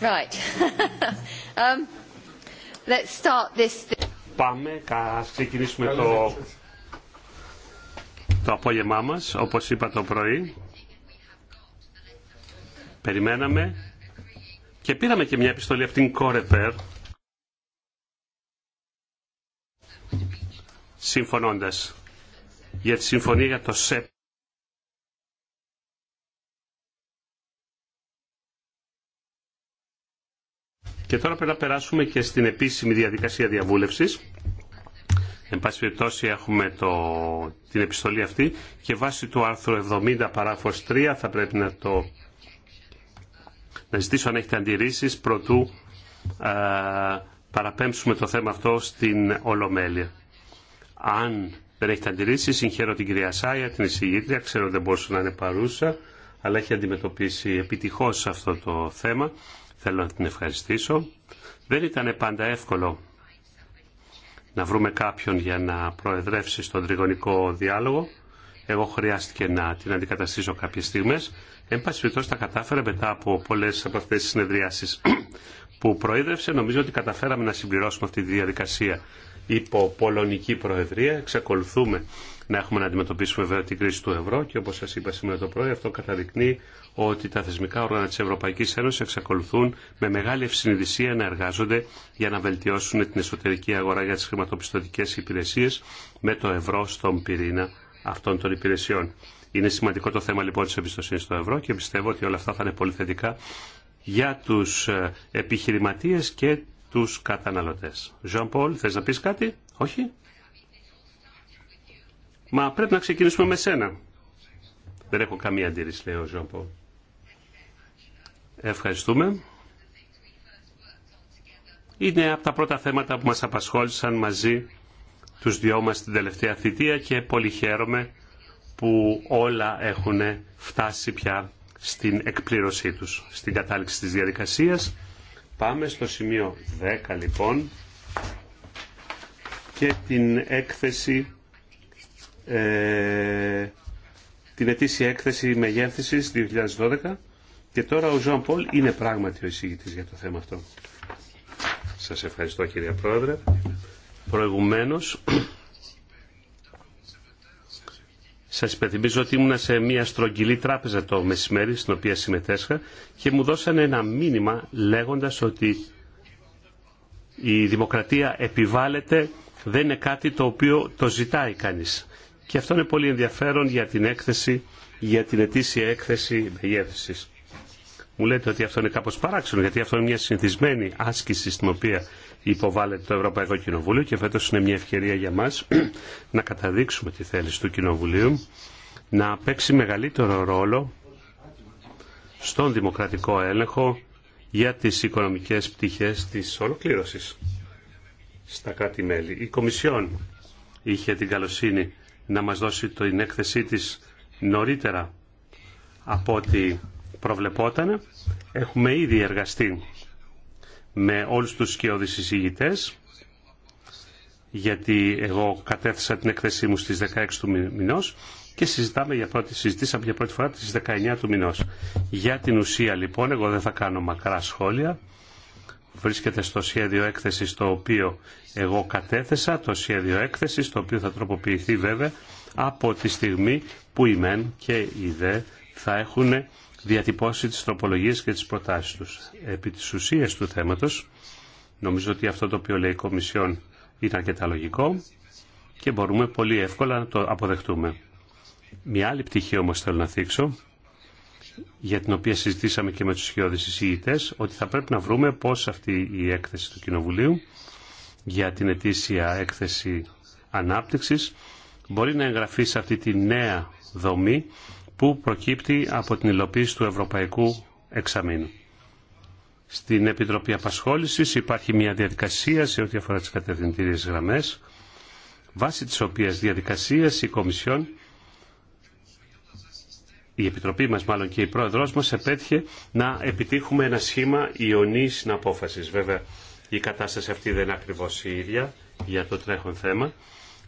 Right. Πάμε, ας ξεκινήσουμε το, το απόγευμά μας, όπως είπα το πρωί. Περιμέναμε και πήραμε και μια επιστολή από την Κορεπέρ, συμφωνώντας για τη συμφωνία για το ΣΕΠ. Και τώρα πρέπει να περάσουμε και στην επίσημη διαδικασία διαβούλευσης. Εν πάση περιπτώσει έχουμε το, την επιστολή αυτή και βάσει του άρθρου 70 παράγραφος 3 θα πρέπει να το να ζητήσω αν έχετε αντιρρήσεις προτού ε, παραπέμψουμε το θέμα αυτό στην Ολομέλεια. Αν δεν έχετε αντιρρήσεις, συγχαίρω την κυρία Σάια, την εισηγήτρια, ξέρω δεν μπορούσε να είναι παρούσα, αλλά έχει αντιμετωπίσει επιτυχώς αυτό το θέμα Θέλω να την ευχαριστήσω. Δεν ήταν πάντα εύκολο να βρούμε κάποιον για να προεδρεύσει στον τριγωνικό διάλογο. Εγώ χρειάστηκε να την αντικαταστήσω κάποιες στιγμές. Εν πάση περιπτώσει τα κατάφερα μετά από πολλές από αυτές τις συνεδριάσεις που προείδρευσε. Νομίζω ότι καταφέραμε να συμπληρώσουμε αυτή τη διαδικασία υπό πολωνική προεδρία. Εξακολουθούμε να έχουμε να αντιμετωπίσουμε βέβαια την κρίση του ευρώ και όπως σας είπα σήμερα το πρωί αυτό καταδεικνύει ότι τα θεσμικά όργανα της Ευρωπαϊκής Ένωσης εξακολουθούν με μεγάλη ευσυνειδησία να εργάζονται για να βελτιώσουν την εσωτερική αγορά για τις χρηματοπιστωτικές υπηρεσίες με το ευρώ στον πυρήνα αυτών των υπηρεσιών. Είναι σημαντικό το θέμα λοιπόν της εμπιστοσύνης στο ευρώ και πιστεύω ότι όλα αυτά θα είναι πολύ θετικά για τους ε, επιχειρηματίες και τους καταναλωτές. Ζωάν Πολ, θες να πεις κάτι? Όχι? Μα πρέπει να ξεκινήσουμε με σένα. Δεν έχω καμία αντίρρηση, λέει ο Ζωάν Ευχαριστούμε. Είναι από τα πρώτα θέματα που μας απασχόλησαν μαζί τους δυο μας την τελευταία θητεία και πολύ χαίρομαι που όλα έχουν φτάσει πια στην εκπλήρωσή τους, στην κατάληξη της διαδικασίας. Πάμε στο σημείο 10 λοιπόν και την έκθεση ε, την ετήσια έκθεση μεγέθυνσης 2012 και τώρα ο Ζωάν Πολ είναι πράγματι ο εισηγητής για το θέμα αυτό. Σας ευχαριστώ κύριε Πρόεδρε. Προηγουμένως, σας υπενθυμίζω ότι ήμουνα σε μια στρογγυλή τράπεζα το μεσημέρι στην οποία συμμετέσχα και μου δώσανε ένα μήνυμα λέγοντας ότι η δημοκρατία επιβάλλεται, δεν είναι κάτι το οποίο το ζητάει κανείς. Και αυτό είναι πολύ ενδιαφέρον για την έκθεση, για την ετήσια έκθεση μεγέθησης μου λέτε ότι αυτό είναι κάπως παράξενο, γιατί αυτό είναι μια συνηθισμένη άσκηση στην οποία υποβάλλεται το Ευρωπαϊκό Κοινοβούλιο και φέτος είναι μια ευκαιρία για μας να καταδείξουμε τη θέληση του Κοινοβουλίου να παίξει μεγαλύτερο ρόλο στον δημοκρατικό έλεγχο για τις οικονομικές πτυχές της ολοκλήρωσης στα κράτη-μέλη. Η Κομισιόν είχε την καλοσύνη να μας δώσει την έκθεσή της νωρίτερα από ότι προβλεπόταν. Έχουμε ήδη εργαστεί με όλους τους σκιώδεις εισηγητές γιατί εγώ κατέθεσα την έκθεσή μου στις 16 του μηνός και συζητάμε για πρώτη, συζητήσαμε για πρώτη φορά τις 19 του μηνός. Για την ουσία λοιπόν, εγώ δεν θα κάνω μακρά σχόλια, βρίσκεται στο σχέδιο έκθεση το οποίο εγώ κατέθεσα, το σχέδιο έκθεση, το οποίο θα τροποποιηθεί βέβαια από τη στιγμή που η ΜΕΝ και η ΔΕ θα έχουν διατυπώσει τις τροπολογίες και τις προτάσεις τους. Επί της ουσίας του θέματος, νομίζω ότι αυτό το οποίο λέει η Κομισιόν είναι αρκετά λογικό και μπορούμε πολύ εύκολα να το αποδεχτούμε. Μια άλλη πτυχή όμως θέλω να θίξω, για την οποία συζητήσαμε και με τους χειώδεις ότι θα πρέπει να βρούμε πώς αυτή η έκθεση του Κοινοβουλίου για την ετήσια έκθεση ανάπτυξης μπορεί να εγγραφεί σε αυτή τη νέα δομή που προκύπτει από την υλοποίηση του Ευρωπαϊκού Εξαμήνου. Στην Επιτροπή Απασχόλησης υπάρχει μια διαδικασία σε ό,τι αφορά τις κατευθυντήριες γραμμές, βάσει της οποίας διαδικασίας η Κομισιόν, η Επιτροπή μας μάλλον και η Πρόεδρός μας επέτυχε να επιτύχουμε ένα σχήμα ιονής συναπόφασης. Βέβαια, η κατάσταση αυτή δεν είναι ακριβώς η ίδια για το τρέχον θέμα,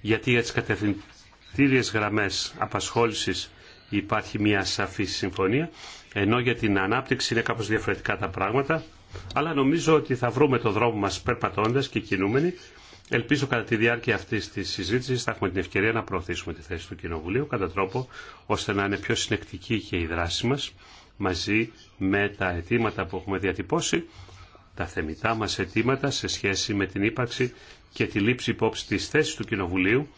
γιατί για τις κατευθυντήριες γραμμές απασχόληση υπάρχει μια σαφή συμφωνία, ενώ για την ανάπτυξη είναι κάπως διαφορετικά τα πράγματα, αλλά νομίζω ότι θα βρούμε το δρόμο μας περπατώντας και κινούμενοι. Ελπίζω κατά τη διάρκεια αυτή τη συζήτηση θα έχουμε την ευκαιρία να προωθήσουμε τη θέση του Κοινοβουλίου κατά τρόπο ώστε να είναι πιο συνεκτική και η δράση μα μαζί με τα αιτήματα που έχουμε διατυπώσει, τα θεμητά μα αιτήματα σε σχέση με την ύπαρξη και τη λήψη υπόψη τη θέση του Κοινοβουλίου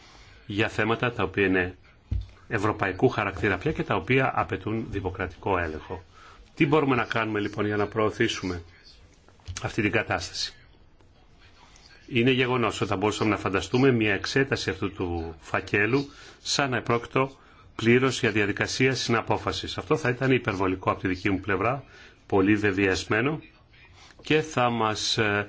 για θέματα τα οποία είναι ευρωπαϊκού χαρακτήρα πια και τα οποία απαιτούν δημοκρατικό έλεγχο. Τι μπορούμε να κάνουμε λοιπόν για να προωθήσουμε αυτή την κατάσταση. Είναι γεγονό ότι θα μπορούσαμε να φανταστούμε μια εξέταση αυτού του φακέλου σαν να επρόκειτο πλήρω για διαδικασία συναπόφαση. Αυτό θα ήταν υπερβολικό από τη δική μου πλευρά, πολύ βεβαιασμένο και θα μα ε,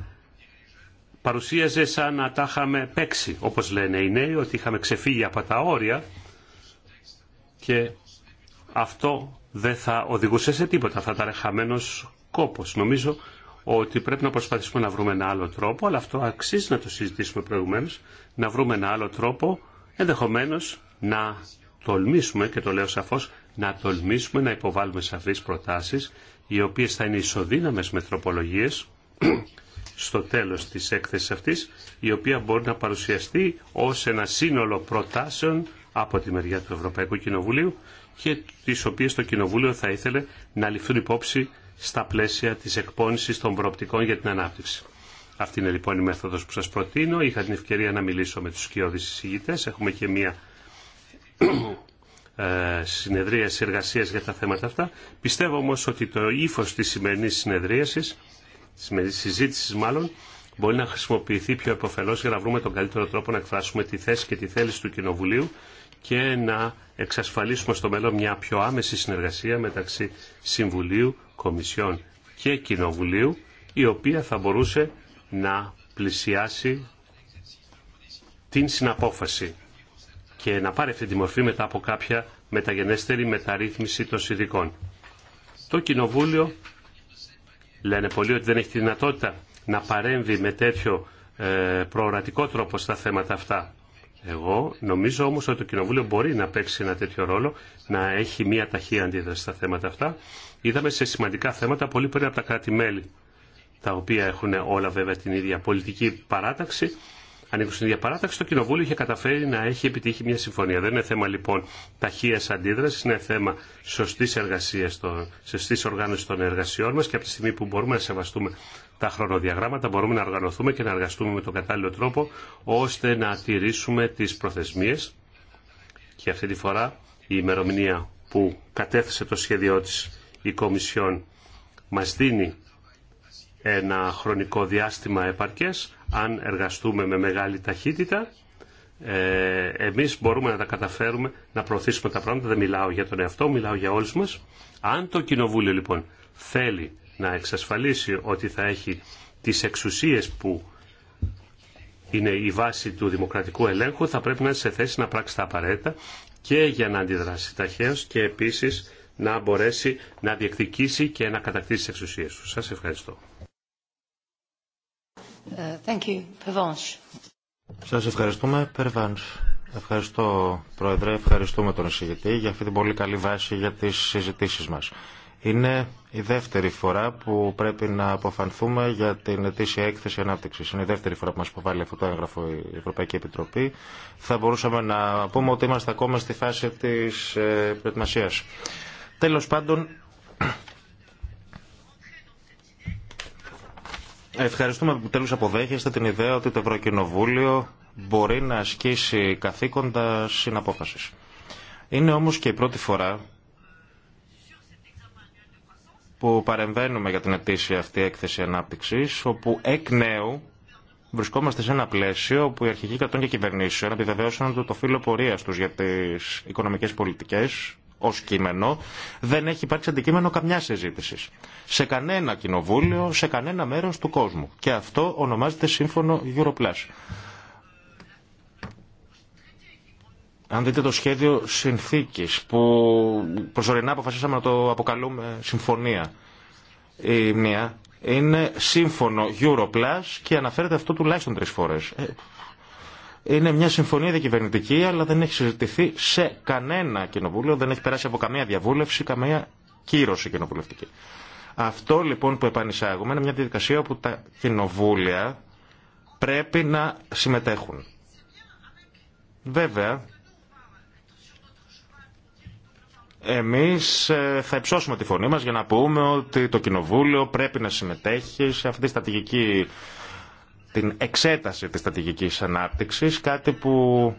παρουσίαζε σαν να τα είχαμε παίξει. Όπω λένε οι νέοι, ότι είχαμε ξεφύγει από τα όρια και αυτό δεν θα οδηγούσε σε τίποτα, θα ήταν χαμένο κόπος. Νομίζω ότι πρέπει να προσπαθήσουμε να βρούμε ένα άλλο τρόπο, αλλά αυτό αξίζει να το συζητήσουμε προηγουμένω, να βρούμε ένα άλλο τρόπο, ενδεχομένω να τολμήσουμε, και το λέω σαφώ να τολμήσουμε να υποβάλουμε σαφείς προτάσει, οι οποίε θα είναι ισοδύναμε με τροπολογίε στο τέλο τη έκθεση αυτή, η οποία μπορεί να παρουσιαστεί ω ένα σύνολο προτάσεων από τη μεριά του Ευρωπαϊκού Κοινοβουλίου και τις οποίες το Κοινοβούλιο θα ήθελε να ληφθούν υπόψη στα πλαίσια της εκπόνησης των προοπτικών για την ανάπτυξη. Αυτή είναι λοιπόν η μέθοδος που σας προτείνω. Είχα την ευκαιρία να μιλήσω με τους σκιώδεις εισηγητές. Έχουμε και μία ε, συνεδρία εργασία για τα θέματα αυτά. Πιστεύω όμως ότι το ύφο της σημερινής συνεδρίασης, της σημερινής συζήτησης μάλλον, μπορεί να χρησιμοποιηθεί πιο επωφελώς για να βρούμε τον καλύτερο τρόπο να εκφράσουμε τη θέση και τη θέληση του Κοινοβουλίου και να εξασφαλίσουμε στο μέλλον μια πιο άμεση συνεργασία μεταξύ Συμβουλίου, Κομισιών και Κοινοβουλίου, η οποία θα μπορούσε να πλησιάσει την συναπόφαση και να πάρει αυτή τη μορφή μετά από κάποια μεταγενέστερη μεταρρύθμιση των συνδικών. Το Κοινοβούλιο λένε πολλοί ότι δεν έχει τη δυνατότητα να παρέμβει με τέτοιο ε, προορατικό τρόπο στα θέματα αυτά. Εγώ νομίζω όμως ότι το Κοινοβούλιο μπορεί να παίξει ένα τέτοιο ρόλο, να έχει μια ταχεία αντίδραση στα θέματα αυτά. Είδαμε σε σημαντικά θέματα πολύ πριν από τα κράτη-μέλη, τα οποία έχουν όλα βέβαια την ίδια πολιτική παράταξη. Ανήκουν στην ίδια παράταξη, το Κοινοβούλιο είχε καταφέρει να έχει επιτύχει μια συμφωνία. Δεν είναι θέμα λοιπόν ταχεία αντίδραση, είναι θέμα σωστή εργασία, σωστή οργάνωση των εργασιών μα και από τη στιγμή που μπορούμε να σεβαστούμε τα χρονοδιαγράμματα, μπορούμε να οργανωθούμε και να εργαστούμε με τον κατάλληλο τρόπο ώστε να τηρήσουμε τις προθεσμίες και αυτή τη φορά η ημερομηνία που κατέθεσε το σχέδιό της η Κομισιόν μας δίνει ένα χρονικό διάστημα επαρκές αν εργαστούμε με μεγάλη ταχύτητα ε, εμείς μπορούμε να τα καταφέρουμε να προωθήσουμε τα πράγματα δεν μιλάω για τον εαυτό μιλάω για όλους μας αν το Κοινοβούλιο λοιπόν θέλει να εξασφαλίσει ότι θα έχει τις εξουσίες που είναι η βάση του δημοκρατικού ελέγχου, θα πρέπει να είναι σε θέση να πράξει τα απαραίτητα και για να αντιδράσει ταχαίως και επίσης να μπορέσει να διεκδικήσει και να κατακτήσει τις εξουσίες του. Σας ευχαριστώ. Ε, thank you. Σας ευχαριστούμε, Περβάνς. Ευχαριστώ, Πρόεδρε. Ευχαριστούμε τον εισηγητή για αυτή την πολύ καλή βάση για τις συζητήσεις μας. Είναι η δεύτερη φορά που πρέπει να αποφανθούμε για την ετήσια έκθεση ανάπτυξη. Είναι η δεύτερη φορά που μα υποβάλλει αυτό το έγγραφο η Ευρωπαϊκή Επιτροπή. Θα μπορούσαμε να πούμε ότι είμαστε ακόμα στη φάση τη ε, προετοιμασία. Τέλο πάντων, ευχαριστούμε που τέλου αποδέχεστε την ιδέα ότι το Ευρωκοινοβούλιο μπορεί να ασκήσει καθήκοντα συναπόφαση. Είναι όμως και η πρώτη φορά που παρεμβαίνουμε για την ετήσια αυτή έκθεση ανάπτυξης, όπου εκ νέου βρισκόμαστε σε ένα πλαίσιο που οι αρχηγοί κρατών και κυβερνήσεων επιβεβαίωσαν ότι το φύλλο πορεία του για τι οικονομικέ πολιτικέ ω κείμενο δεν έχει υπάρξει αντικείμενο καμιά συζήτηση. Σε κανένα κοινοβούλιο, σε κανένα μέρο του κόσμου. Και αυτό ονομάζεται σύμφωνο Europlus. Αν δείτε το σχέδιο συνθήκης που προσωρινά αποφασίσαμε να το αποκαλούμε συμφωνία η μία, είναι σύμφωνο Europlus και αναφέρεται αυτό τουλάχιστον τρεις φορές. Ε, είναι μια συμφωνία διακυβερνητική, αλλά δεν έχει συζητηθεί σε κανένα κοινοβούλιο, δεν έχει περάσει από καμία διαβούλευση, καμία κύρωση κοινοβουλευτική. Αυτό λοιπόν που επανεισάγουμε είναι μια διαδικασία όπου τα κοινοβούλια πρέπει να συμμετέχουν. Βέβαια, Εμείς ε, θα υψώσουμε τη φωνή μας για να πούμε ότι το Κοινοβούλιο πρέπει να συμμετέχει σε αυτή τη στρατηγική, την εξέταση της στρατηγικής ανάπτυξης, κάτι που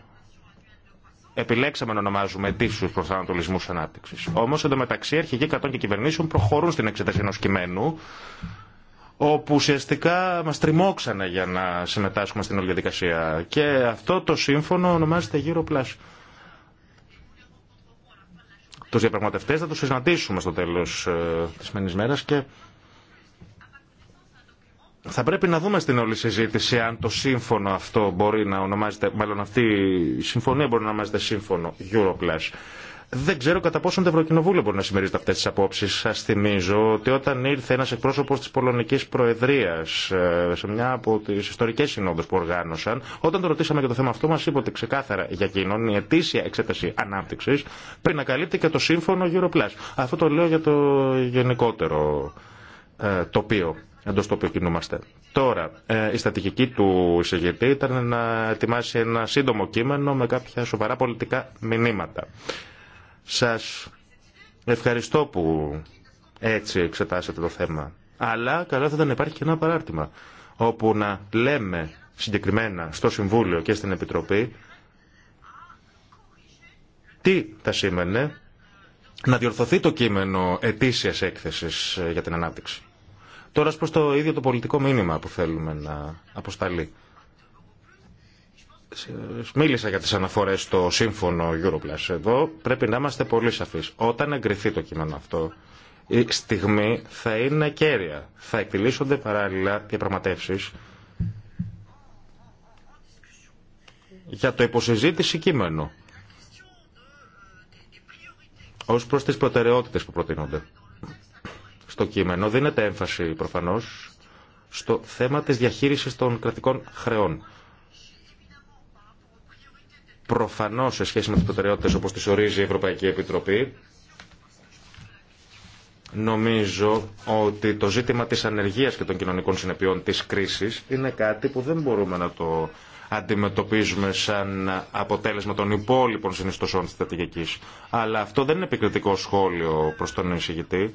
επιλέξαμε να ονομάζουμε αιτήσιου προσανατολισμού ανάπτυξη. Όμω εντωμεταξύ αρχηγοί κρατών και κυβερνήσεων προχωρούν στην εξέταση ενό κειμένου όπου ουσιαστικά μα τριμώξανε για να συμμετάσχουμε στην όλη διαδικασία. Και αυτό το σύμφωνο ονομάζεται γύρω πλάσιο τους διαπραγματευτές. Θα τους συναντήσουμε στο τέλος ε, της μενής μέρας και θα πρέπει να δούμε στην όλη συζήτηση αν το σύμφωνο αυτό μπορεί να ονομάζεται, μάλλον αυτή η συμφωνία μπορεί να ονομάζεται σύμφωνο Europlash. Δεν ξέρω κατά πόσον το Ευρωκοινοβούλιο μπορεί να συμμερίζεται αυτέ τι απόψει. Σα θυμίζω ότι όταν ήρθε ένα εκπρόσωπο τη Πολωνική Προεδρία ε, σε μια από τι ιστορικέ συνόδου που οργάνωσαν, όταν το ρωτήσαμε για το θέμα αυτό, μα είπε ότι ξεκάθαρα για εκείνον η ετήσια εξέταση ανάπτυξη πριν να καλύπτει και το σύμφωνο Europlus. Αυτό το λέω για το γενικότερο ε, τοπίο εντό το οποίο κινούμαστε. Τώρα, ε, η στατικική του εισηγητή ήταν να ετοιμάσει ένα σύντομο κείμενο με κάποια σοβαρά πολιτικά μηνύματα. Σας ευχαριστώ που έτσι εξετάσατε το θέμα. Αλλά καλά θα ήταν να υπάρχει και ένα παράρτημα όπου να λέμε συγκεκριμένα στο Συμβούλιο και στην Επιτροπή τι θα σήμαινε να διορθωθεί το κείμενο ετήσιας έκθεσης για την ανάπτυξη. Τώρα προς το ίδιο το πολιτικό μήνυμα που θέλουμε να αποσταλεί μίλησα για τις αναφορές στο σύμφωνο Europlus. Εδώ πρέπει να είμαστε πολύ σαφείς. Όταν εγκριθεί το κείμενο αυτό, η στιγμή θα είναι κέρια. Θα εκτελήσονται παράλληλα διαπραγματεύσεις για το υποσυζήτηση κείμενο ως προς τις προτεραιότητες που προτείνονται. Στο κείμενο δίνεται έμφαση προφανώς στο θέμα της διαχείρισης των κρατικών χρεών. Προφανώς σε σχέση με τι προτεραιότητε όπως τις ορίζει η Ευρωπαϊκή Επιτροπή, νομίζω ότι το ζήτημα της ανεργίας και των κοινωνικών συνεπειών της κρίσης είναι κάτι που δεν μπορούμε να το αντιμετωπίζουμε σαν αποτέλεσμα των υπόλοιπων συνιστοσών της στρατηγικής. Αλλά αυτό δεν είναι επικριτικό σχόλιο προς τον εισηγητή,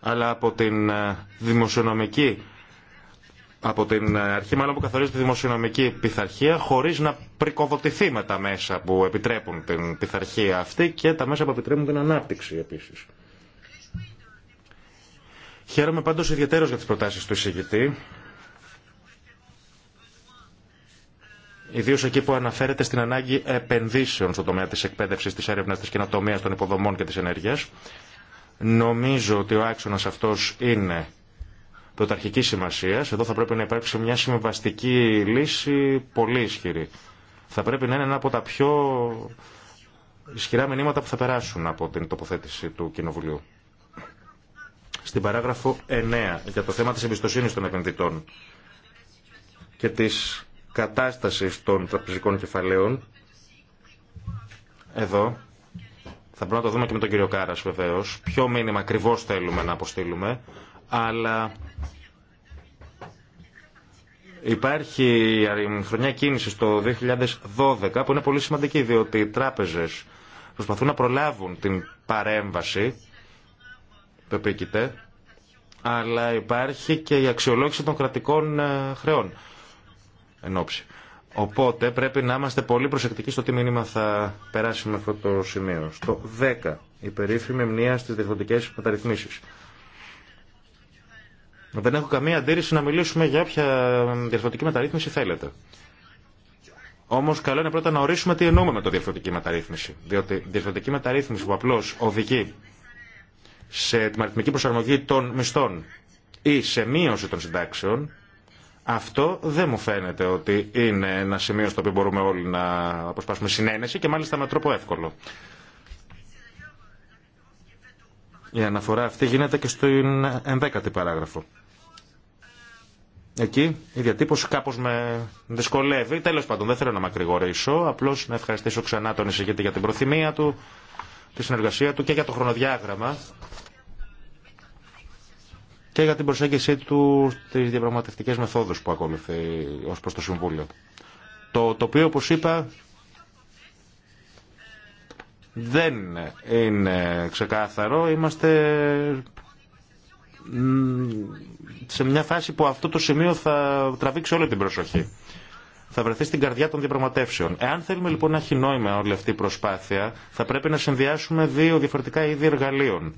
αλλά από την δημοσιονομική από την αρχή μάλλον που καθορίζεται τη δημοσιονομική πειθαρχία χωρίς να πρικοδοτηθεί με τα μέσα που επιτρέπουν την πειθαρχία αυτή και τα μέσα που επιτρέπουν την ανάπτυξη επίσης. Χαίρομαι πάντω ιδιαίτερω για τις προτάσεις του εισηγητή. Ιδίω εκεί που αναφέρεται στην ανάγκη επενδύσεων στον τομέα της εκπαίδευση τη έρευνα της καινοτομία των υποδομών και τη ενέργεια, Νομίζω ότι ο άξονας αυτό είναι πρωταρχική σημασία. Εδώ θα πρέπει να υπάρξει μια συμβαστική λύση πολύ ισχυρή. Θα πρέπει να είναι ένα από τα πιο ισχυρά μηνύματα που θα περάσουν από την τοποθέτηση του Κοινοβουλίου. Στην παράγραφο 9 για το θέμα της εμπιστοσύνης των επενδυτών και της κατάστασης των τραπεζικών κεφαλαίων εδώ θα πρέπει να το δούμε και με τον κύριο Κάρας βεβαίως ποιο μήνυμα ακριβώ θέλουμε να αποστείλουμε αλλά Υπάρχει η χρονιά κίνηση το 2012 που είναι πολύ σημαντική διότι οι τράπεζες προσπαθούν να προλάβουν την παρέμβαση που επίκειται, αλλά υπάρχει και η αξιολόγηση των κρατικών ε, χρεών εν Οπότε πρέπει να είμαστε πολύ προσεκτικοί στο τι μήνυμα θα περάσει με αυτό το σημείο. Στο 10, η περίφημη μνήμα στι διευθυντικέ μεταρρυθμίσει. Δεν έχω καμία αντίρρηση να μιλήσουμε για όποια διαφορετική μεταρρύθμιση θέλετε. Όμω, καλό είναι πρώτα να ορίσουμε τι εννοούμε με το διαφορετική μεταρρύθμιση. Διότι διαφορετική μεταρρύθμιση που απλώ οδηγεί σε την αριθμική προσαρμογή των μισθών ή σε μείωση των συντάξεων, αυτό δεν μου φαίνεται ότι είναι ένα σημείο στο οποίο μπορούμε όλοι να αποσπάσουμε συνένεση και μάλιστα με τρόπο εύκολο. Η αναφορά αυτή γίνεται και στην ενδέκατη παράγραφο. Εκεί η διατύπωση κάπως με δυσκολεύει. Τέλο πάντων, δεν θέλω να μακρηγορήσω, απλώς να ευχαριστήσω ξανά τον εισηγητή για την προθυμία του, τη συνεργασία του και για το χρονοδιάγραμμα και για την προσέγγιση του στις διαπραγματευτικές μεθόδους που ακολουθεί ως προς το Συμβούλιο. Το οποίο, όπως είπα, δεν είναι ξεκάθαρο. Είμαστε σε μια φάση που αυτό το σημείο θα τραβήξει όλη την προσοχή. Θα βρεθεί στην καρδιά των διαπραγματεύσεων. Εάν θέλουμε λοιπόν να έχει νόημα όλη αυτή η προσπάθεια, θα πρέπει να συνδυάσουμε δύο διαφορετικά είδη εργαλείων.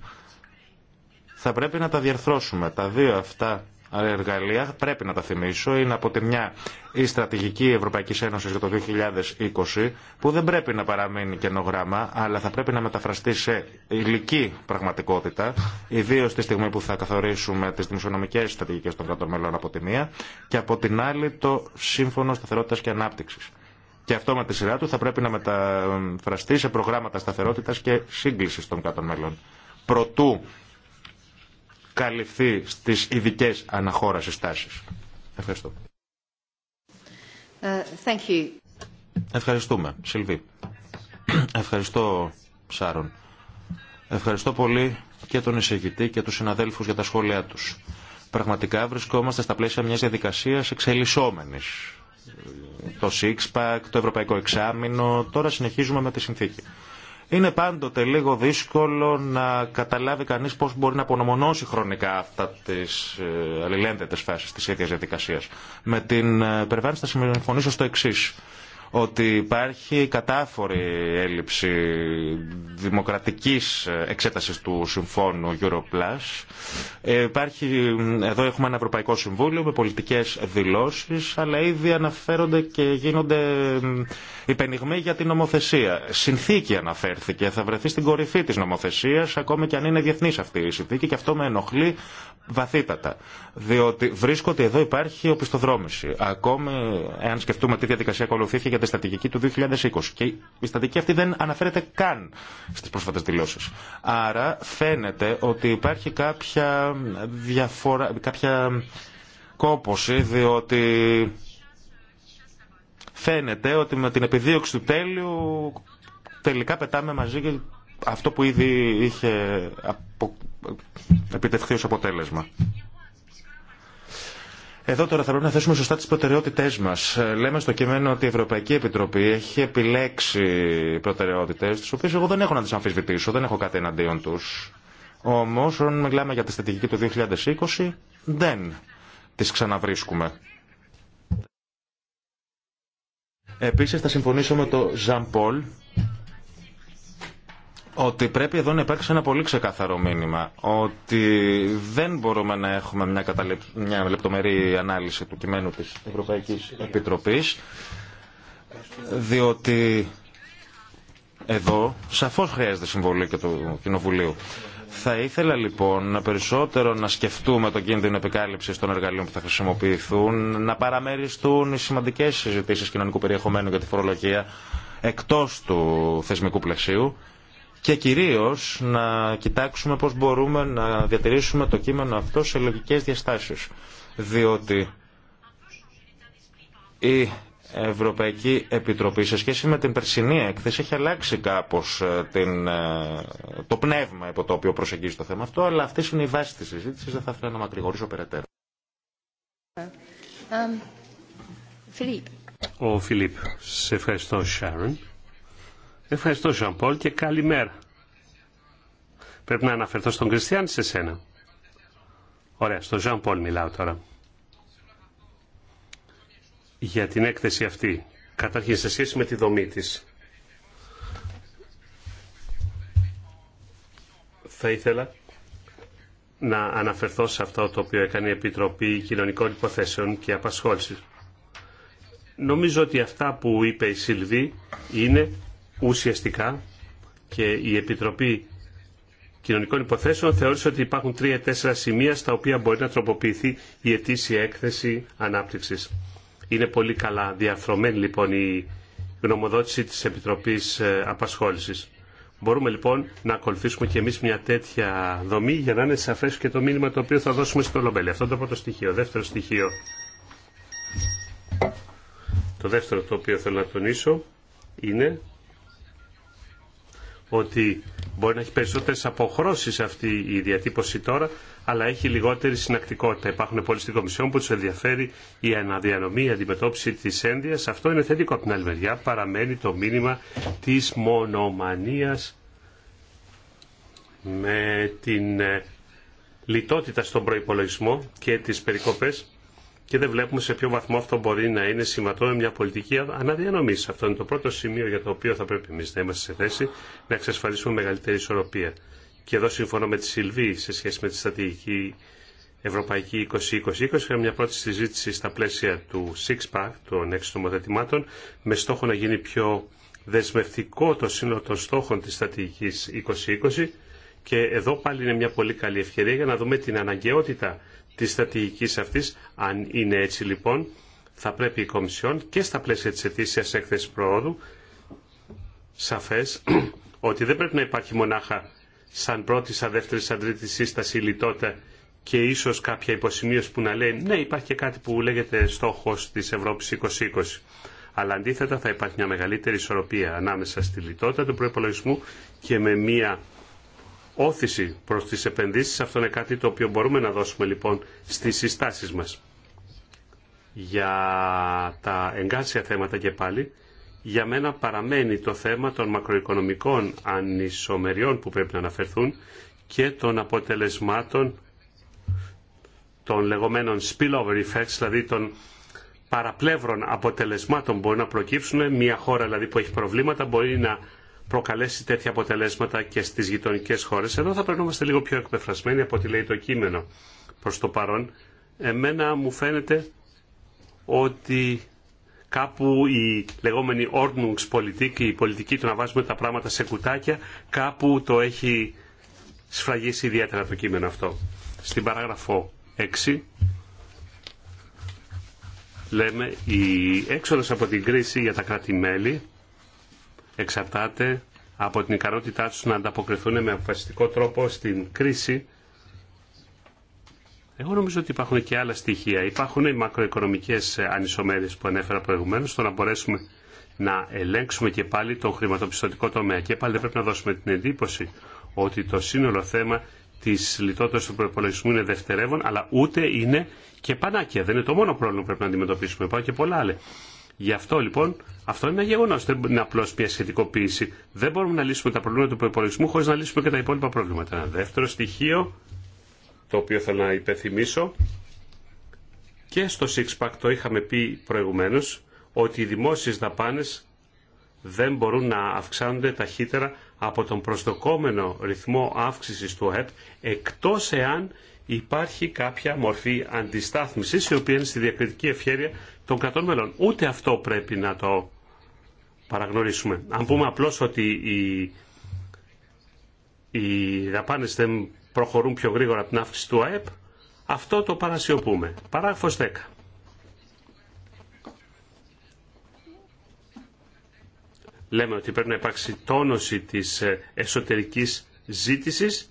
Θα πρέπει να τα διαρθρώσουμε. Τα δύο αυτά εργαλεία, πρέπει να τα θυμίσω, είναι από τη μια η στρατηγική Ευρωπαϊκή Ένωση για το 2020, που δεν πρέπει να παραμείνει καινογράμμα, αλλά θα πρέπει να μεταφραστεί σε υλική πραγματικότητα, ιδίω τη στιγμή που θα καθορίσουμε τι δημοσιονομικέ στρατηγικέ των κρατών μελών από τη μία, και από την άλλη το Σύμφωνο Σταθερότητα και Ανάπτυξη. Και αυτό με τη σειρά του θα πρέπει να μεταφραστεί σε προγράμματα σταθερότητα και σύγκληση των κρατών μελών. Προτού καλυφθεί στις ειδικέ αναχώρα τάσεις. Ευχαριστώ. Ε, Ευχαριστούμε, Σιλβί. Ευχαριστώ, Σάρον. Ευχαριστώ πολύ και τον εισηγητή και τους συναδέλφους για τα σχόλιά τους. Πραγματικά βρισκόμαστε στα πλαίσια μιας διαδικασίας εξελισσόμενης. Το ΣΥΚΣΠΑΚ, το ευρωπαϊκό εξάμεινο, τώρα συνεχίζουμε με τη συνθήκη. Είναι πάντοτε λίγο δύσκολο να καταλάβει κανείς πώς μπορεί να απονομονώσει χρονικά αυτά τις ε, αλληλένδετες φάσεις της ίδιας διαδικασίας. Με την ε, Περβάνη θα συμφωνήσω στο εξής ότι υπάρχει κατάφορη έλλειψη δημοκρατικής εξέτασης του συμφώνου Europlus. Ε, υπάρχει, εδώ έχουμε ένα Ευρωπαϊκό Συμβούλιο με πολιτικές δηλώσεις, αλλά ήδη αναφέρονται και γίνονται υπενιγμοί για την νομοθεσία. Συνθήκη αναφέρθηκε, θα βρεθεί στην κορυφή της νομοθεσίας, ακόμη και αν είναι διεθνής αυτή η συνθήκη, και αυτό με ενοχλεί βαθύτατα. Διότι βρίσκω ότι εδώ υπάρχει οπισθοδρόμηση. Ακόμη, εάν σκεφτούμε τι διαδικασία ακολουθήθηκε για τη στρατηγική του 2020. Και η στρατηγική αυτή δεν αναφέρεται καν στι πρόσφατε δηλώσει. Άρα φαίνεται ότι υπάρχει κάποια διαφορά, κάποια κόποση, διότι φαίνεται ότι με την επιδίωξη του τέλειου τελικά πετάμε μαζί αυτό που ήδη είχε επιτευχθεί ως αποτέλεσμα. Εδώ τώρα θα πρέπει να θέσουμε σωστά τι προτεραιότητέ μα. Ε, λέμε στο κείμενο ότι η Ευρωπαϊκή Επιτροπή έχει επιλέξει προτεραιότητε, τι οποίε εγώ δεν έχω να τι αμφισβητήσω, δεν έχω κάτι εναντίον του. Όμω, όταν μιλάμε για τη στρατηγική του 2020, δεν τι ξαναβρίσκουμε. Επίση, θα συμφωνήσω με το Ζαν Πολ ότι πρέπει εδώ να υπάρξει ένα πολύ ξεκάθαρο μήνυμα ότι δεν μπορούμε να έχουμε μια, λεπτομερή ανάλυση του κειμένου της Ευρωπαϊκής Επιτροπής διότι εδώ σαφώς χρειάζεται συμβολή και του Κοινοβουλίου. Θα ήθελα λοιπόν περισσότερο να σκεφτούμε τον κίνδυνο επικάλυψη των εργαλείων που θα χρησιμοποιηθούν, να παραμεριστούν οι σημαντικέ συζητήσει κοινωνικού περιεχομένου για τη φορολογία εκτό του θεσμικού πλαισίου και κυρίως να κοιτάξουμε πώς μπορούμε να διατηρήσουμε το κείμενο αυτό σε λογικές διαστάσεις. Διότι η Ευρωπαϊκή Επιτροπή σε σχέση με την περσινή έκθεση έχει αλλάξει κάπως την, το πνεύμα υπό το οποίο προσεγγίζει το θέμα αυτό, αλλά αυτή είναι οι βάση της συζήτησης, δεν θα ήθελα να μακρηγορήσω περαιτέρω. Ο Φιλίπ, σε ευχαριστώ Sharon. Ευχαριστώ, Ζαν Πολ, και καλημέρα. Πρέπει να αναφερθώ στον Κριστιαν σε σένα. Ωραία, στον Ζαν Πολ μιλάω τώρα. Για την έκθεση αυτή, καταρχήν σε σχέση με τη δομή της. Θα ήθελα να αναφερθώ σε αυτό το οποίο έκανε η Επιτροπή Κοινωνικών Υποθέσεων και Απασχόλησης. Νομίζω ότι αυτά που είπε η Σιλβή είναι ουσιαστικά και η Επιτροπή Κοινωνικών Υποθέσεων θεώρησε ότι υπάρχουν τρία-τέσσερα σημεία στα οποία μπορεί να τροποποιηθεί η ετήσια έκθεση ανάπτυξης. Είναι πολύ καλά διαφρομένη λοιπόν η γνωμοδότηση της Επιτροπής ε, Απασχόλησης. Μπορούμε λοιπόν να ακολουθήσουμε και εμείς μια τέτοια δομή για να είναι σαφές και το μήνυμα το οποίο θα δώσουμε στο Λομπέλι. Αυτό το πρώτο στοιχείο. Δεύτερο στοιχείο. Το δεύτερο το οποίο θέλω να τονίσω είναι ότι μπορεί να έχει περισσότερες αποχρώσεις αυτή η διατύπωση τώρα, αλλά έχει λιγότερη συνακτικότητα. Υπάρχουν πολλοί στην Κομισιόν που του ενδιαφέρει η αναδιανομή, η αντιμετώπιση της ένδυας. Αυτό είναι θετικό από την άλλη μεριά. Παραμένει το μήνυμα της μονομανίας με την ε, λιτότητα στον προϋπολογισμό και τις περικοπές και δεν βλέπουμε σε ποιο βαθμό αυτό μπορεί να είναι σημαντό με μια πολιτική αναδιανομή. Αυτό είναι το πρώτο σημείο για το οποίο θα πρέπει εμεί να είμαστε σε θέση να εξασφαλίσουμε μεγαλύτερη ισορροπία. Και εδώ συμφωνώ με τη Σιλβή σε σχέση με τη στρατηγική Ευρωπαϊκή 2020. Είχαμε μια πρώτη συζήτηση στα πλαίσια του SIXPAC των έξι νομοθετημάτων με στόχο να γίνει πιο δεσμευτικό το σύνολο των στόχων της στρατηγικής 2020 και εδώ πάλι είναι μια πολύ καλή ευκαιρία για να δούμε την αναγκαιότητα της στρατηγικής αυτής. Αν είναι έτσι λοιπόν, θα πρέπει η Κομισιόν και στα πλαίσια της ετήσιας έκθεσης προόδου σαφές ότι δεν πρέπει να υπάρχει μονάχα σαν πρώτη, σαν δεύτερη, σαν τρίτη σύσταση λιτότητα και ίσως κάποια υποσημείωση που να λέει ναι υπάρχει και κάτι που λέγεται στόχος της Ευρώπης 2020. Αλλά αντίθετα θα υπάρχει μια μεγαλύτερη ισορροπία ανάμεσα στη λιτότητα του προπολογισμού και με μια όθηση προς τις επενδύσεις. Αυτό είναι κάτι το οποίο μπορούμε να δώσουμε λοιπόν στις συστάσεις μας. Για τα εγκάσια θέματα και πάλι, για μένα παραμένει το θέμα των μακροοικονομικών ανισομεριών που πρέπει να αναφερθούν και των αποτελεσμάτων των λεγόμενων spillover effects, δηλαδή των παραπλεύρων αποτελεσμάτων μπορεί να προκύψουν. Μια χώρα δηλαδή, που έχει προβλήματα μπορεί να προκαλέσει τέτοια αποτελέσματα και στις γειτονικές χώρες. Εδώ θα πρέπει να είμαστε λίγο πιο εκπεφρασμένοι από ό,τι λέει το κείμενο προς το παρόν. Εμένα μου φαίνεται ότι κάπου η λεγόμενη Ordnungspolitik, η πολιτική του να βάζουμε τα πράγματα σε κουτάκια, κάπου το έχει σφραγίσει ιδιαίτερα το κείμενο αυτό. Στην παράγραφο 6 λέμε η έξοδος από την κρίση για τα κράτη-μέλη εξαρτάται από την ικανότητά τους να ανταποκριθούν με αποφασιστικό τρόπο στην κρίση. Εγώ νομίζω ότι υπάρχουν και άλλα στοιχεία. Υπάρχουν οι μακροοικονομικές ανισομέρειες που ανέφερα προηγουμένως, στο να μπορέσουμε να ελέγξουμε και πάλι τον χρηματοπιστωτικό τομέα. Και πάλι δεν πρέπει να δώσουμε την εντύπωση ότι το σύνολο θέμα τη λιτότητα του προπολογισμού είναι δευτερεύον, αλλά ούτε είναι και πανάκια. Δεν είναι το μόνο πρόβλημα που πρέπει να αντιμετωπίσουμε. Υπάρχουν και πολλά άλλα. Γι' αυτό λοιπόν αυτό είναι ένα γεγονό. Δεν είναι απλώ μια σχετικοποίηση. Δεν μπορούμε να λύσουμε τα προβλήματα του προπολογισμού χωρί να λύσουμε και τα υπόλοιπα προβλήματα. Ένα δεύτερο στοιχείο το οποίο θέλω να υπενθυμίσω και στο ΣΥΚΣΠΑΚ το είχαμε πει προηγουμένω ότι οι δημόσιε δαπάνε δεν μπορούν να αυξάνονται ταχύτερα από τον προσδοκόμενο ρυθμό αύξησης του ΑΕΠ εκτός εάν υπάρχει κάποια μορφή αντιστάθμισης η οποία είναι στη διακριτική ευχέρεια των κρατών μελών. Ούτε αυτό πρέπει να το παραγνωρίσουμε. Αν πούμε απλώς ότι οι, οι δεν προχωρούν πιο γρήγορα από την αύξηση του ΑΕΠ, αυτό το παρασιωπούμε. Παράγραφος 10. Λέμε ότι πρέπει να υπάρξει τόνωση της ε, εσωτερικής ζήτησης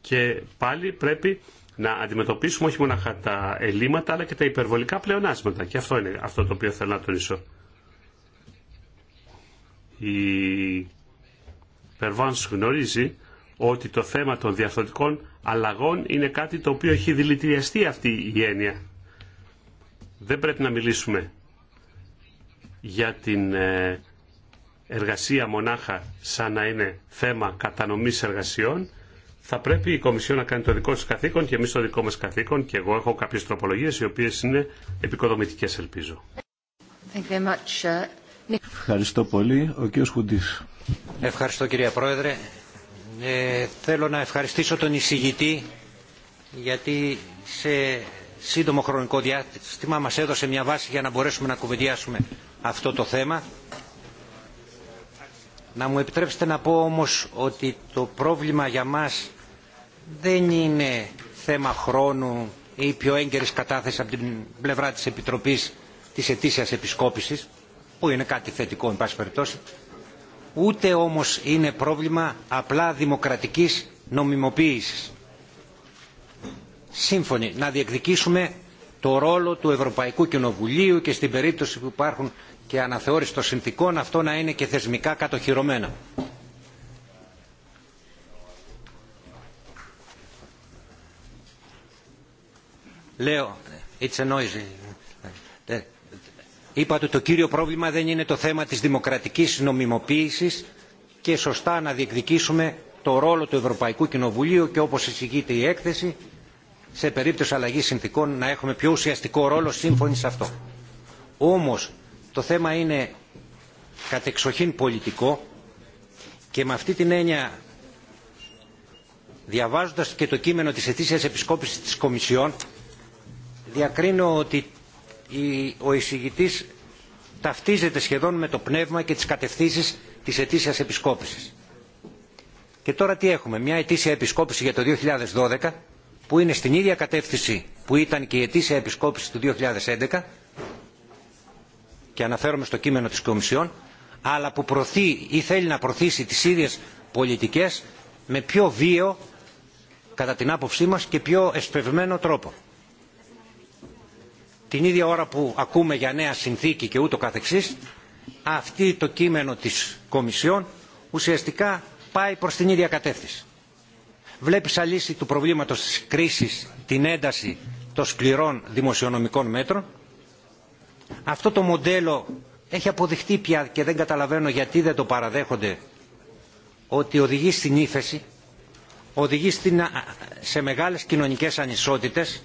και πάλι πρέπει να αντιμετωπίσουμε όχι μόνο τα ελλείμματα αλλά και τα υπερβολικά πλεονάσματα. Και αυτό είναι αυτό το οποίο θέλω να τονίσω. Η Περβάνς γνωρίζει ότι το θέμα των διαφθορτικών αλλαγών είναι κάτι το οποίο έχει δηλητηριαστεί αυτή η έννοια. Δεν πρέπει να μιλήσουμε για την ε, εργασία μονάχα σαν να είναι θέμα κατανομής εργασιών θα πρέπει η Κομισιόν να κάνει το δικό τη καθήκον και εμεί το δικό μα καθήκον και εγώ έχω κάποιε τροπολογίε οι οποίε είναι επικοδομητικέ ελπίζω. Uh, Ευχαριστώ πολύ. Ο κ. Χουντή. Ευχαριστώ κυρία Πρόεδρε. Ε, θέλω να ευχαριστήσω τον εισηγητή γιατί σε σύντομο χρονικό διάστημα μας έδωσε μια βάση για να μπορέσουμε να κουβεντιάσουμε αυτό το θέμα. Να μου επιτρέψετε να πω όμως ότι το πρόβλημα για μας δεν είναι θέμα χρόνου ή πιο έγκαιρης κατάθεσης από την πλευρά της Επιτροπής της Ετήσιας Επισκόπησης, που είναι κάτι θετικό, εν πάση περιπτώσει, ούτε όμως είναι πρόβλημα απλά δημοκρατικής νομιμοποίησης. Σύμφωνοι, να διεκδικήσουμε το ρόλο του Ευρωπαϊκού Κοινοβουλίου και στην περίπτωση που υπάρχουν και αναθεώρηση των συνθήκων αυτό να είναι και θεσμικά κατοχυρωμένο. Λέω, it's a noise. Ε, Είπα ότι το κύριο πρόβλημα δεν είναι το θέμα της δημοκρατικής νομιμοποίησης και σωστά να διεκδικήσουμε το ρόλο του Ευρωπαϊκού Κοινοβουλίου και όπως εισηγείται η έκθεση σε περίπτωση αλλαγής συνθήκων να έχουμε πιο ουσιαστικό ρόλο σύμφωνοι σε αυτό. Όμως το θέμα είναι κατεξοχήν πολιτικό και με αυτή την έννοια διαβάζοντας και το κείμενο της ετήσιας επισκόπησης της Κομισιόν διακρίνω ότι ο εισηγητής ταυτίζεται σχεδόν με το πνεύμα και τις κατευθύνσεις της ετήσιας επισκόπησης. Και τώρα τι έχουμε, μια ετήσια επισκόπηση για το 2012 που είναι στην ίδια κατεύθυνση που ήταν και η ετήσια επισκόπηση του 2011 και αναφέρομαι στο κείμενο της Κομισιόν αλλά που προθεί ή θέλει να προωθήσει τις ίδιες πολιτικές με πιο βίαιο κατά την άποψή μας και πιο εσπευμένο τρόπο την ίδια ώρα που ακούμε για νέα συνθήκη και ούτω καθεξής, αυτή το κείμενο της Κομισιόν ουσιαστικά πάει προς την ίδια κατεύθυνση. Βλέπει σαν του προβλήματος της κρίσης την ένταση των σκληρών δημοσιονομικών μέτρων. Αυτό το μοντέλο έχει αποδειχτεί πια και δεν καταλαβαίνω γιατί δεν το παραδέχονται ότι οδηγεί στην ύφεση, οδηγεί σε μεγάλες κοινωνικές ανισότητες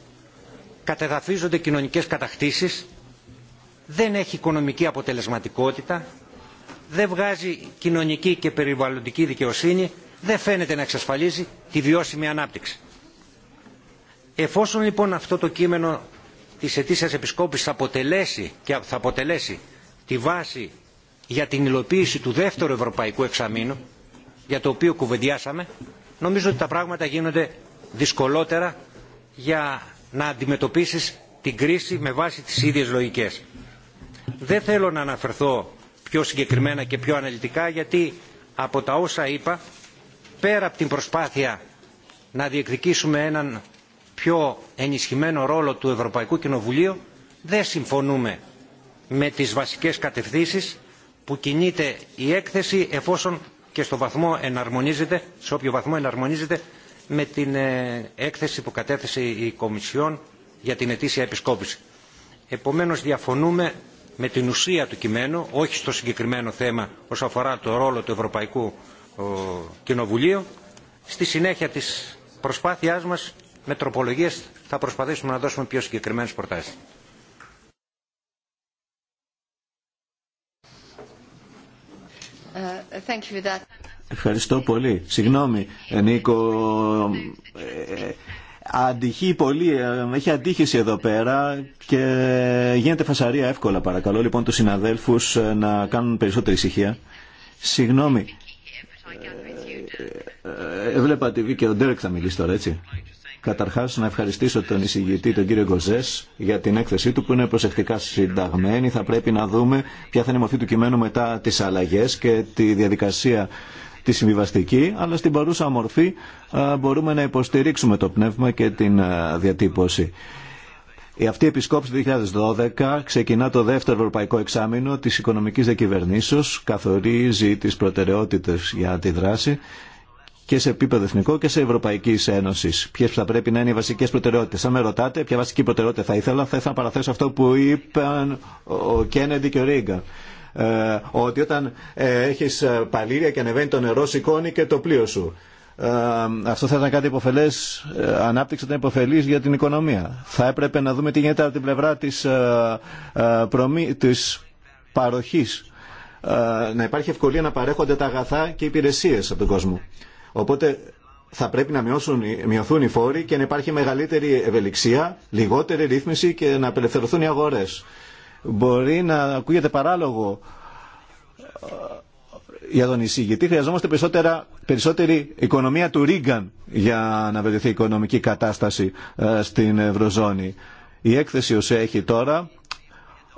κατεδαφίζονται κοινωνικές κατακτήσεις, δεν έχει οικονομική αποτελεσματικότητα, δεν βγάζει κοινωνική και περιβαλλοντική δικαιοσύνη, δεν φαίνεται να εξασφαλίζει τη βιώσιμη ανάπτυξη. Εφόσον λοιπόν αυτό το κείμενο της ετήσιας επισκόπησης αποτελέσει και θα αποτελέσει τη βάση για την υλοποίηση του δεύτερου ευρωπαϊκού εξαμήνου, για το οποίο κουβεντιάσαμε, νομίζω ότι τα πράγματα γίνονται δυσκολότερα για να αντιμετωπίσεις την κρίση με βάση τις ίδιες λογικές. Δεν θέλω να αναφερθώ πιο συγκεκριμένα και πιο αναλυτικά γιατί από τα όσα είπα πέρα από την προσπάθεια να διεκδικήσουμε έναν πιο ενισχυμένο ρόλο του Ευρωπαϊκού Κοινοβουλίου δεν συμφωνούμε με τις βασικές κατευθύνσεις που κινείται η έκθεση εφόσον και στο βαθμό εναρμονίζεται, σε όποιο βαθμό εναρμονίζεται με την ε, έκθεση που κατέθεσε η Κομισιόν για την ετήσια επισκόπηση. Επομένως διαφωνούμε με την ουσία του κειμένου, όχι στο συγκεκριμένο θέμα όσο αφορά το ρόλο του Ευρωπαϊκού Κοινοβουλίου. Στη συνέχεια της προσπάθειάς μας με τροπολογίες θα προσπαθήσουμε να δώσουμε πιο συγκεκριμένες προτάσεις. Ευχαριστώ πολύ. Συγγνώμη, Νίκο. Αντυχεί πολύ, έχει αντίχηση εδώ πέρα και γίνεται φασαρία εύκολα. Παρακαλώ λοιπόν τους συναδέλφους να κάνουν περισσότερη ησυχία. Συγγνώμη, έβλεπα TV και ο Ντέρεκ θα μιλήσει τώρα, έτσι. Καταρχάς να ευχαριστήσω τον εισηγητή, τον κύριο Γκοζές, για την έκθεσή του που είναι προσεκτικά συνταγμένη. Θα πρέπει να δούμε ποια θα είναι η μορφή του κειμένου μετά τις αλλαγές και τη διαδικασία τη συμβιβαστική, αλλά στην παρούσα μορφή μπορούμε να υποστηρίξουμε το πνεύμα και την διατύπωση. Η αυτή η επισκόπηση του 2012 ξεκινά το δεύτερο ευρωπαϊκό εξάμεινο της οικονομικής διακυβερνήσεως, καθορίζει τις προτεραιότητες για τη δράση και σε επίπεδο εθνικό και σε Ευρωπαϊκή Ένωση. Ποιε θα πρέπει να είναι οι βασικέ προτεραιότητε. Αν με ρωτάτε ποια βασική προτεραιότητα θα ήθελα, θα ήθελα να παραθέσω αυτό που είπαν ο Κέννεντι και ο Ρίγκα. Ε, ότι όταν ε, έχει ε, παλήρια και ανεβαίνει το νερό, σηκώνει και το πλοίο σου. Ε, αυτό θα ήταν κάτι υποφελέ, ε, ανάπτυξη ήταν υποφελή για την οικονομία. Θα έπρεπε να δούμε τι γίνεται από την πλευρά τη της παροχή. Να υπάρχει ευκολία να παρέχονται τα αγαθά και υπηρεσίε από τον κόσμο. Οπότε θα πρέπει να μειωθούν οι φόροι και να υπάρχει μεγαλύτερη ευελιξία, λιγότερη ρύθμιση και να απελευθερωθούν οι αγορές. Μπορεί να ακούγεται παράλογο ε, για τον εισηγητή. Χρειαζόμαστε περισσότερα, περισσότερη οικονομία του Ρίγκαν για να βελτιωθεί η οικονομική κατάσταση ε, στην Ευρωζώνη. Η έκθεση ως έχει τώρα,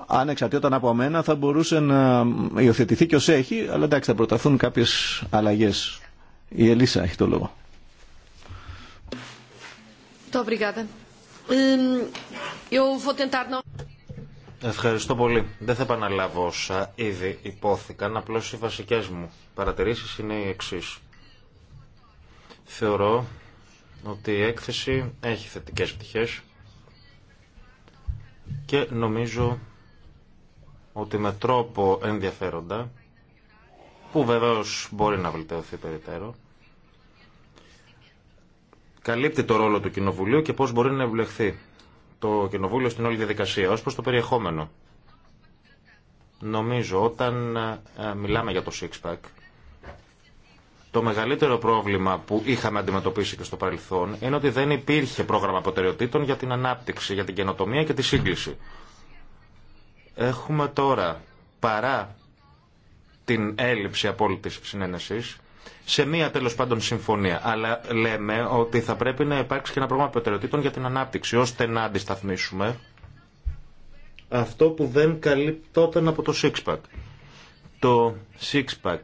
αν εξαρτιόταν από μένα, θα μπορούσε να ε, υιοθετηθεί και ως έχει, αλλά εντάξει θα προταθούν κάποιες αλλαγές. Η Ελίσσα έχει το λόγο. Ευχαριστώ πολύ. Δεν θα επαναλάβω όσα ήδη υπόθηκαν, Απλώ οι βασικέ μου παρατηρήσει είναι οι εξή. Θεωρώ ότι η έκθεση έχει θετικές πτυχέ. και νομίζω ότι με τρόπο ενδιαφέροντα που βεβαίω μπορεί να βελτιωθεί περιττέρω, καλύπτει το ρόλο του Κοινοβουλίου και πώς μπορεί να ευλεχθεί το Κοινοβούλιο στην όλη διαδικασία ω προ το περιεχόμενο. Νομίζω όταν ε, μιλάμε για το Sixpack, το μεγαλύτερο πρόβλημα που είχαμε αντιμετωπίσει και στο παρελθόν είναι ότι δεν υπήρχε πρόγραμμα προτεραιοτήτων για την ανάπτυξη, για την καινοτομία και τη σύγκληση. Έχουμε τώρα παρά την έλλειψη απόλυτης συνένεσης σε μία τέλο πάντων συμφωνία. Αλλά λέμε ότι θα πρέπει να υπάρξει και ένα πρόγραμμα προτεραιοτήτων για την ανάπτυξη, ώστε να αντισταθμίσουμε αυτό που δεν καλύπτωταν από το six Το six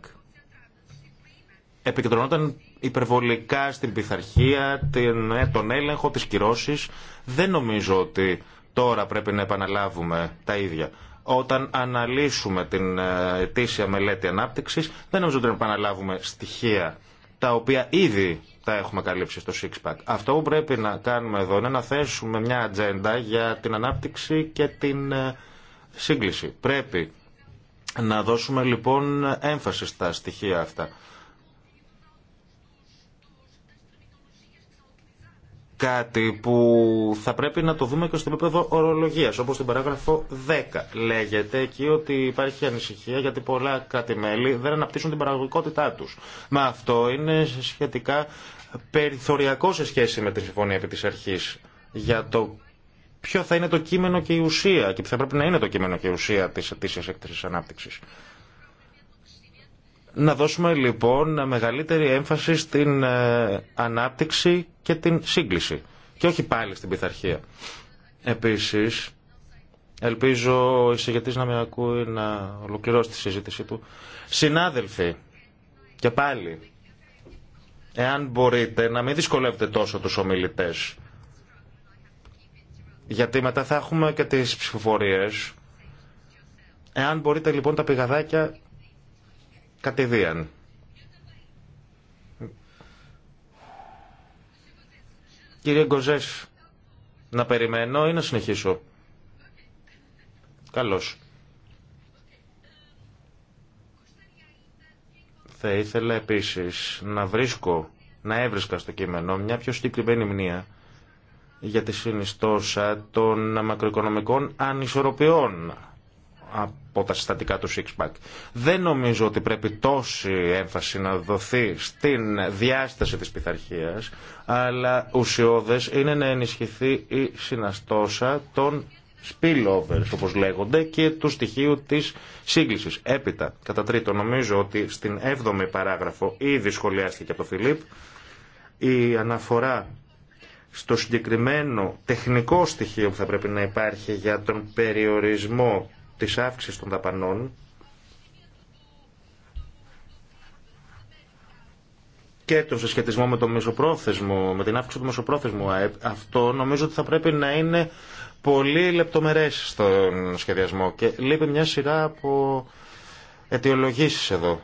επικεντρωνόταν υπερβολικά στην πειθαρχία, την, ε, τον έλεγχο, τις κυρώσεις. Δεν νομίζω ότι τώρα πρέπει να επαναλάβουμε τα ίδια όταν αναλύσουμε την ε, ετήσια μελέτη ανάπτυξης, δεν νομίζω ότι να επαναλάβουμε στοιχεία τα οποία ήδη τα έχουμε καλύψει στο Sixpack. Αυτό που πρέπει να κάνουμε εδώ είναι να θέσουμε μια ατζέντα για την ανάπτυξη και την ε, σύγκληση. Πρέπει να δώσουμε λοιπόν έμφαση στα στοιχεία αυτά. κάτι που θα πρέπει να το δούμε και στο επίπεδο ορολογία, όπω στην παράγραφο 10. Λέγεται εκεί ότι υπάρχει ανησυχία γιατί πολλά κράτη-μέλη δεν αναπτύσσουν την παραγωγικότητά του. Μα αυτό είναι σχετικά περιθωριακό σε σχέση με τη συμφωνία επί τη αρχή για το ποιο θα είναι το κείμενο και η ουσία και θα πρέπει να είναι το κείμενο και η ουσία τη ετήσια έκθεση ανάπτυξη. Να δώσουμε λοιπόν μεγαλύτερη έμφαση στην ε, ανάπτυξη και την σύγκληση και όχι πάλι στην πειθαρχία. Επίσης, ελπίζω ο εισηγητής να με ακούει να ολοκληρώσει τη συζήτησή του. Συνάδελφοι, και πάλι, εάν μπορείτε να μην δυσκολεύετε τόσο τους ομιλητές, γιατί μετά θα έχουμε και τις ψηφοφορίες. Εάν μπορείτε λοιπόν τα πηγαδάκια Κύριε Γκοζές, να περιμένω ή να συνεχίσω. Καλώς. Θα ήθελα επίσης να βρίσκω, να έβρισκα στο κείμενο μια πιο συγκεκριμένη μνήμα για τη συνιστόσα των μακροοικονομικών ανισορροπιών από τα συστατικά του Δεν νομίζω ότι πρέπει τόση έμφαση να δοθεί στην διάσταση της πειθαρχία, αλλά ουσιώδες είναι να ενισχυθεί η συναστόσα των spillovers όπως λέγονται και του στοιχείου της σύγκλησης. Έπειτα, κατά τρίτο, νομίζω ότι στην 7η παράγραφο ήδη σχολιάστηκε από τον Φιλίπ η αναφορά στο συγκεκριμένο τεχνικό στοιχείο που θα πρέπει να υπάρχει για τον περιορισμό της αύξησης των δαπανών και το συσχετισμό με, το μεσοπρόθεσμο, με την αύξηση του μεσοπρόθεσμου ΑΕΠ, αυτό νομίζω ότι θα πρέπει να είναι πολύ λεπτομερές στον σχεδιασμό και λείπει μια σειρά από αιτιολογήσεις εδώ.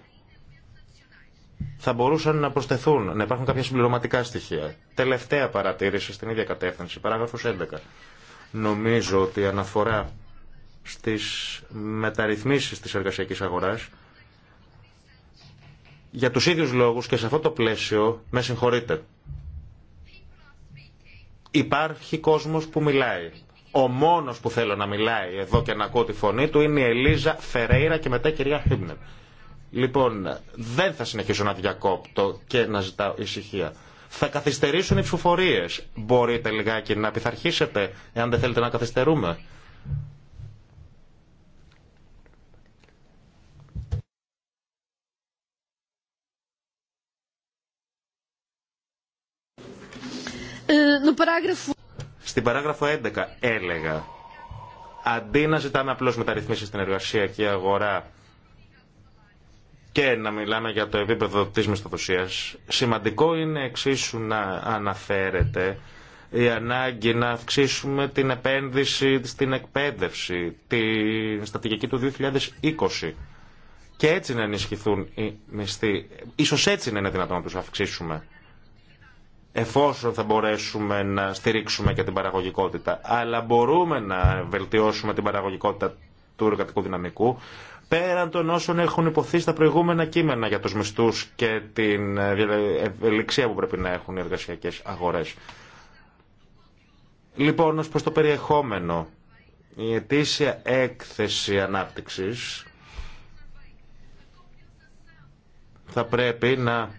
Θα μπορούσαν να προσθεθούν, να υπάρχουν κάποια συμπληρωματικά στοιχεία. Τελευταία παρατήρηση στην ίδια κατεύθυνση, παράγραφος 11. Νομίζω ότι αναφορά στις μεταρρυθμίσεις της εργασιακής αγοράς. Για τους ίδιους λόγους και σε αυτό το πλαίσιο, με συγχωρείτε, υπάρχει κόσμος που μιλάει. Ο μόνος που θέλω να μιλάει εδώ και να ακούω τη φωνή του είναι η Ελίζα Φερέιρα και μετά η κυρία Χίμνερ. Λοιπόν, δεν θα συνεχίσω να διακόπτω και να ζητάω ησυχία. Θα καθυστερήσουν οι ψηφοφορίε. Μπορείτε λιγάκι να πειθαρχήσετε, εάν δεν θέλετε να καθυστερούμε. no Στην παράγραφο 11 έλεγα αντί να ζητάμε απλώς μεταρρυθμίσει στην εργασιακή αγορά και να μιλάμε για το επίπεδο της μισθοδοσίας, σημαντικό είναι εξίσου να αναφέρεται η ανάγκη να αυξήσουμε την επένδυση στην εκπαίδευση, τη στατηγική του 2020. Και έτσι να ενισχυθούν οι μισθοί. Ίσως έτσι να είναι δυνατόν να τους αυξήσουμε εφόσον θα μπορέσουμε να στηρίξουμε και την παραγωγικότητα, αλλά μπορούμε να βελτιώσουμε την παραγωγικότητα του εργατικού δυναμικού, πέραν των όσων έχουν υποθεί στα προηγούμενα κείμενα για τους μισθούς και την ε, ευελιξία που πρέπει να έχουν οι εργασιακές αγορές. Λοιπόν, ως προς το περιεχόμενο, η ετήσια έκθεση ανάπτυξης θα πρέπει να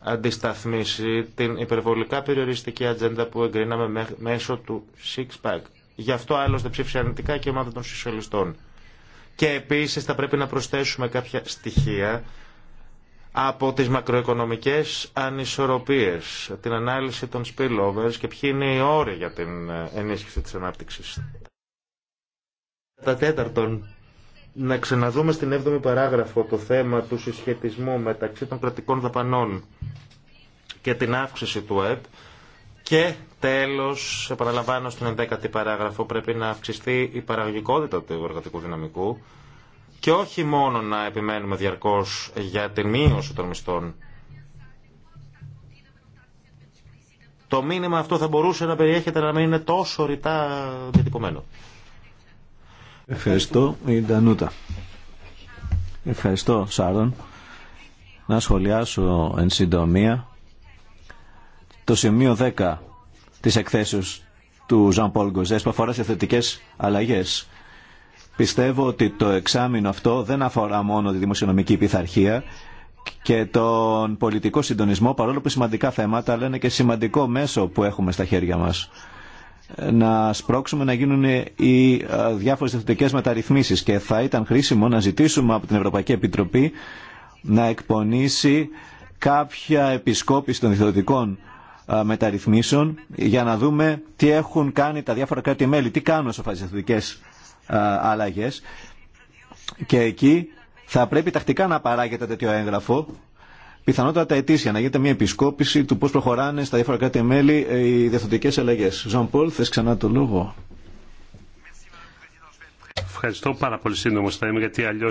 αντισταθμίσει την υπερβολικά περιοριστική ατζέντα που εγκρίναμε μέσω του Six Pack. Γι' αυτό άλλωστε ψήφισε αρνητικά και η ομάδα των σοσιαλιστών. Και επίσης θα πρέπει να προσθέσουμε κάποια στοιχεία από τις μακροοικονομικές ανισορροπίες, την ανάλυση των spillovers και ποιοι είναι οι όροι για την ε, ενίσχυση της ανάπτυξης. Τα τέταρτον, να ξαναδούμε στην 7η παράγραφο το θέμα του συσχετισμού μεταξύ των κρατικών δαπανών και την αύξηση του ΕΠ και τέλος, επαναλαμβάνω στην 11η παράγραφο, πρέπει να αυξηθεί η παραγωγικότητα του εργατικού δυναμικού και όχι μόνο να επιμένουμε διαρκώς για την μείωση των μισθών. Το μήνυμα αυτό θα μπορούσε να περιέχεται να μην είναι τόσο ρητά διατυπωμένο. Ευχαριστώ, η Ευχαριστώ, Σάρων. Να σχολιάσω εν συντομία το σημείο 10 της εκθέσεως του Ζαν Πολ Γκοζές που αφορά σε θετικές αλλαγές. Πιστεύω ότι το εξάμεινο αυτό δεν αφορά μόνο τη δημοσιονομική πειθαρχία και τον πολιτικό συντονισμό, παρόλο που σημαντικά θέματα, αλλά είναι και σημαντικό μέσο που έχουμε στα χέρια μας να σπρώξουμε να γίνουν οι ε, διάφορες θετικές μεταρρυθμίσεις και θα ήταν χρήσιμο να ζητήσουμε από την Ευρωπαϊκή Επιτροπή να εκπονήσει κάποια επισκόπηση των διθωτικών ε, μεταρρυθμίσεων για να δούμε τι έχουν κάνει τα διάφορα κράτη-μέλη, τι κάνουν σε φασιστικές ε, αλλαγές και εκεί θα πρέπει τακτικά να παράγεται τέτοιο έγγραφο πιθανότατα ετήσια να γίνεται μια επισκόπηση του πώ προχωράνε στα διάφορα κράτη-μέλη ε, οι διαθωτικέ αλλαγέ. Ζαν Πολ, θε ξανά το λόγο. Ευχαριστώ πάρα πολύ σύντομο θα είμαι γιατί αλλιώ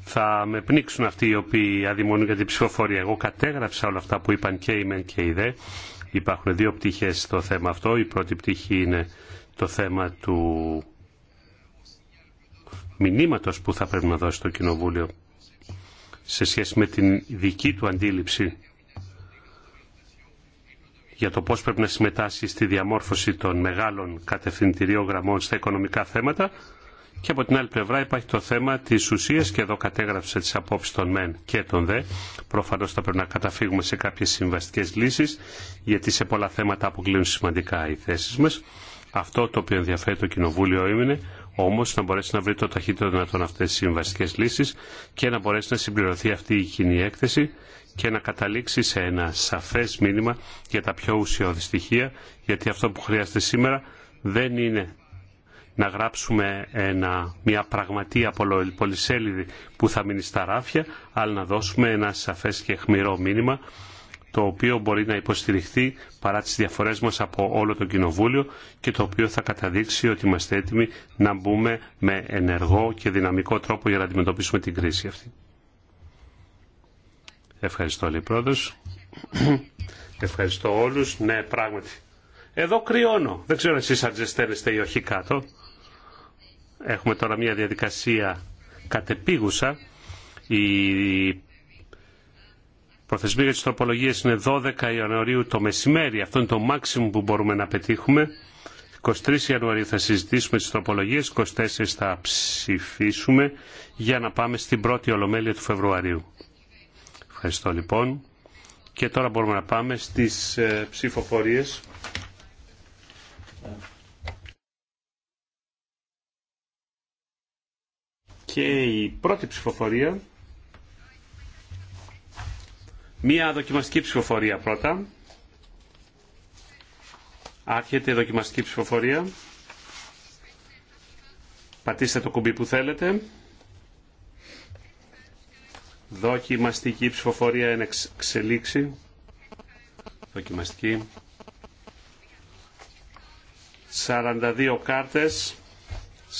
θα με πνίξουν αυτοί οι οποίοι αδειμονούν για την ψηφοφορία. Εγώ κατέγραψα όλα αυτά που είπαν και οι μεν και οι δε. Υπάρχουν δύο πτυχέ στο θέμα αυτό. Η πρώτη πτυχή είναι το θέμα του μηνύματος που θα πρέπει να δώσει το Κοινοβούλιο σε σχέση με την δική του αντίληψη για το πώς πρέπει να συμμετάσχει στη διαμόρφωση των μεγάλων κατευθυντηρίων γραμμών στα οικονομικά θέματα και από την άλλη πλευρά υπάρχει το θέμα της ουσίας και εδώ κατέγραψε τις απόψεις των μεν και των δε. Προφανώς θα πρέπει να καταφύγουμε σε κάποιες συμβαστικές λύσεις γιατί σε πολλά θέματα αποκλίνουν σημαντικά οι θέσεις μας. Αυτό το οποίο ενδιαφέρει το Κοινοβούλιο είναι όμως να μπορέσει να βρει το ταχύτερο δυνατόν αυτές τις συμβαστικές λύσεις και να μπορέσει να συμπληρωθεί αυτή η κοινή έκθεση και να καταλήξει σε ένα σαφές μήνυμα για τα πιο ουσιώδη στοιχεία γιατί αυτό που χρειάζεται σήμερα δεν είναι να γράψουμε ένα, μια πραγματή πολυσέλιδη που θα μείνει στα ράφια αλλά να δώσουμε ένα σαφές και χμηρό μήνυμα το οποίο μπορεί να υποστηριχθεί παρά τις διαφορές μας από όλο το Κοινοβούλιο και το οποίο θα καταδείξει ότι είμαστε έτοιμοι να μπούμε με ενεργό και δυναμικό τρόπο για να αντιμετωπίσουμε την κρίση αυτή. Ευχαριστώ, πρόεδρος. Ευχαριστώ όλους. Ναι, πράγματι. Εδώ κρυώνω. Δεν ξέρω εσείς αν Η Προθεσμία για τις τροπολογίες είναι 12 Ιανουαρίου το μεσημέρι. Αυτό είναι το μάξιμο που μπορούμε να πετύχουμε. 23 Ιανουαρίου θα συζητήσουμε τις τροπολογίες, 24 θα ψηφίσουμε για να πάμε στην πρώτη Ολομέλεια του Φεβρουαρίου. Ευχαριστώ λοιπόν. Και τώρα μπορούμε να πάμε στις ε, ψηφοφορίες. Και η πρώτη ψηφοφορία Μία δοκιμαστική ψηφοφορία πρώτα. Άρχεται η δοκιμαστική ψηφοφορία. Πατήστε το κουμπί που θέλετε. Δοκιμαστική ψηφοφορία είναι εξελίξη. Δοκιμαστική. 42 κάρτες,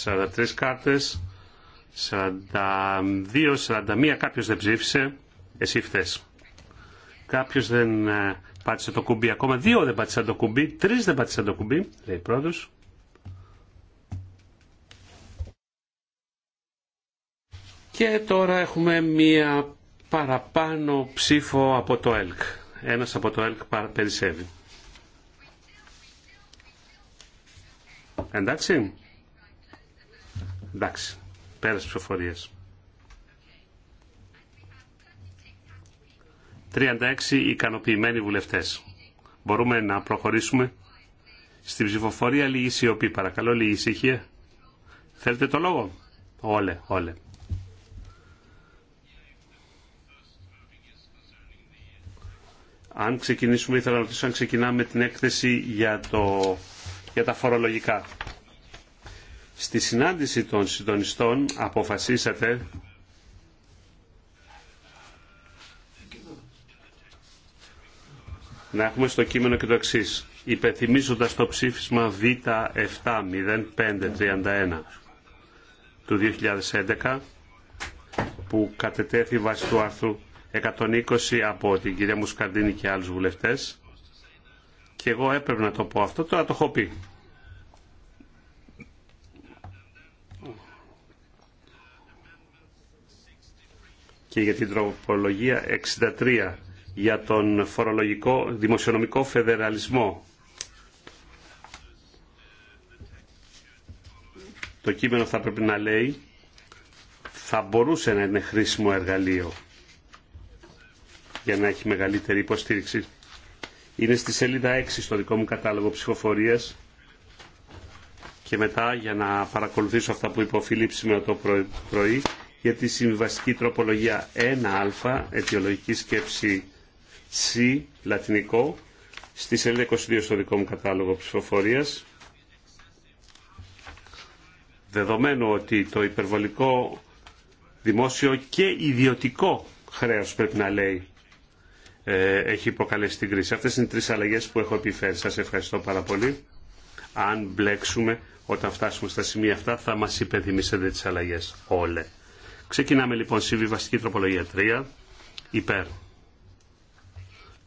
43 κάρτες, 42, 41, κάποιος δεν ψήφισε, εσύ φταίς. Κάποιος δεν ε, πάτησε το κουμπί ακόμα. Δύο δεν πάτησαν το κουμπί. Τρεις δεν πάτησαν το κουμπί. Λέει πρώτος. Και τώρα έχουμε μία παραπάνω ψήφο από το ΕΛΚ. Ένας από το ΕΛΚ περισσεύει. Εντάξει. Εντάξει. Πέρας ψηφοφορίας. 36 ικανοποιημένοι βουλευτές. Μπορούμε να προχωρήσουμε στην ψηφοφορία λίγη σιωπή. Παρακαλώ λίγη ησυχία. Θέλετε το λόγο. Όλε, όλε. Αν ξεκινήσουμε, ήθελα να ρωτήσω αν ξεκινάμε την έκθεση για, το, για τα φορολογικά. Στη συνάντηση των συντονιστών αποφασίσατε να έχουμε στο κείμενο και το εξή. Υπενθυμίζοντα το ψήφισμα Β70531 του 2011 που κατετέθη βάσει του άρθρου 120 από την κυρία Μουσκαρδίνη και άλλους βουλευτές και εγώ έπρεπε να το πω αυτό, τώρα το έχω πει. Και για την τροπολογία 63 για τον φορολογικό, δημοσιονομικό φεδεραλισμό. Το κείμενο θα πρέπει να λέει θα μπορούσε να είναι χρήσιμο εργαλείο για να έχει μεγαλύτερη υποστήριξη. Είναι στη σελίδα 6 στο δικό μου κατάλογο ψηφοφορίας και μετά για να παρακολουθήσω αυτά που είπε ο το πρωί για τη συμβαστική τροπολογία 1α, αιτιολογική σκέψη ΤΣΙ, λατινικό, στη σελίδα 22 στο δικό μου κατάλογο ψηφοφορίας. Δεδομένου ότι το υπερβολικό δημόσιο και ιδιωτικό χρέος πρέπει να λέει ε, έχει υποκαλέσει την κρίση. Αυτές είναι οι τρεις αλλαγές που έχω επιφέρει. Σας ευχαριστώ πάρα πολύ. Αν μπλέξουμε όταν φτάσουμε στα σημεία αυτά θα μας υπενθυμίσετε τις αλλαγές όλε. Ξεκινάμε λοιπόν συμβιβαστική τροπολογία 3 υπέρ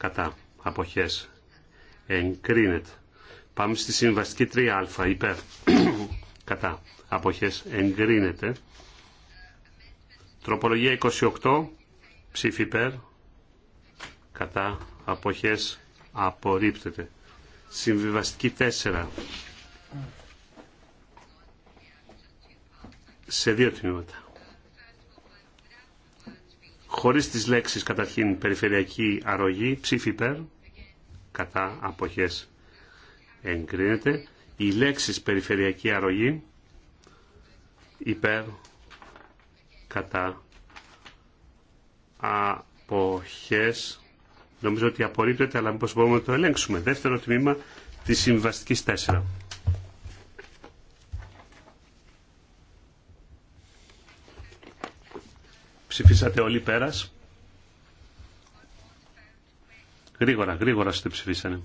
κατά αποχές εγκρίνεται. Πάμε στη συμβαστική 3α υπέρ κατά αποχές εγκρίνεται. Τροπολογία 28 ψήφι υπέρ κατά αποχές απορρίπτεται. Συμβιβαστική 4 σε δύο τμήματα χωρίς τις λέξεις καταρχήν περιφερειακή αρρωγή, ψήφι υπέρ, κατά αποχές εγκρίνεται. Οι λέξεις περιφερειακή αρρωγή, υπέρ, κατά αποχές. Νομίζω ότι απορρίπτεται, αλλά μήπως μπορούμε να το ελέγξουμε. Δεύτερο τμήμα τη συμβαστική 4. Ψηφίσατε όλοι πέρας. Γρήγορα, γρήγορα στο ψηφίσανε.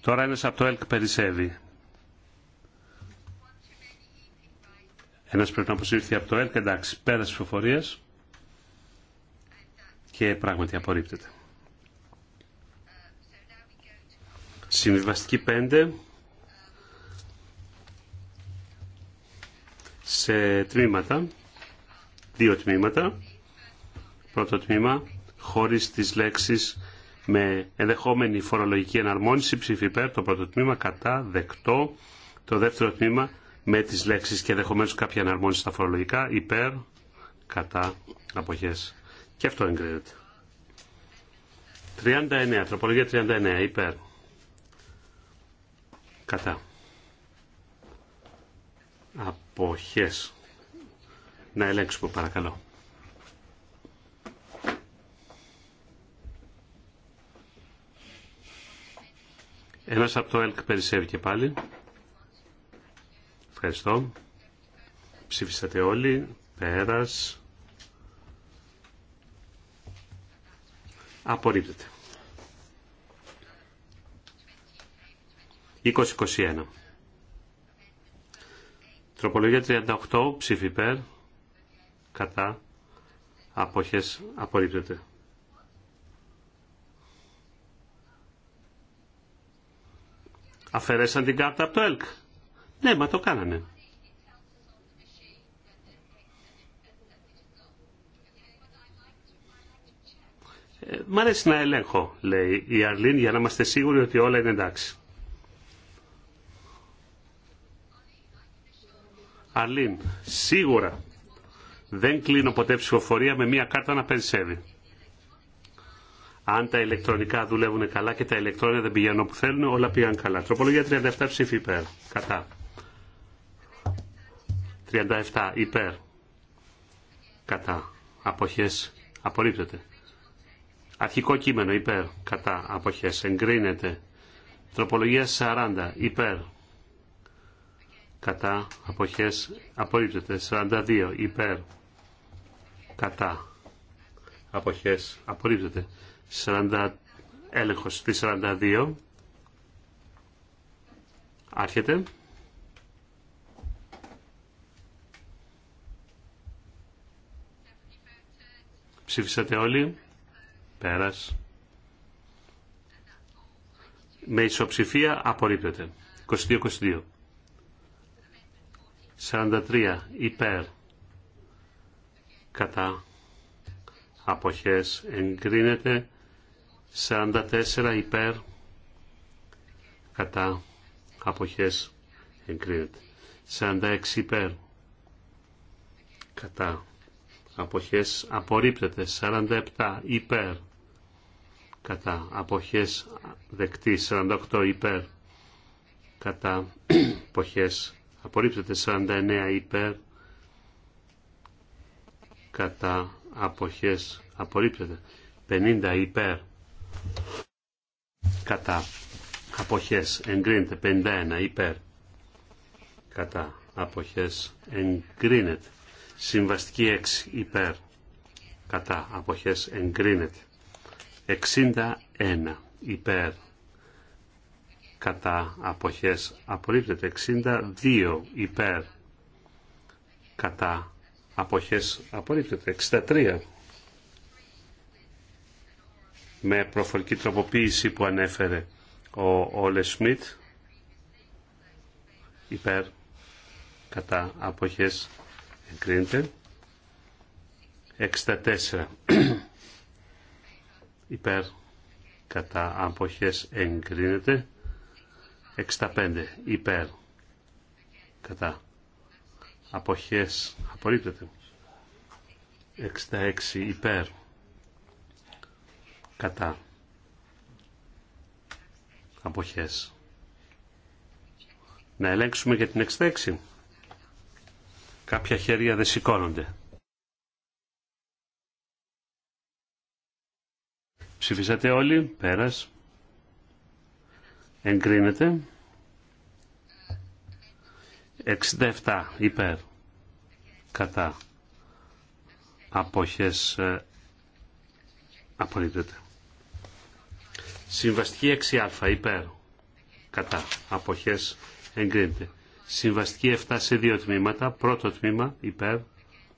Τώρα ένας από το ΕΛΚ περισσεύει. Ένας πρέπει να αποσύρθει από το ΕΛΚ, εντάξει, πέρας ψηφοφορίας και πράγματι απορρίπτεται. Συμβιβαστική 5 σε τμήματα, δύο τμήματα. Πρώτο τμήμα, χωρίς τις λέξεις με ενδεχόμενη φορολογική εναρμόνιση, ψήφι υπέρ, το πρώτο τμήμα, κατά, δεκτό. Το δεύτερο τμήμα, με τις λέξει και ενδεχομένω κάποια εναρμόνιση στα φορολογικά, υπέρ, κατά, αποχές. Και αυτό εγκρίνεται. 39, τροπολογία 39, υπέρ. Κατά αποχές. Να ελέγξουμε παρακαλώ. Ένας από το ΕΛΚ περισσεύει και πάλι. Ευχαριστώ. Ψήφισατε όλοι. Πέρας. 2021. Προπολογία 38, ψήφι υπέρ, κατά, αποχές απορρίπτεται. Αφαιρέσαν την κάρτα από το ΕΛΚ. Ναι, μα το κάνανε. Ε, μ' αρέσει να ελέγχω, λέει η Αρλίν, για να είμαστε σίγουροι ότι όλα είναι εντάξει. Αλλήν, σίγουρα δεν κλείνω ποτέ ψηφοφορία με μία κάρτα να περισσεύει. Αν τα ηλεκτρονικά δουλεύουν καλά και τα ηλεκτρόνια δεν πηγαίνουν όπου θέλουν, όλα πήγαν καλά. Τροπολογία 37 ψήφι υπέρ. Κατά. 37 υπέρ. Κατά. Αποχές. Απορρίπτεται. Αρχικό κείμενο υπέρ. Κατά. Αποχές. Εγκρίνεται. Τροπολογία 40 υπέρ κατά αποχές απορρίπτεται 42 υπέρ κατά αποχές απορρίπτεται 40 έλεγχος στη 42 άρχεται ψήφισατε όλοι πέρας με ισοψηφία απορρίπτεται 22-22 43 υπέρ κατά αποχές εγκρίνεται 44 υπέρ κατά αποχές εγκρίνεται 46 υπέρ κατά αποχές απορρίπτεται 47 υπέρ κατά αποχές δεκτή 48 υπέρ κατά αποχές απορρίπτεται 49 υπέρ κατά αποχές απορρίπτεται 50 υπέρ κατά αποχές εγκρίνεται 51 υπέρ κατά αποχές εγκρίνεται συμβαστική 6 υπέρ κατά αποχές εγκρίνεται 61 υπέρ κατά αποχές απορρίπτεται 62 υπέρ κατά αποχές απορρίπτεται 63 με προφορική τροποποίηση που ανέφερε ο Όλε Σμιτ υπέρ κατά αποχές εγκρίνεται 64 υπέρ κατά αποχές εγκρίνεται 65 υπέρ κατά αποχές απορρίπτεται 66 υπέρ κατά αποχές να ελέγξουμε για την 66 κάποια χέρια δεν σηκώνονται ψηφίσατε όλοι πέρας εγκρίνεται 67 υπέρ κατά αποχές ε, απορρίπτεται συμβαστική 6α υπέρ κατά αποχές εγκρίνεται συμβαστική 7 σε δύο τμήματα πρώτο τμήμα υπέρ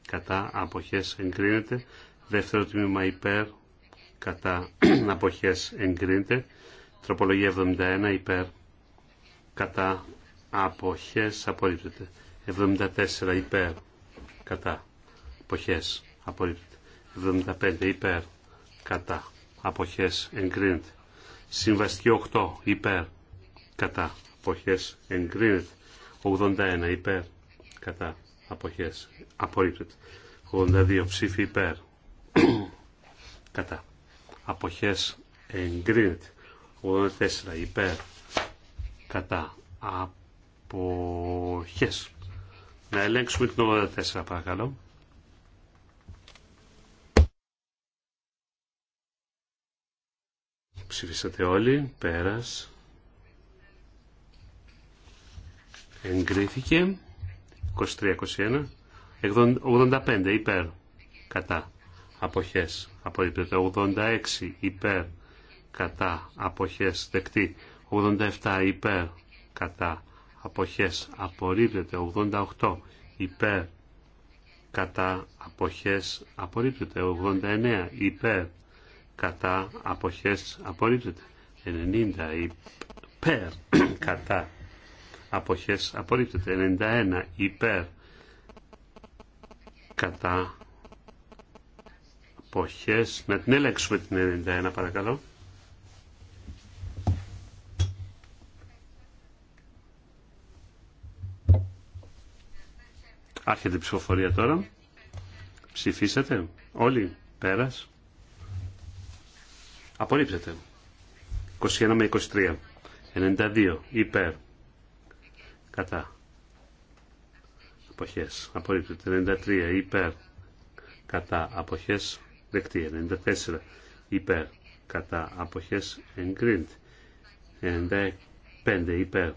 κατά αποχές εγκρίνεται δεύτερο τμήμα υπέρ κατά αποχές εγκρίνεται Τροπολογία 71 υπέρ κατά αποχές απορρίπτεται. 74 υπέρ κατά αποχές απορρίπτεται. 75 υπέρ κατά αποχές εγκρίνεται. Συμβαστική 8 υπέρ κατά αποχές εγκρίνεται. 81 υπέρ κατά αποχές απορρίπτεται. 82 ψήφι υπέρ κατά αποχές εγκρίνεται. 84 υπέρ κατά αποχές. Να ελέγξουμε την 84 παρακαλώ. Ψηφίσατε όλοι, πέρας. Εγκρίθηκε. 23-21. 85 υπέρ κατά αποχές. Απορρίπτεται 86 υπέρ κατά αποχές δεκτή 87 υπέρ κατά αποχές απορρίπτεται 88 υπέρ κατά αποχές απορρίπτεται 89 υπέρ κατά αποχές απορρίπτεται 90 υπέρ κατά αποχές απορρίπτεται 91 υπέρ κατά αποχές να την ελέγξουμε την 91 παρακαλώ Άρχεται η ψηφοφορία τώρα. Ψηφίσατε όλοι πέρας. Απορρίψατε. 21 με 23. 92 υπέρ. Κατά. Αποχές. Απορρίπτεται. 93 υπέρ. Κατά. Αποχές. Δεκτή. 94 υπέρ. Κατά. Αποχές. Εγκρίνεται. 95 υπέρ.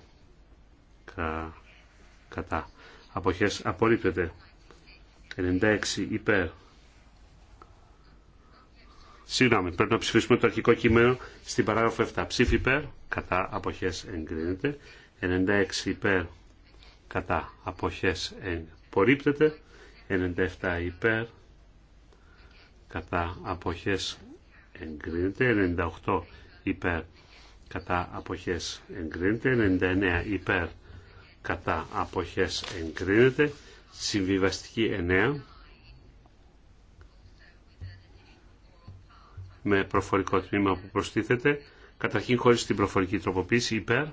Κα, κατά αποχές απορρίπτεται 96 υπέρ Συγγνώμη, πρέπει να ψηφίσουμε το αρχικό κείμενο στην παράγραφο 7. Ψήφι υπέρ, κατά αποχές εγκρίνεται. 96 υπέρ, κατά αποχές απορρίπτεται. 97 υπέρ, κατά αποχές εγκρίνεται. 98 υπέρ, κατά αποχές εγκρίνεται. 99 υπέρ, κατά αποχές εγκρίνεται. Συμβιβαστική 9 με προφορικό τμήμα που προστίθεται. Καταρχήν χωρίς την προφορική τροποποίηση υπέρ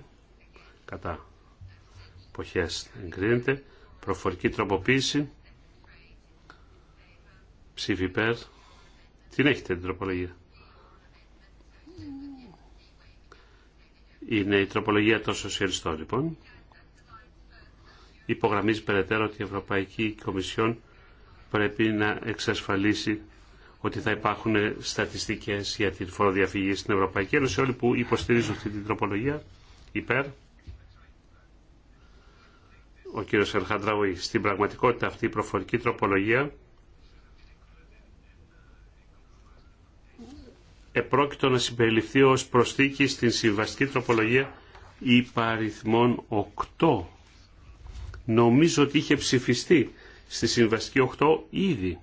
κατά αποχές εγκρίνεται. Προφορική τροποποίηση ψήφι υπέρ. Την έχετε την τροπολογία. Είναι η τροπολογία των σοσιαλιστών λοιπόν υπογραμμίζει περαιτέρω ότι η Ευρωπαϊκή Κομισιόν πρέπει να εξασφαλίσει ότι θα υπάρχουν στατιστικές για την φοροδιαφυγή στην Ευρωπαϊκή Ένωση. Όλοι που υποστηρίζουν αυτή την τροπολογία υπέρ. Ο κύριος Ελχαντραούι, στην πραγματικότητα αυτή η προφορική τροπολογία επρόκειτο να συμπεριληφθεί ως προσθήκη στην συμβαστική τροπολογία υπαριθμών 8 Νομίζω ότι είχε ψηφιστεί στη Συμβαστική 8 ήδη.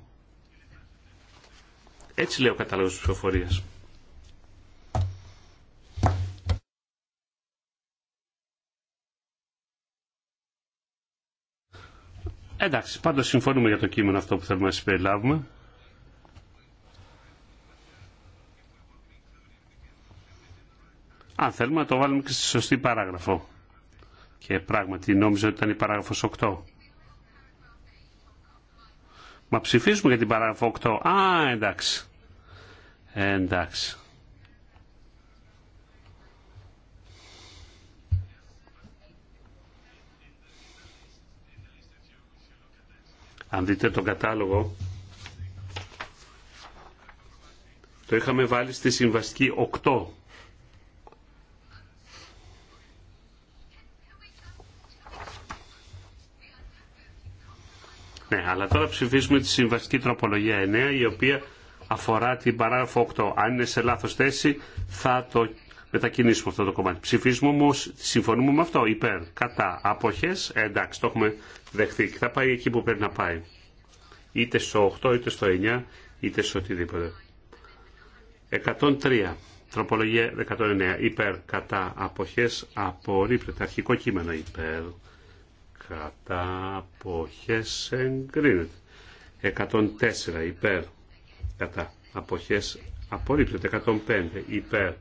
Έτσι λέει ο κατάλογος της ψηφοφορίας. Εντάξει, πάντως συμφωνούμε για το κείμενο αυτό που θέλουμε να συμπεριλάβουμε. Αν θέλουμε να το βάλουμε και στη σωστή παράγραφο. Και πράγματι νόμιζα ότι ήταν η παράγραφος 8. Μα ψηφίσουμε για την παράγραφο 8. Α, εντάξει. Ε, εντάξει. Αν δείτε τον κατάλογο, το είχαμε βάλει στη συμβαστική 8 Αλλά τώρα ψηφίζουμε τη συμβαστική τροπολογία 9 η οποία αφορά την παράγραφο 8. Αν είναι σε λάθο θέση θα το μετακινήσουμε αυτό το κομμάτι. Ψηφίζουμε όμω, συμφωνούμε με αυτό, υπέρ, κατά, απόχε. εντάξει, το έχουμε δεχθεί και θα πάει εκεί που πρέπει να πάει. Είτε στο 8, είτε στο 9, είτε σε οτιδήποτε. 103. Τροπολογία 109. Υπέρ, κατά, αποχές, απορρίπτεται. Αρχικό κείμενο υπέρ, κατά αποχές εγκρίνεται 104 υπέρ κατά αποχές απορρίπτεται 105 υπέρ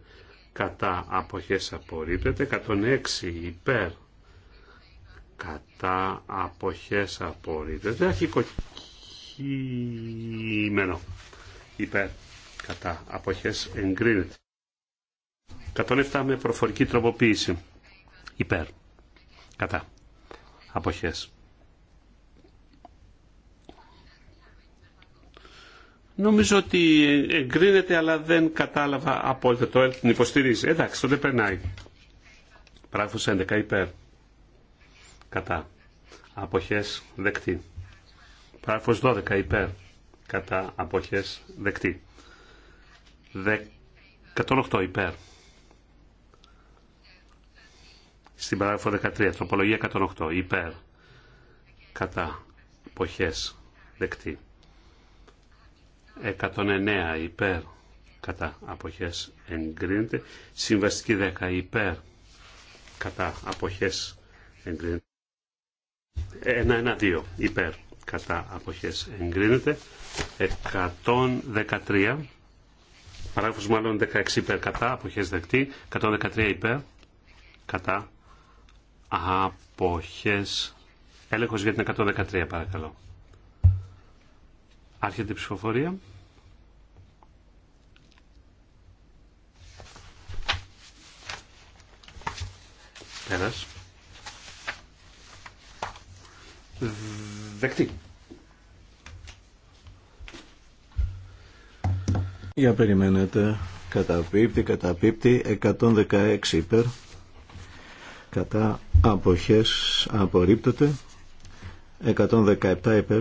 κατά αποχές απορρίπτεται 106 υπέρ κατά αποχές απορρίπτεται αρχικό κείμενο υπέρ κατά αποχές εγκρίνεται 107 με προφορική τροποποίηση υπέρ κατά αποχές. Νομίζω ότι εγκρίνεται αλλά δεν κατάλαβα απόλυτα το έλθει την υποστηρίζει. Εντάξει, τότε περνάει. Πράγματος 11 υπέρ. Κατά. Αποχές δεκτή. Πράγματος 12 υπέρ. Κατά. Αποχές δεκτή. 108 υπέρ στην παράγραφο 13, τροπολογία 108, υπέρ, κατά, αποχές, δεκτή. 109 υπέρ κατά αποχές εγκρίνεται. Συμβαστική 10 υπέρ κατά αποχές 112, 2 υπέρ κατά αποχές εγκρίνεται. 113 Παράγραφος μάλλον 16 υπέρ κατά, αποχές δεκτή, 113 υπέρ κατά, αποχές έλεγχος για την 113 παρακαλώ άρχεται η ψηφοφορία πέρας δεκτή για περιμένετε καταπίπτει καταπίπτει 116 υπέρ κατά αποχές απορρίπτεται 117 υπέρ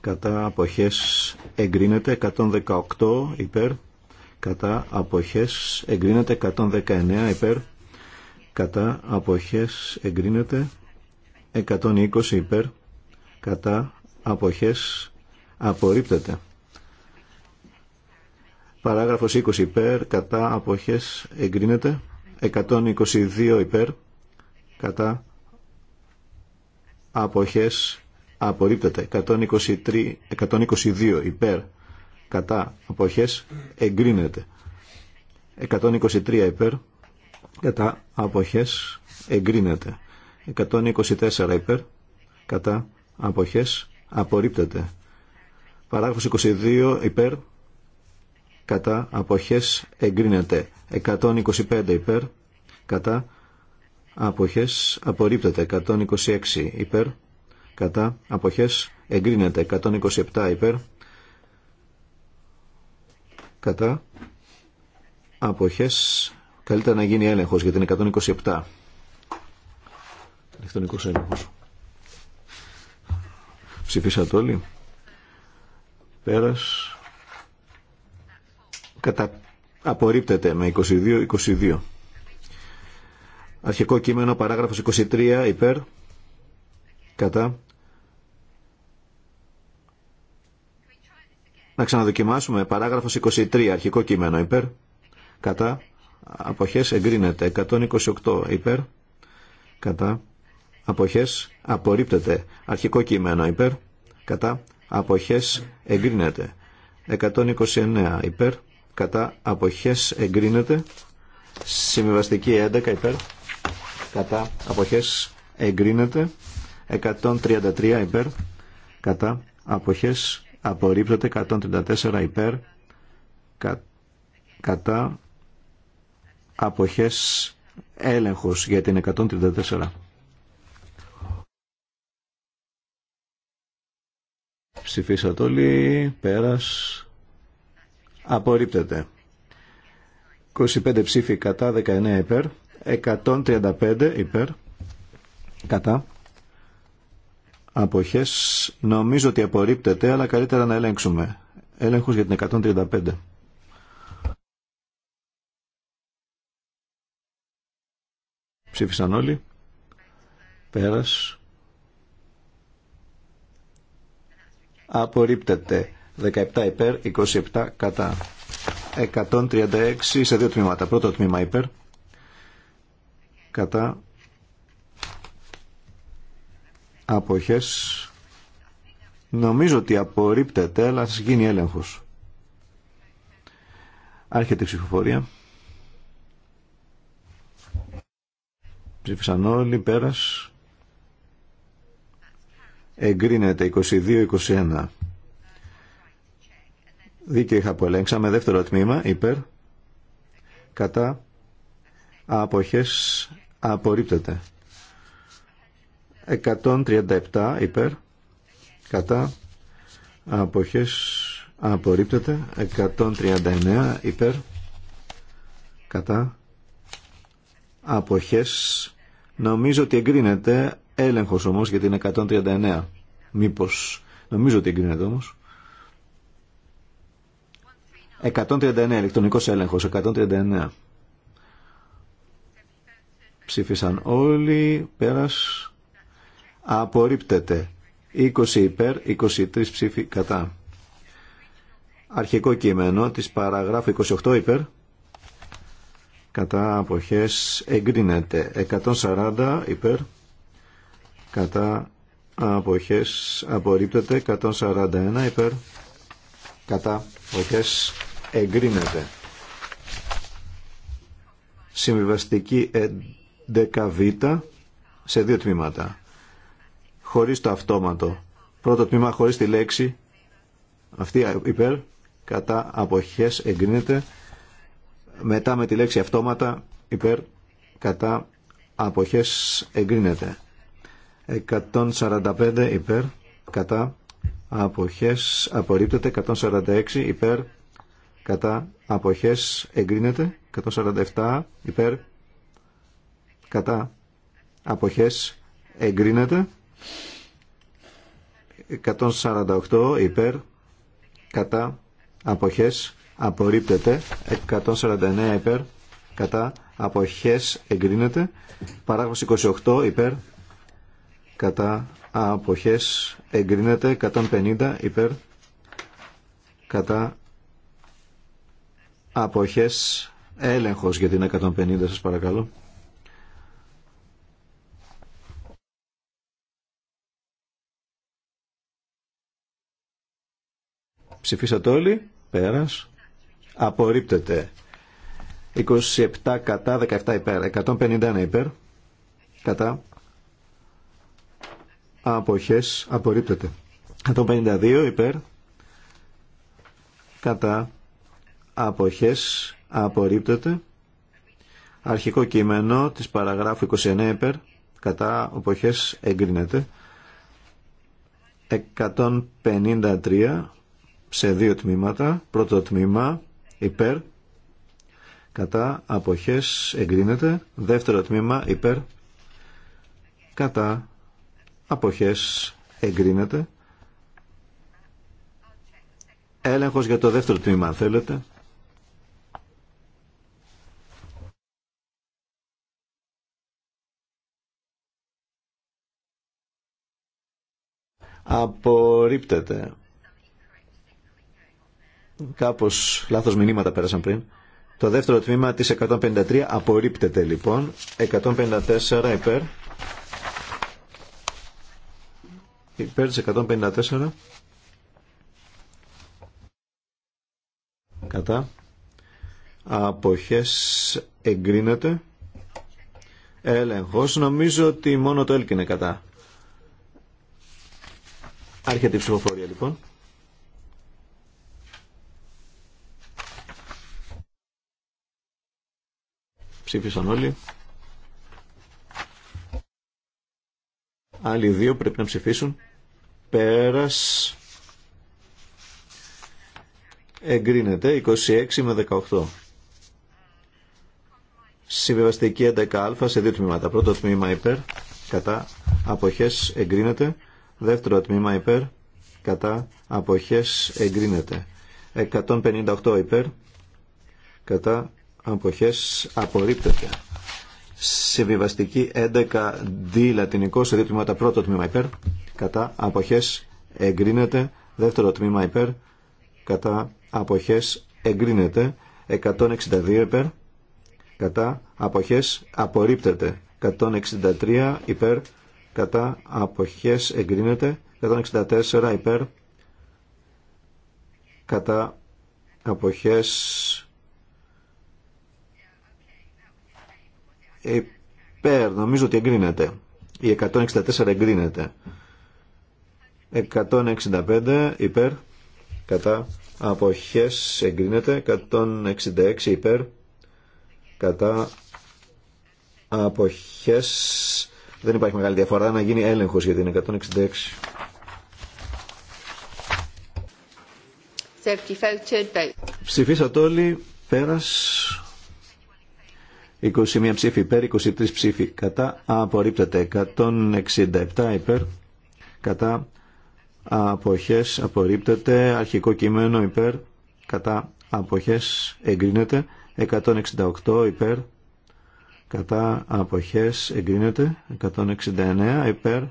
κατά αποχές εγκρίνεται 118 υπέρ κατά αποχές εγκρίνεται 119 υπέρ κατά αποχές εγκρίνεται 120 υπέρ κατά αποχές απορρίπτεται Παράγραφος 20 υπέρ κατά αποχές εγκρίνεται 122 υπέρ κατά αποχές απορρίπτεται 123, 122 υπέρ κατά αποχές εγκρίνεται 123 υπέρ κατά αποχές εγκρίνεται 124 υπέρ κατά αποχές απορρίπτεται παράγραφος 22 υπέρ κατά αποχές εγκρίνεται 125 υπέρ κατά αποχές απορρίπτεται 126 υπέρ κατά αποχές εγκρίνεται 127 υπέρ κατά αποχές καλύτερα να γίνει έλεγχος για την 127 ηλεκτρονικός έλεγχος ψηφίσατε όλοι πέρας κατα... απορρίπτεται με 22-22 Αρχικό κείμενο παράγραφος 23 υπέρ κατά. Να ξαναδοκιμάσουμε. Παράγραφος 23 αρχικό κείμενο υπέρ κατά. Αποχές εγκρίνεται. 128 υπέρ κατά. Αποχές απορρίπτεται. Αρχικό κείμενο υπέρ κατά. Αποχές εγκρίνεται. 129 υπέρ κατά. Αποχές εγκρίνεται. Συμβιβαστική 11 υπέρ κατά αποχές εγκρίνεται 133 υπέρ κατά αποχές απορρίπτεται 134 υπέρ κατά αποχές έλεγχος για την 134 ψηφίσατε όλοι πέρας απορρίπτεται 25 ψήφοι κατά 19 υπέρ 135 υπέρ κατά αποχές νομίζω ότι απορρίπτεται αλλά καλύτερα να ελέγξουμε έλεγχος για την 135 ψήφισαν όλοι πέρας απορρίπτεται 17 υπέρ 27 κατά 136 σε δύο τμήματα πρώτο τμήμα υπέρ κατά αποχές νομίζω ότι απορρίπτεται αλλά σας γίνει έλεγχος άρχεται η ψηφοφορία ψήφισαν όλοι πέρας εγκρίνεται 22-21 δίκαιο είχα που ελέγξαμε δεύτερο τμήμα υπέρ κατά αποχές απορρίπτεται 137 υπέρ κατά αποχές απορρίπτεται 139 υπέρ κατά αποχές νομίζω ότι εγκρίνεται έλεγχος όμως για την 139 μήπως νομίζω ότι εγκρίνεται όμως 139 ηλεκτρονικός έλεγχος 139 Ψήφισαν όλοι, πέρας, απορρίπτεται. 20 υπέρ, 23 ψήφοι κατά. Αρχικό κείμενο της παραγράφου 28 υπέρ. Κατά αποχές εγκρίνεται. 140 υπέρ. Κατά αποχές απορρίπτεται. 141 υπέρ. Κατά αποχές εγκρίνεται. Συμβιβαστική δεκαβήτα σε δύο τμήματα. Χωρίς το αυτόματο. Πρώτο τμήμα χωρίς τη λέξη. Αυτή υπέρ. Κατά αποχές εγκρίνεται. Μετά με τη λέξη αυτόματα υπέρ. Κατά αποχές εγκρίνεται. 145 υπέρ. Κατά αποχές απορρίπτεται. 146 υπέρ. Κατά αποχές εγκρίνεται. 147 υπέρ κατά αποχές εγκρίνεται 148 υπέρ κατά αποχές απορρίπτεται 149 υπέρ κατά αποχές εγκρίνεται παράγραφος 28 υπέρ κατά αποχές εγκρίνεται 150 υπέρ κατά αποχές έλεγχος για την 150 σας παρακαλώ Ψηφίσατε όλοι. Πέρας. Απορρίπτεται. 27 κατά, 17 υπέρ. 151 υπέρ. Κατά. Αποχές. Απορρίπτεται. 152 υπέρ. Κατά. Αποχές. Απορρίπτεται. Αρχικό κείμενο της παραγράφου 29 υπέρ. Κατά. Αποχές. Εγκρίνεται. 153 σε δύο τμήματα. Πρώτο τμήμα υπέρ, κατά αποχές εγκρίνεται. Δεύτερο τμήμα υπέρ, κατά αποχές εγκρίνεται. Έλεγχος για το δεύτερο τμήμα αν θέλετε. Απορρίπτεται. Κάπως λάθος μηνύματα πέρασαν πριν. Το δεύτερο τμήμα τη 153 απορρίπτεται λοιπόν. 154 υπέρ. Υπέρ τη 154. Κατά. Αποχές εγκρίνεται. Έλεγχος. Νομίζω ότι μόνο το έλκυνε κατά. Άρχεται η ψηφοφορία λοιπόν. Ψήφισαν όλοι. Άλλοι δύο πρέπει να ψηφίσουν. Πέρας. Εγκρίνεται 26 με 18. συμβεβαστικη 11 11α σε δύο τμήματα. Πρώτο τμήμα υπέρ, κατά, αποχές εγκρίνεται. Δεύτερο τμήμα υπέρ, κατά, αποχές εγκρίνεται. 158 υπέρ, κατά, αποχές απορρίπτεται. Συμβιβαστική 11 δι λατινικό σε δύο τμήματα πρώτο τμήμα υπέρ κατά αποχές εγκρίνεται δεύτερο τμήμα υπέρ κατά αποχές εγκρίνεται 162 υπέρ κατά αποχές απορρίπτεται 163 υπέρ κατά αποχές εγκρίνεται 164 υπέρ κατά αποχές υπέρ, νομίζω ότι εγκρίνεται. Η 164 εγκρίνεται. 165 υπέρ, κατά αποχές εγκρίνεται. 166 υπέρ, κατά αποχές δεν υπάρχει μεγάλη διαφορά να γίνει έλεγχος για την 166. Ψηφίσατε όλοι πέρας 21 ψήφοι υπέρ, 23 ψήφοι κατά, απορρίπτεται. 167 υπέρ, κατά, αποχές, απορρίπτεται. Αρχικό κείμενο υπέρ, κατά, αποχές, εγκρίνεται. 168 υπέρ, κατά, αποχές, εγκρίνεται. 169 υπέρ,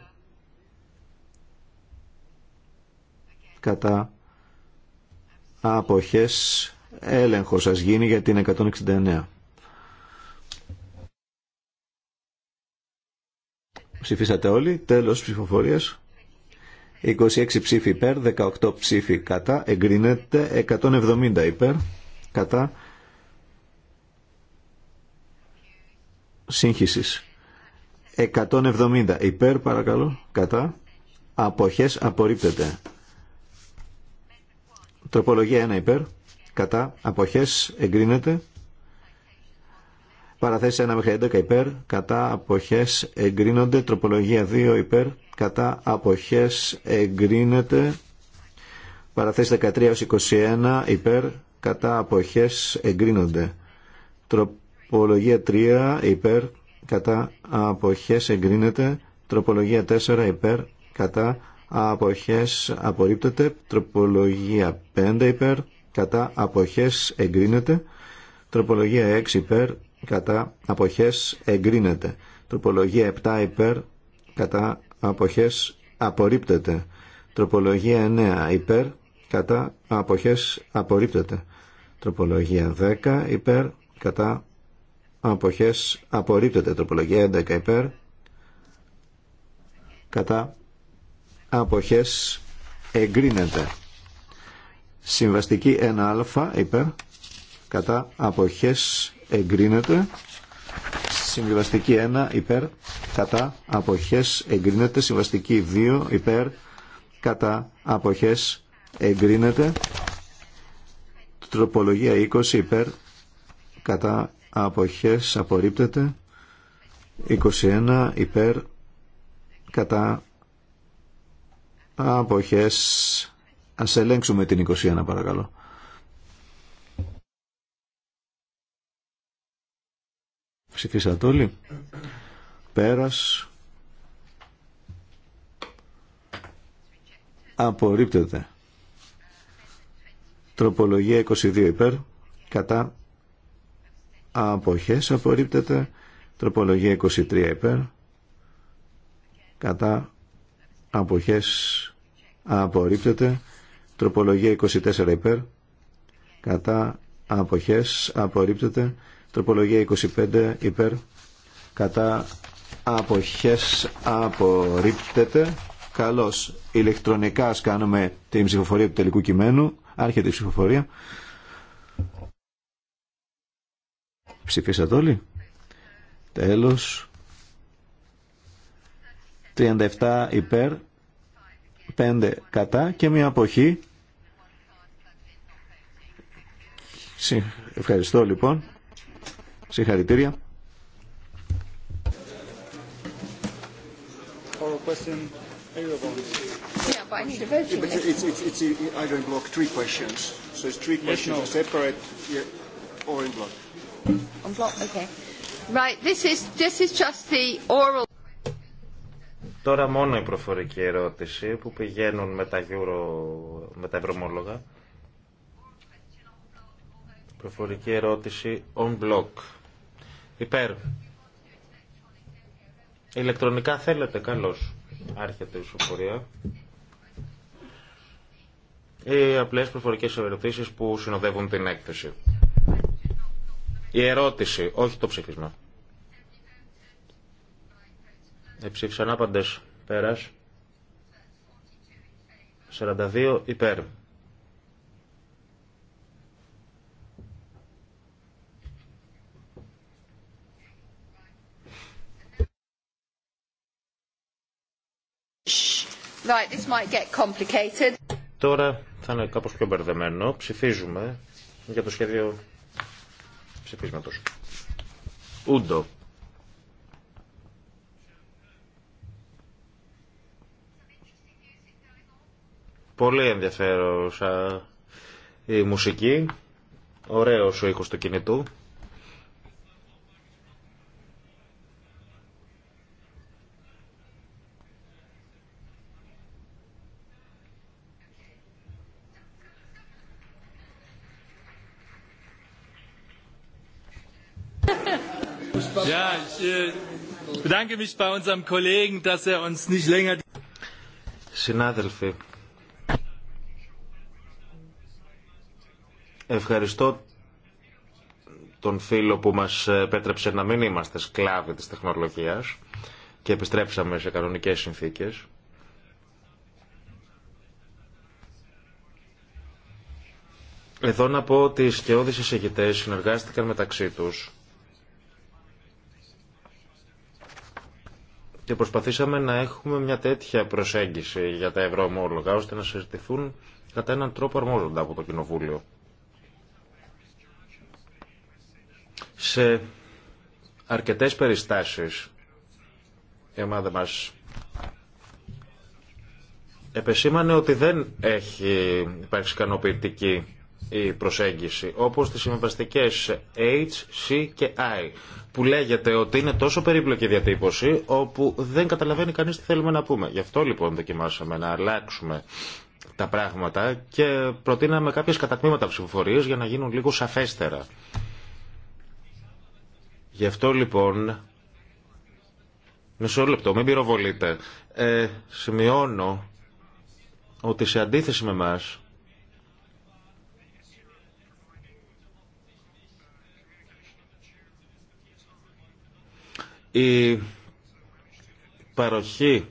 κατά, αποχές, έλεγχος σας γίνει για την 169. Ψηφίσατε όλοι. Τέλος ψηφοφορίας. 26 ψήφοι υπέρ, 18 ψήφοι κατά. Εγκρίνεται 170 υπέρ, κατά σύγχυσης. 170 υπέρ παρακαλώ, κατά. Αποχές απορρίπτεται. Τροπολογία 1 υπέρ, κατά. Αποχές εγκρίνεται. Παραθέσει 1 μέχρι 11 υπέρ, κατά απόχέ εγκρίνονται. Τροπολογία 2 υπέρ, κατά αποχές εγκρίνεται. Παραθέσει 13 έως 21 υπέρ, κατά απόχέ εγκρίνονται. Τροπολογία 3 υπέρ, κατά αποχές εγκρίνεται. Τροπολογία 4 υπέρ, κατά αποχές απορρίπτεται. Τροπολογία 5 υπέρ, κατά αποχές εγκρίνεται. Τροπολογία 6 υπέρ, κατά αποχές εγκρίνεται. Τροπολογία 7 υπέρ κατά αποχές απορρίπτεται. Τροπολογία 9 υπέρ κατά αποχές απορρίπτεται. Τροπολογία 10 υπέρ κατά αποχές απορρίπτεται. Τροπολογία 11 υπέρ κατά αποχές εγκρίνεται. Συμβαστική 1α υπέρ κατά αποχές εγκρίνεται. Συμβιβαστική 1 υπέρ κατά αποχές εγκρίνεται. Συμβαστική 2 υπέρ κατά αποχές εγκρίνεται. Τροπολογία 20 υπέρ κατά αποχές απορρίπτεται. 21 υπέρ κατά αποχές. Ας ελέγξουμε την 21 παρακαλώ. Ψηφίσατε όλοι. Πέρας. Απορρίπτεται. Τροπολογία 22 υπέρ. Κατά. Αποχές απορρίπτεται. Τροπολογία 23 υπέρ. Κατά. Αποχές απορρίπτεται. Τροπολογία 24 υπέρ. Κατά. Αποχές απορρίπτεται. Τροπολογία 25 υπέρ κατά αποχές απορρίπτεται. Καλώς. Ηλεκτρονικά ας κάνουμε την ψηφοφορία του τελικού κειμένου. Άρχεται η ψηφοφορία. Ψηφίσατε όλοι. Τέλος. 37 υπέρ, 5 κατά και μια αποχή. Ευχαριστώ λοιπόν. Συγχαρητήρια. Τώρα μόνο η προφορική ερώτηση που πηγαίνουν με τα, Euro, με τα ευρωμόλογα. Προφορική ερώτηση on block. Υπέρ. Ηλεκτρονικά θέλετε, καλώς. Άρχεται η ισοφορία. Οι απλές προφορικές ερωτήσεις που συνοδεύουν την έκθεση. Η ερώτηση, όχι το ψήφισμα. Εψήφισαν άπαντες πέρας. 42 υπέρ. Right, this might get complicated. Τώρα θα είναι κάπως πιο μπερδεμένο. Ψηφίζουμε για το σχέδιο ψηφίσματος. Ούντο. Πολύ ενδιαφέρον η μουσική. Ωραίος ο ήχος του κινητού. Συνάδελφοι, ευχαριστώ τον φίλο που μας επέτρεψε να μην είμαστε σκλάβοι της τεχνολογίας και επιστρέψαμε σε κανονικές συνθήκες. Εδώ να πω ότι οι σκεώδεις εισηγητές συνεργάστηκαν μεταξύ τους και προσπαθήσαμε να έχουμε μια τέτοια προσέγγιση για τα ευρωομόλογα ώστε να συζητηθούν κατά έναν τρόπο αρμόζοντα από το Κοινοβούλιο. Σε αρκετές περιστάσεις η ομάδα μας επεσήμανε ότι δεν έχει υπάρξει ικανοποιητική η προσέγγιση, όπως τις συμβαστικές H, C και I, που λέγεται ότι είναι τόσο περίπλοκη διατύπωση, όπου δεν καταλαβαίνει κανείς τι θέλουμε να πούμε. Γι' αυτό λοιπόν δοκιμάσαμε να αλλάξουμε τα πράγματα και προτείναμε κάποιες κατακμήματα ψηφοφορίες για να γίνουν λίγο σαφέστερα. Γι' αυτό λοιπόν, μισό λεπτό, μην πυροβολείτε, ε, σημειώνω ότι σε αντίθεση με μας Η παροχή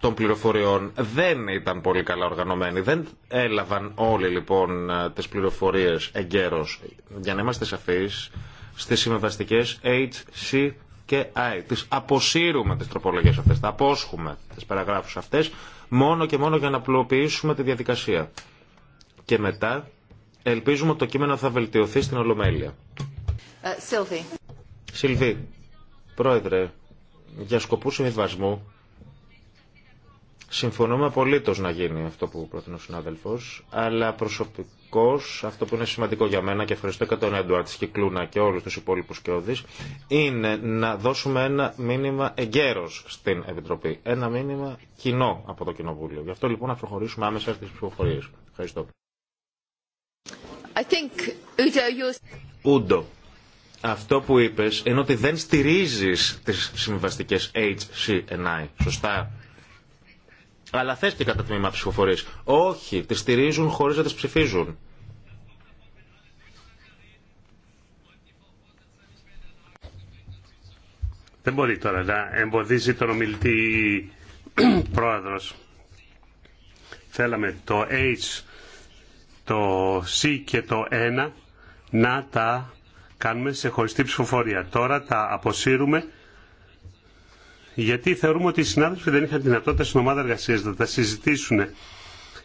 των πληροφοριών δεν ήταν πολύ καλά οργανωμένη. Δεν έλαβαν όλοι λοιπόν τις πληροφορίες εγκαίρως. Για να είμαστε σαφείς, στις συμβαστικές H, C και I. Τις αποσύρουμε τις τροπολογίες αυτές, τα απόσχουμε τις παραγράφους αυτές, μόνο και μόνο για να απλοποιήσουμε τη διαδικασία. Και μετά ελπίζουμε ότι το κείμενο θα βελτιωθεί στην Ολομέλεια. Σιλβί. Ε, Πρόεδρε, για σκοπούς συμβιβασμού συμφωνούμε απολύτω να γίνει αυτό που προτείνει ο συνάδελφο, αλλά προσωπικώ αυτό που είναι σημαντικό για μένα και ευχαριστώ και τον Έντουαρτ Κλούνα και όλου του υπόλοιπου Κιώδη, είναι να δώσουμε ένα μήνυμα εγκαίρω στην Επιτροπή. Ένα μήνυμα κοινό από το Κοινοβούλιο. Γι' αυτό λοιπόν να προχωρήσουμε άμεσα στι ψηφοφορίε. Ευχαριστώ. Αυτό που είπες είναι ότι δεν στηρίζεις τις συμβαστικές H, C, και I. Σωστά. Αλλά θες και κατά τμήμα ψηφοφορίες. Όχι, τις στηρίζουν χωρίς να τις ψηφίζουν. Δεν μπορεί τώρα να εμποδίζει τον ομιλητή πρόεδρος. Θέλαμε το H, το C και το 1 να τα κάνουμε σε χωριστή ψηφοφορία. Τώρα τα αποσύρουμε γιατί θεωρούμε ότι οι συνάδελφοι δεν είχαν δυνατότητα στην ομάδα εργασία να τα συζητήσουν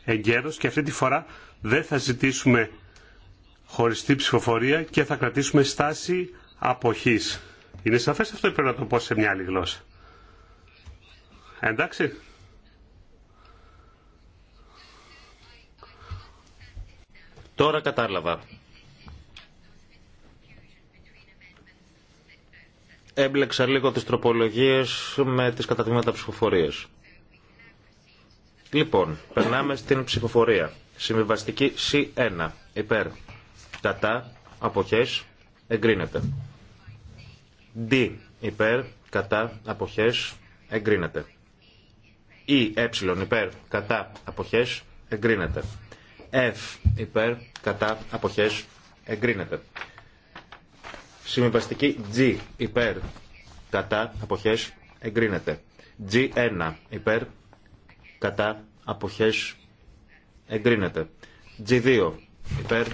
εγκαίρω και αυτή τη φορά δεν θα ζητήσουμε χωριστή ψηφοφορία και θα κρατήσουμε στάση αποχή. Είναι σαφέ αυτό ή πρέπει να το πω σε μια άλλη γλώσσα. Εντάξει. Τώρα κατάλαβα. έμπλεξα λίγο τις τροπολογίες με τις κατατμήματα ψηφοφορίες. Λοιπόν, περνάμε στην ψηφοφορία. Συμβιβαστική C1. Υπέρ. Κατά. Αποχές. Εγκρίνεται. D. Υπέρ. Κατά. Αποχές. Εγκρίνεται. E. Ε. Υπέρ. Κατά. Αποχές. Εγκρίνεται. F. Υπέρ. Κατά. Αποχές. Εγκρίνεται. Συμβιβαστική G υπέρ κατά αποχές εγκρίνεται. G1 υπέρ κατά αποχές εγκρίνεται. G2 υπέρ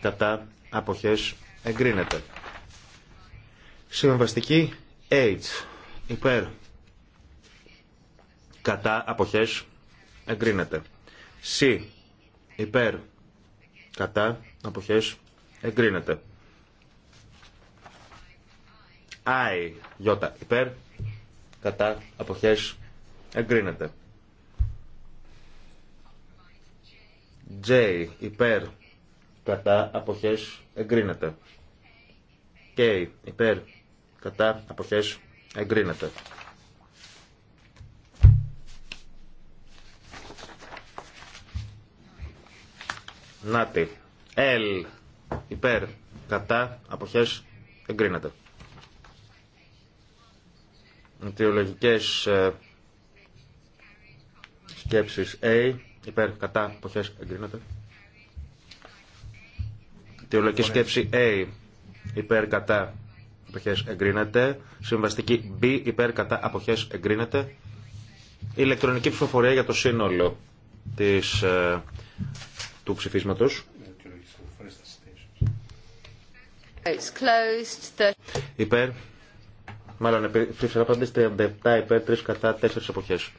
κατά αποχές εγκρίνεται. Συμβαστική H υπέρ κατά αποχές εγκρίνεται. C υπέρ κατά αποχές εγκρίνεται. I, υπέρ, κατά, αποχές, εγκρίνεται. J, υπέρ, κατά, αποχές, εγκρίνεται. K, υπέρ, κατά, αποχές, εγκρίνεται. Νάτι. L, υπέρ, κατά, αποχές, εγκρίνεται. Αιτιολογικές ε, σκέψεις A, υπέρ, κατά, αποχές εγκρίνεται. Αιτιολογική σκέψη A, υπέρ, κατά, αποχές εγκρίνεται. Συμβαστική B, υπέρ, κατά, αποχές, εγκρίνεται. Ηλεκτρονική ψηφοφορία για το σύνολο της, ε, του ψηφίσματος. Υπέρ, Μάλλον ψήφισαν πάντες 37 υπέρ, 3 κατά, 4 εποχές.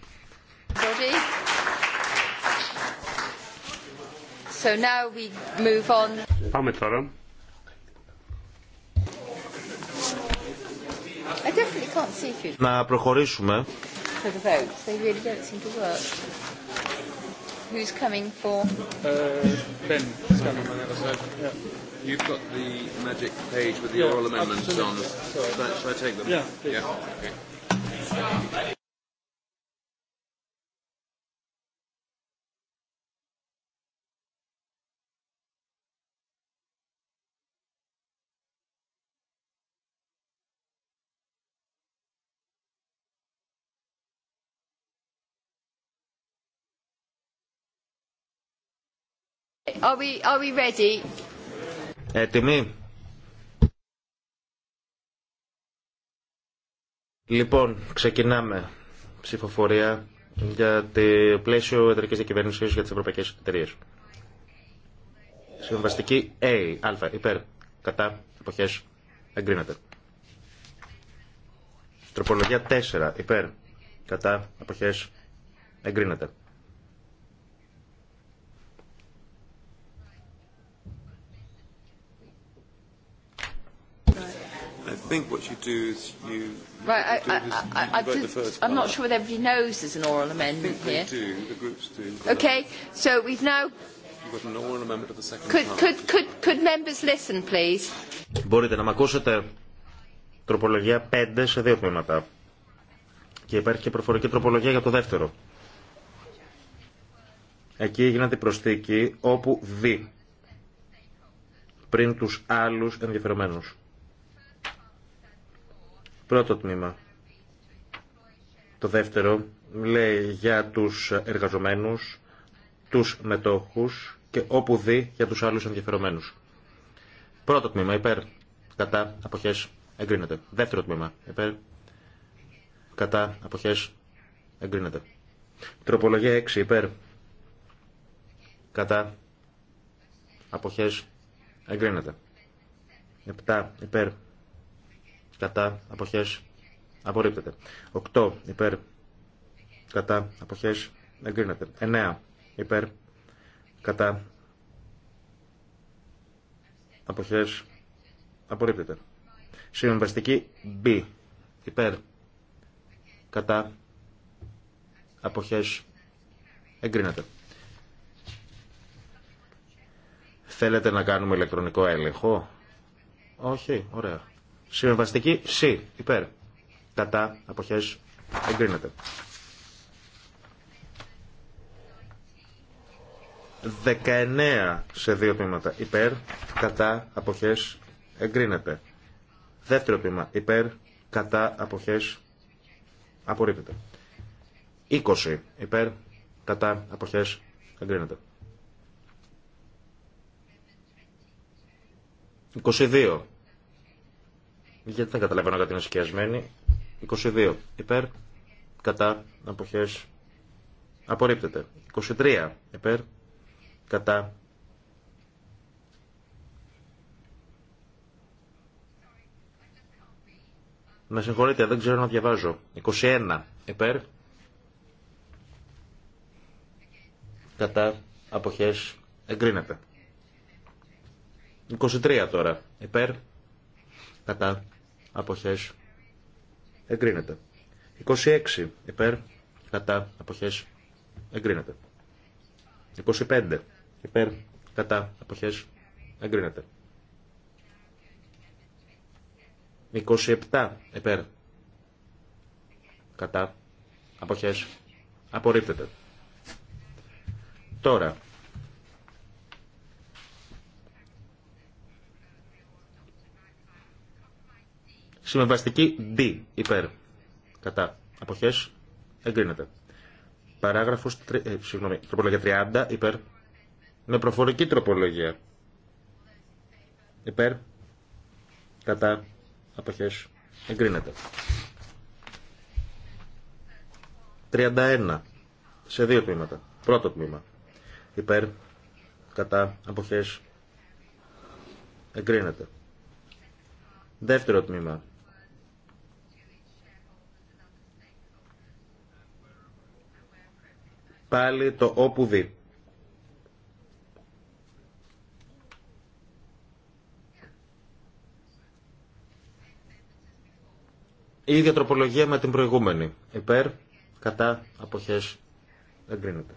So now we move on. Πάμε τώρα. I can't see you. Να προχωρήσουμε. For the votes, they who's coming for? Uh, ben is coming on the other side. Yeah. You've got the magic page with the oral amendments on. Should I take them? Yeah. Yeah. Okay. Are we, are we ready? Έτοιμοι. Λοιπόν, ξεκινάμε ψηφοφορία για το πλαίσιο εταιρική διακυβέρνηση για τι ευρωπαϊκέ εταιρείε. Συμβαστική A, α, υπέρ, κατά, εποχέ, εγκρίνεται. Τροπολογία 4, υπέρ, κατά, εποχέ, εγκρίνεται. think what you do is you. Right, do I, I, I, I, I, I the first I'm part. not sure whether everybody knows there's an oral amendment I think here. They do, the groups do. Okay, so we've now. could, could, could, could members listen, please? Μπορείτε να μ' ακούσετε. Τροπολογία 5 σε δύο τμήματα. Και υπάρχει και προφορική τροπολογία για το δεύτερο. Εκεί γίνεται την προσθήκη όπου δει πριν τους άλλους ενδιαφερομένους. Πρώτο τμήμα. Το δεύτερο λέει για τους εργαζομένους, τους μετόχους και όπου δει για τους άλλους ενδιαφερομένους. Πρώτο τμήμα υπέρ, κατά, αποχές, εγκρίνεται. Δεύτερο τμήμα υπέρ, κατά, αποχές, εγκρίνεται. Τροπολογία 6 υπέρ, κατά, αποχές, εγκρίνεται. Επτά υπέρ, κατά αποχέ, απορρίπτεται. 8 υπέρ κατά αποχές εγκρίνεται. 9 υπέρ κατά αποχές απορρίπτεται. Συμβαστική B υπέρ κατά αποχέ. εγκρίνεται. Θέλετε να κάνουμε ηλεκτρονικό έλεγχο. Όχι, ωραία. Συμβαστική C. Υπέρ. Κατά. Αποχές. Εγκρίνεται. 19 σε δύο τμήματα. Υπέρ. Κατά. Αποχές. Εγκρίνεται. Δεύτερο τμήμα. Υπέρ. Κατά. Αποχές. Απορρίπτεται. 20. Υπέρ. Κατά. Αποχές. Εγκρίνεται. 22 γιατί δεν καταλαβαίνω κάτι είναι σκιασμένη. 22. Υπέρ. Κατά. Αποχές. Απορρίπτεται. 23. Υπέρ. Κατά. Με συγχωρείτε, δεν ξέρω να διαβάζω. 21. Υπέρ. Κατά. Αποχές. Εγκρίνεται. 23 τώρα. Υπέρ. Κατά αποχές εγκρίνεται. 26 υπέρ κατά αποχές εγκρίνεται. 25 υπέρ κατά αποχές εγκρίνεται. 27 υπέρ κατά αποχές απορρίπτεται. Τώρα Συμβαστική D υπέρ. Κατά. απόχέ. Εγκρίνεται. Παράγραφο, ε, συγγνώμη, τροπολογία 30 υπέρ. Με προφορική τροπολογία. Υπέρ. Κατά. Αποχές. Εγκρίνεται. 31. Σε δύο τμήματα. Πρώτο τμήμα. Υπέρ. Κατά. Αποχές. Εγκρίνεται. Δεύτερο τμήμα. πάλι το όπου δει. Η ίδια τροπολογία με την προηγούμενη. Υπέρ, κατά, αποχές, εγκρίνεται.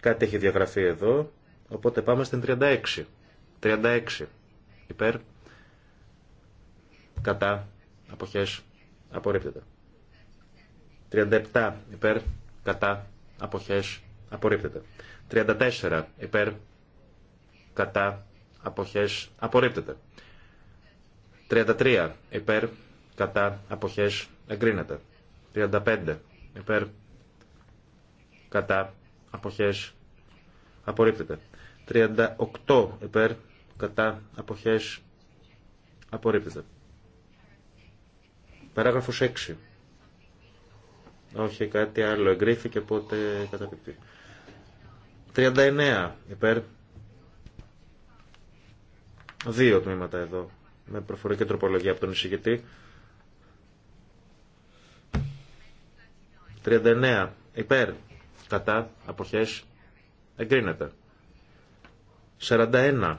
Κάτι έχει διαγραφεί εδώ, οπότε πάμε στην 36. 36. Υπέρ, κατά, αποχές, απορρίπτεται. 37 υπέρ κατά αποχές απορρίπτεται. 34 υπέρ κατά αποχές απορρίπτεται. 33 υπέρ κατά αποχές εγκρίνεται. 35 υπέρ κατά αποχές απορρίπτεται. 38 υπέρ κατά αποχές απορρίπτεται. Παράγραφος 6 όχι, κάτι άλλο. Εγκρίθηκε, οπότε καταπληκτή. 39 υπέρ. Δύο τμήματα εδώ. Με προφορική τροπολογία από τον εισηγητή. 39 υπέρ. Κατά. Αποχές. Εγκρίνεται. 41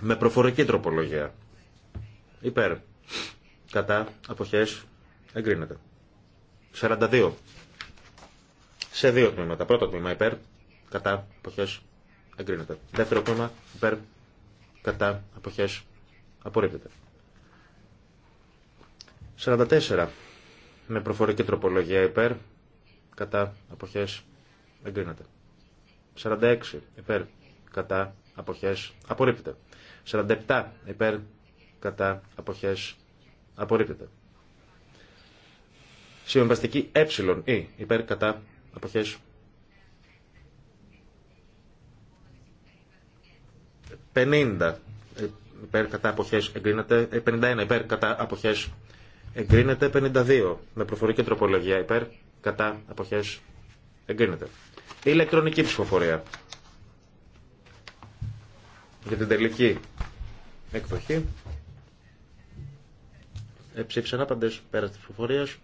με προφορική τροπολογία. Υπέρ. Κατά. Αποχές. Εγκρίνεται. 42. Σε δύο τμήματα. Πρώτο τμήμα υπέρ, κατά, αποχές, εγκρίνεται. Δεύτερο τμήμα υπέρ, κατά, αποχές, απορρίπτεται. 44. Με προφορική τροπολογία υπέρ, κατά, αποχές, εγκρίνεται. 46. Υπέρ, κατά, αποχές, απορρίπτεται. 47. Υπέρ, κατά, αποχές, απορρίπτεται. Συμβαστική ε, ή υπέρ κατά αποχές. Πενήντα υπέρ κατά αποχές εγκρίνεται, 51 ε, υπέρ κατά αποχές εγκρίνεται, 52 με προφορική τροπολογία υπέρ κατά αποχές εγκρίνεται. Η ηλεκτρονική ψηφοφορία για την τελική εκδοχή. Εψήφισαν άπαντες πέρα της ψηφοφορίας.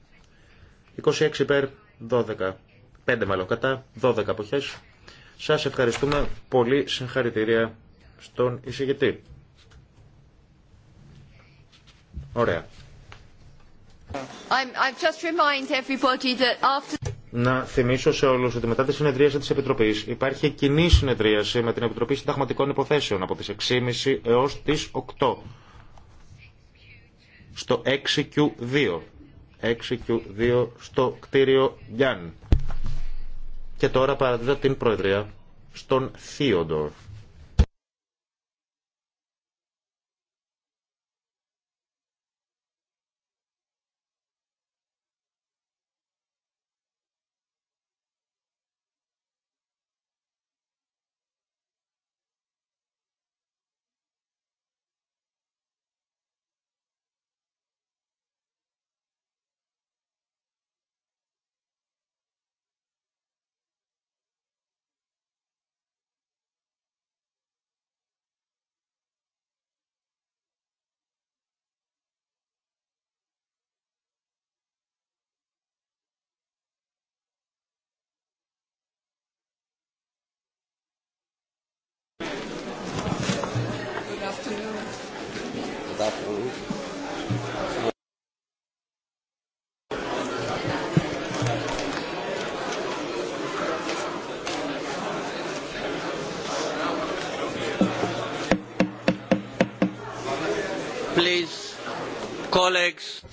26 υπέρ 12. 5 μάλλον κατά, 12 αποχέ. Σα ευχαριστούμε πολύ. Συγχαρητήρια στον εισηγητή. Ωραία. Να θυμίσω σε όλους ότι μετά τη συνεδρίαση της Επιτροπής υπάρχει κοινή συνεδρίαση με την Επιτροπή Συνταγματικών Υποθέσεων από τις 6.30 έως τις 8 στο 6Q2. 6Q2 στο κτίριο Γιάν. Και τώρα παραδίδω την Προεδρία στον Θείοντορ.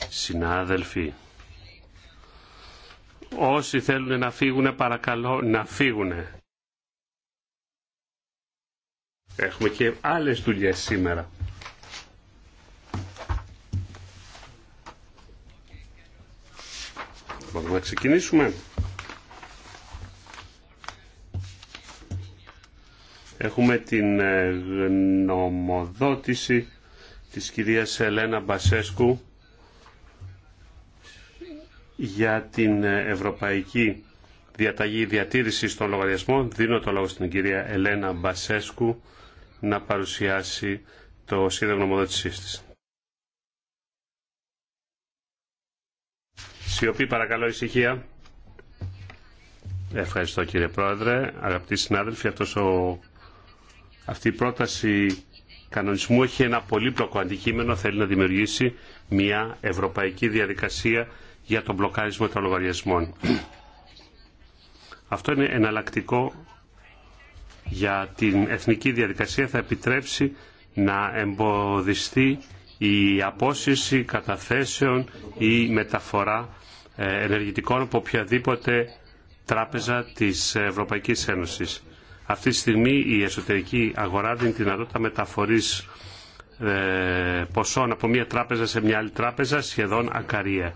Συνάδελφοι, όσοι θέλουν να φύγουν παρακαλώ να φύγουν. Έχουμε και άλλες δουλειές σήμερα. Μπορούμε να ξεκινήσουμε. Έχουμε την ε, γνωμοδότηση της κυρίας Ελένα Μπασέσκου για την Ευρωπαϊκή Διαταγή Διατήρησης των Λογαριασμών. Δίνω το λόγο στην κυρία Ελένα Μπασέσκου να παρουσιάσει το σχέδιο νομοδότησής της. Σιωπή παρακαλώ ησυχία. Ευχαριστώ κύριε Πρόεδρε. Αγαπητοί συνάδελφοι, αυτός ο... αυτή η πρόταση κανονισμού έχει ένα πολύπλοκο αντικείμενο, θέλει να δημιουργήσει μια ευρωπαϊκή διαδικασία για τον μπλοκάρισμα των λογαριασμών. Αυτό είναι εναλλακτικό για την εθνική διαδικασία, θα επιτρέψει να εμποδιστεί η απόσυρση καταθέσεων ή μεταφορά ε, ενεργητικών από οποιαδήποτε τράπεζα της Ευρωπαϊκής Ένωσης. Αυτή τη στιγμή η εσωτερική αγορά δίνει τη δυνατότητα μεταφορής ε, ποσών από μία τράπεζα σε μία άλλη τράπεζα σχεδόν ακαρία.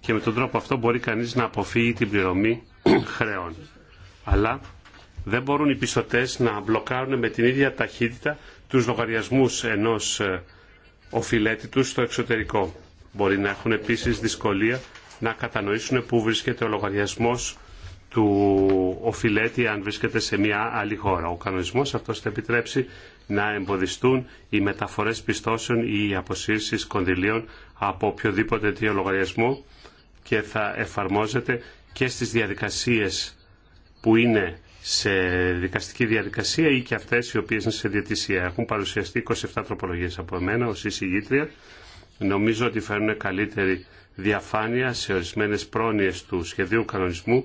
Και με τον τρόπο αυτό μπορεί κανείς να αποφύγει την πληρωμή χρεών. Αλλά δεν μπορούν οι πιστωτές να μπλοκάρουν με την ίδια ταχύτητα τους λογαριασμούς ενός ε, οφειλέτη τους στο εξωτερικό. Μπορεί να έχουν επίσης δυσκολία να κατανοήσουν πού βρίσκεται ο λογαριασμός του οφειλέτη αν βρίσκεται σε μια άλλη χώρα. Ο κανονισμός αυτός θα επιτρέψει να εμποδιστούν οι μεταφορές πιστώσεων ή οι αποσύρσεις κονδυλίων από οποιοδήποτε τέτοιο λογαριασμό και θα εφαρμόζεται και στις διαδικασίες που είναι σε δικαστική διαδικασία ή και αυτές οι οποίες είναι σε διατησία. Έχουν παρουσιαστεί 27 τροπολογίες από εμένα ως εισηγήτρια. Νομίζω ότι φέρνουν καλύτερη διαφάνεια σε ορισμένες πρόνοιες του σχεδίου κανονισμού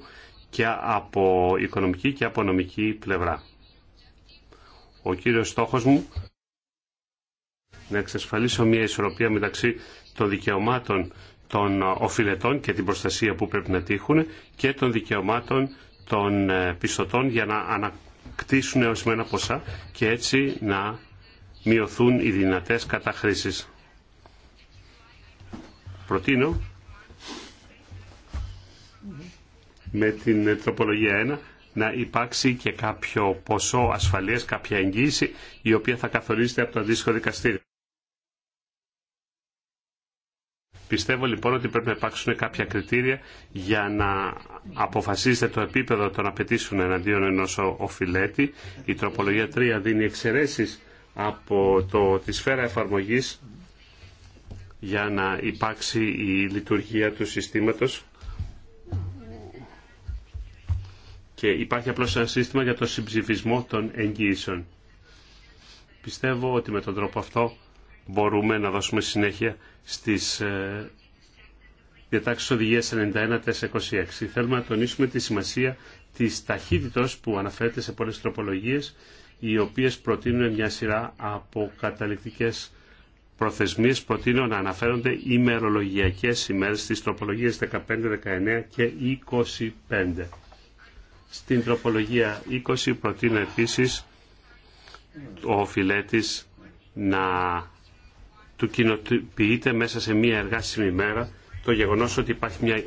και από οικονομική και από νομική πλευρά. Ο κύριος στόχος μου να εξασφαλίσω μια ισορροπία μεταξύ των δικαιωμάτων των οφειλετών και την προστασία που πρέπει να τύχουν και των δικαιωμάτων των ε, πιστωτών για να ανακτήσουν μένα ποσά και έτσι να μειωθούν οι δυνατές καταχρήσεις. Προτείνω με την τροπολογία 1 να υπάρξει και κάποιο ποσό ασφαλείας, κάποια εγγύηση η οποία θα καθορίζεται από το αντίστοιχο δικαστήριο. Πιστεύω λοιπόν ότι πρέπει να υπάρξουν κάποια κριτήρια για να αποφασίζεται το επίπεδο των απαιτήσεων εναντίον ενό οφειλέτη. Η τροπολογία 3 δίνει εξαιρέσει από το, τη σφαίρα εφαρμογής για να υπάρξει η λειτουργία του συστήματος και υπάρχει απλώς ένα σύστημα για το συμψηφισμό των εγγύησεων. Πιστεύω ότι με τον τρόπο αυτό μπορούμε να δώσουμε συνέχεια στις ε, διατάξεις οδηγίας 91-426. Θέλουμε να τονίσουμε τη σημασία της ταχύτητος που αναφέρεται σε πολλές τροπολογίες οι οποίες προτείνουν μια σειρά από καταληκτικές προθεσμίες προτείνω να αναφέρονται ημερολογιακές ημέρες στις τροπολογίες 15, 19 και 25. Στην τροπολογία 20 προτείνω επίσης ο φιλέτης να του κοινοποιείται μέσα σε μία εργάσιμη μέρα το γεγονός ότι υπάρχει μια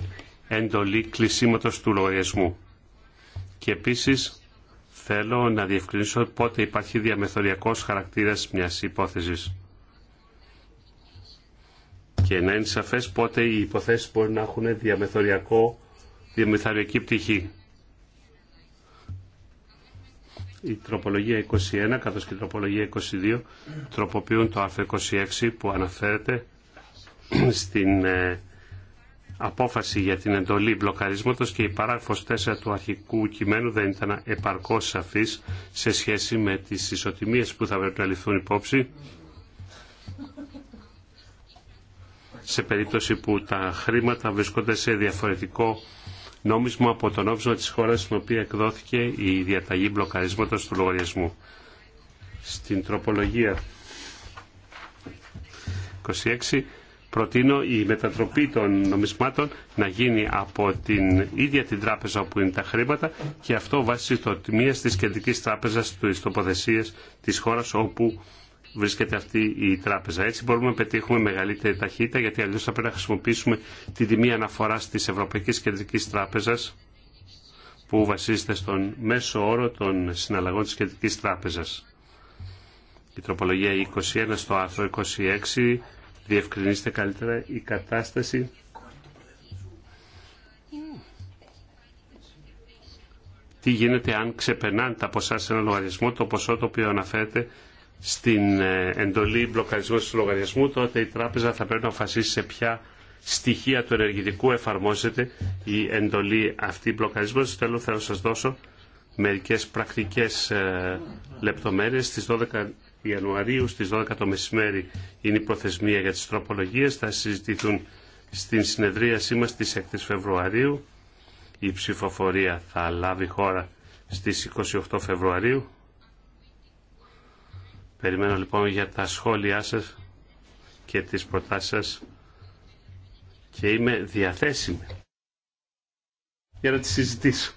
εντολή κλεισίματος του λογαριασμού. Και επίσης θέλω να διευκρινίσω πότε υπάρχει διαμεθοριακός χαρακτήρας μιας υπόθεσης. Και να είναι σαφές πότε οι υποθέσεις μπορεί να έχουν διαμεθοριακό, διαμεθοριακή πτυχή η τροπολογία 21 καθώς και η τροπολογία 22 τροποποιούν το άρθρο 26 που αναφέρεται στην ε, απόφαση για την εντολή μπλοκαρίσματος και η παράγραφος 4 του αρχικού κειμένου δεν ήταν επαρκώς σαφής σε σχέση με τις ισοτιμίες που θα πρέπει να ληφθούν υπόψη σε περίπτωση που τα χρήματα βρίσκονται σε διαφορετικό νόμισμα από τον νόμισμα της χώρας στην οποία εκδόθηκε η διαταγή μπλοκαρίσματος του λογαριασμού. Στην τροπολογία 26 προτείνω η μετατροπή των νομισμάτων να γίνει από την ίδια την τράπεζα όπου είναι τα χρήματα και αυτό βάσει το τιμία της κεντρικής τράπεζας στις τοποθεσίες της χώρας όπου βρίσκεται αυτή η τράπεζα. Έτσι μπορούμε να πετύχουμε μεγαλύτερη ταχύτητα, γιατί αλλιώ θα πρέπει να χρησιμοποιήσουμε τη τιμή αναφορά τη Ευρωπαϊκή Κεντρική Τράπεζα, που βασίζεται στον μέσο όρο των συναλλαγών τη Κεντρική Τράπεζα. Η τροπολογία 21 στο άρθρο 26 διευκρινίστε καλύτερα η κατάσταση τι γίνεται αν ξεπερνάνε τα ποσά σε ένα λογαριασμό το ποσό το οποίο αναφέρεται στην ε, εντολή μπλοκαρισμού του λογαριασμού, τότε η τράπεζα θα πρέπει να αποφασίσει σε ποια στοιχεία του ενεργητικού εφαρμόζεται η εντολή αυτή μπλοκαρισμού. Στο τέλος να σας δώσω μερικές πρακτικές ε, λεπτομέρειες. Στις 12 Ιανουαρίου στις 12 το μεσημέρι είναι η προθεσμία για τις τροπολογίες. Θα συζητηθούν στην συνεδρίασή μας στις 6 Φεβρουαρίου. Η ψηφοφορία θα λάβει χώρα στις 28 Φεβρουαρίου. Περιμένω λοιπόν για τα σχόλιά σας και τις προτάσεις σας και είμαι διαθέσιμη για να τις συζητήσω.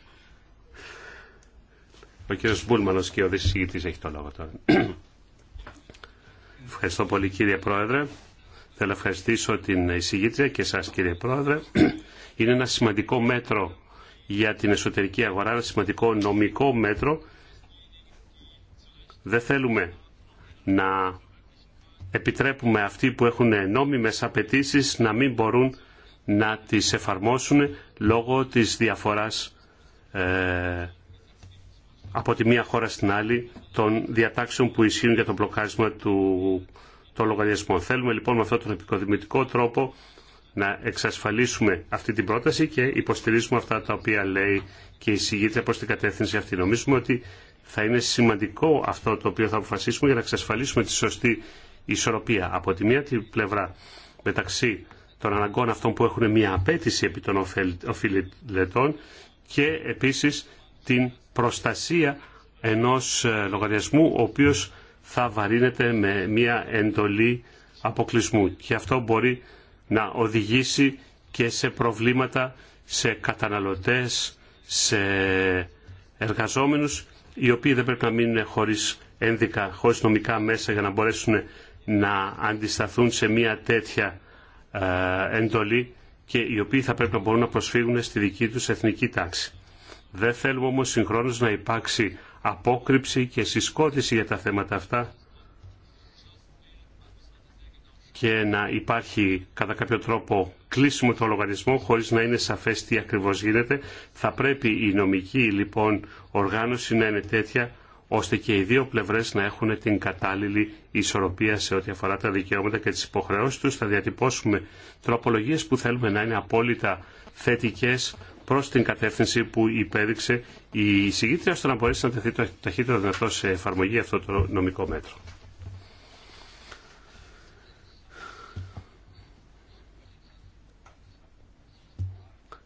Ο κύριος Μπούλμανος και ο δισηγητής έχει το λόγο τώρα. Ευχαριστώ πολύ κύριε Πρόεδρε. Θέλω να ευχαριστήσω την εισηγήτρια και σας κύριε Πρόεδρε. Είναι ένα σημαντικό μέτρο για την εσωτερική αγορά, ένα σημαντικό νομικό μέτρο. Δεν θέλουμε να επιτρέπουμε αυτοί που έχουν νόμιμες απαιτήσει να μην μπορούν να τις εφαρμόσουν λόγω της διαφοράς ε, από τη μία χώρα στην άλλη των διατάξεων που ισχύουν για το μπλοκάρισμα του, των λογαριασμών. Θέλουμε λοιπόν με αυτόν τον επικοδημητικό τρόπο να εξασφαλίσουμε αυτή την πρόταση και υποστηρίζουμε αυτά τα οποία λέει και η προς την κατεύθυνση αυτή. Νομίζουμε ότι θα είναι σημαντικό αυτό το οποίο θα αποφασίσουμε για να εξασφαλίσουμε τη σωστή ισορροπία. Από τη μία την πλευρά μεταξύ των αναγκών αυτών που έχουν μια απέτηση επί των οφειλετών και επίσης την προστασία ενός ε, λογαριασμού ο οποίος θα βαρύνεται με μια εντολή αποκλεισμού και αυτό μπορεί να οδηγήσει και σε προβλήματα σε καταναλωτές, σε εργαζόμενους οι οποίοι δεν πρέπει να μείνουν χωρίς ένδικα, χωρίς νομικά μέσα για να μπορέσουν να αντισταθούν σε μια τέτοια εντολή και οι οποίοι θα πρέπει να μπορούν να προσφύγουν στη δική τους εθνική τάξη. Δεν θέλουμε όμως συγχρόνως να υπάρξει απόκρυψη και συσκότηση για τα θέματα αυτά και να υπάρχει κατά κάποιο τρόπο κλείσιμο το λογαριασμό χωρίς να είναι σαφές τι ακριβώς γίνεται. Θα πρέπει η νομική λοιπόν οργάνωση να είναι τέτοια ώστε και οι δύο πλευρές να έχουν την κατάλληλη ισορροπία σε ό,τι αφορά τα δικαιώματα και τις υποχρεώσεις τους. Θα διατυπώσουμε τροπολογίες που θέλουμε να είναι απόλυτα θετικές προς την κατεύθυνση που υπέδειξε η εισηγήτρια ώστε να μπορέσει να τεθεί το ταχύτερο δυνατό σε εφαρμογή αυτό το νομικό μέτρο.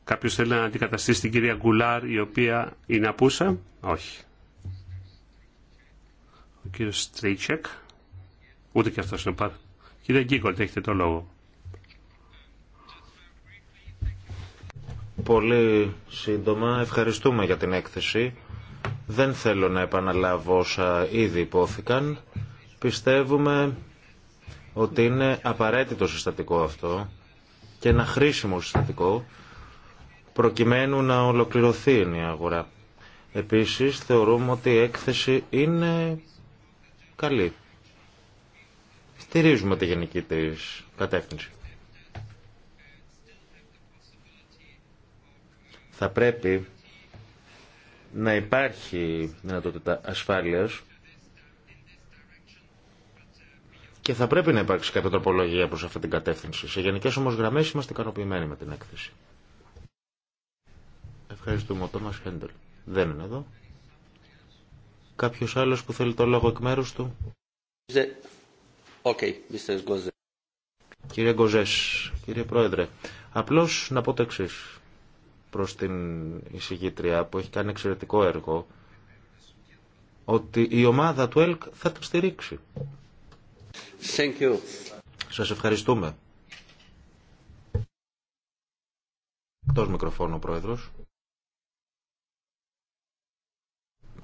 Κάποιος θέλει να αντικαταστήσει την κυρία Γκουλάρ η οποία είναι απούσα. Όχι. Ο κύριος Στρίτσεκ. Ούτε και αυτός είναι πάρα. Κύριε Γκίκολτ, έχετε το λόγο. Πολύ σύντομα. Ευχαριστούμε για την έκθεση. Δεν θέλω να επαναλάβω όσα ήδη υπόθηκαν. Πιστεύουμε ότι είναι απαραίτητο συστατικό αυτό και ένα χρήσιμο συστατικό προκειμένου να ολοκληρωθεί η αγορά. Επίσης θεωρούμε ότι η έκθεση είναι καλή. Στηρίζουμε τη γενική της κατεύθυνση. Θα πρέπει να υπάρχει δυνατότητα ασφάλειας και θα πρέπει να υπάρξει κάποια τροπολογία προς αυτή την κατεύθυνση. Σε γενικές όμως γραμμές είμαστε ικανοποιημένοι με την έκθεση. Ευχαριστούμε. Ο Τόμα Χέντελ. Δεν είναι εδώ. Κάποιο άλλο που θέλει το λόγο εκ μέρου του. Okay, Κύριε Γκοζέ, κύριε Πρόεδρε, απλώ να πω το εξή προς την εισηγήτρια που έχει κάνει εξαιρετικό έργο ότι η ομάδα του ΕΛΚ θα τα στηρίξει. Thank Σας ευχαριστούμε. Εκτός μικροφώνου ο Πρόεδρος.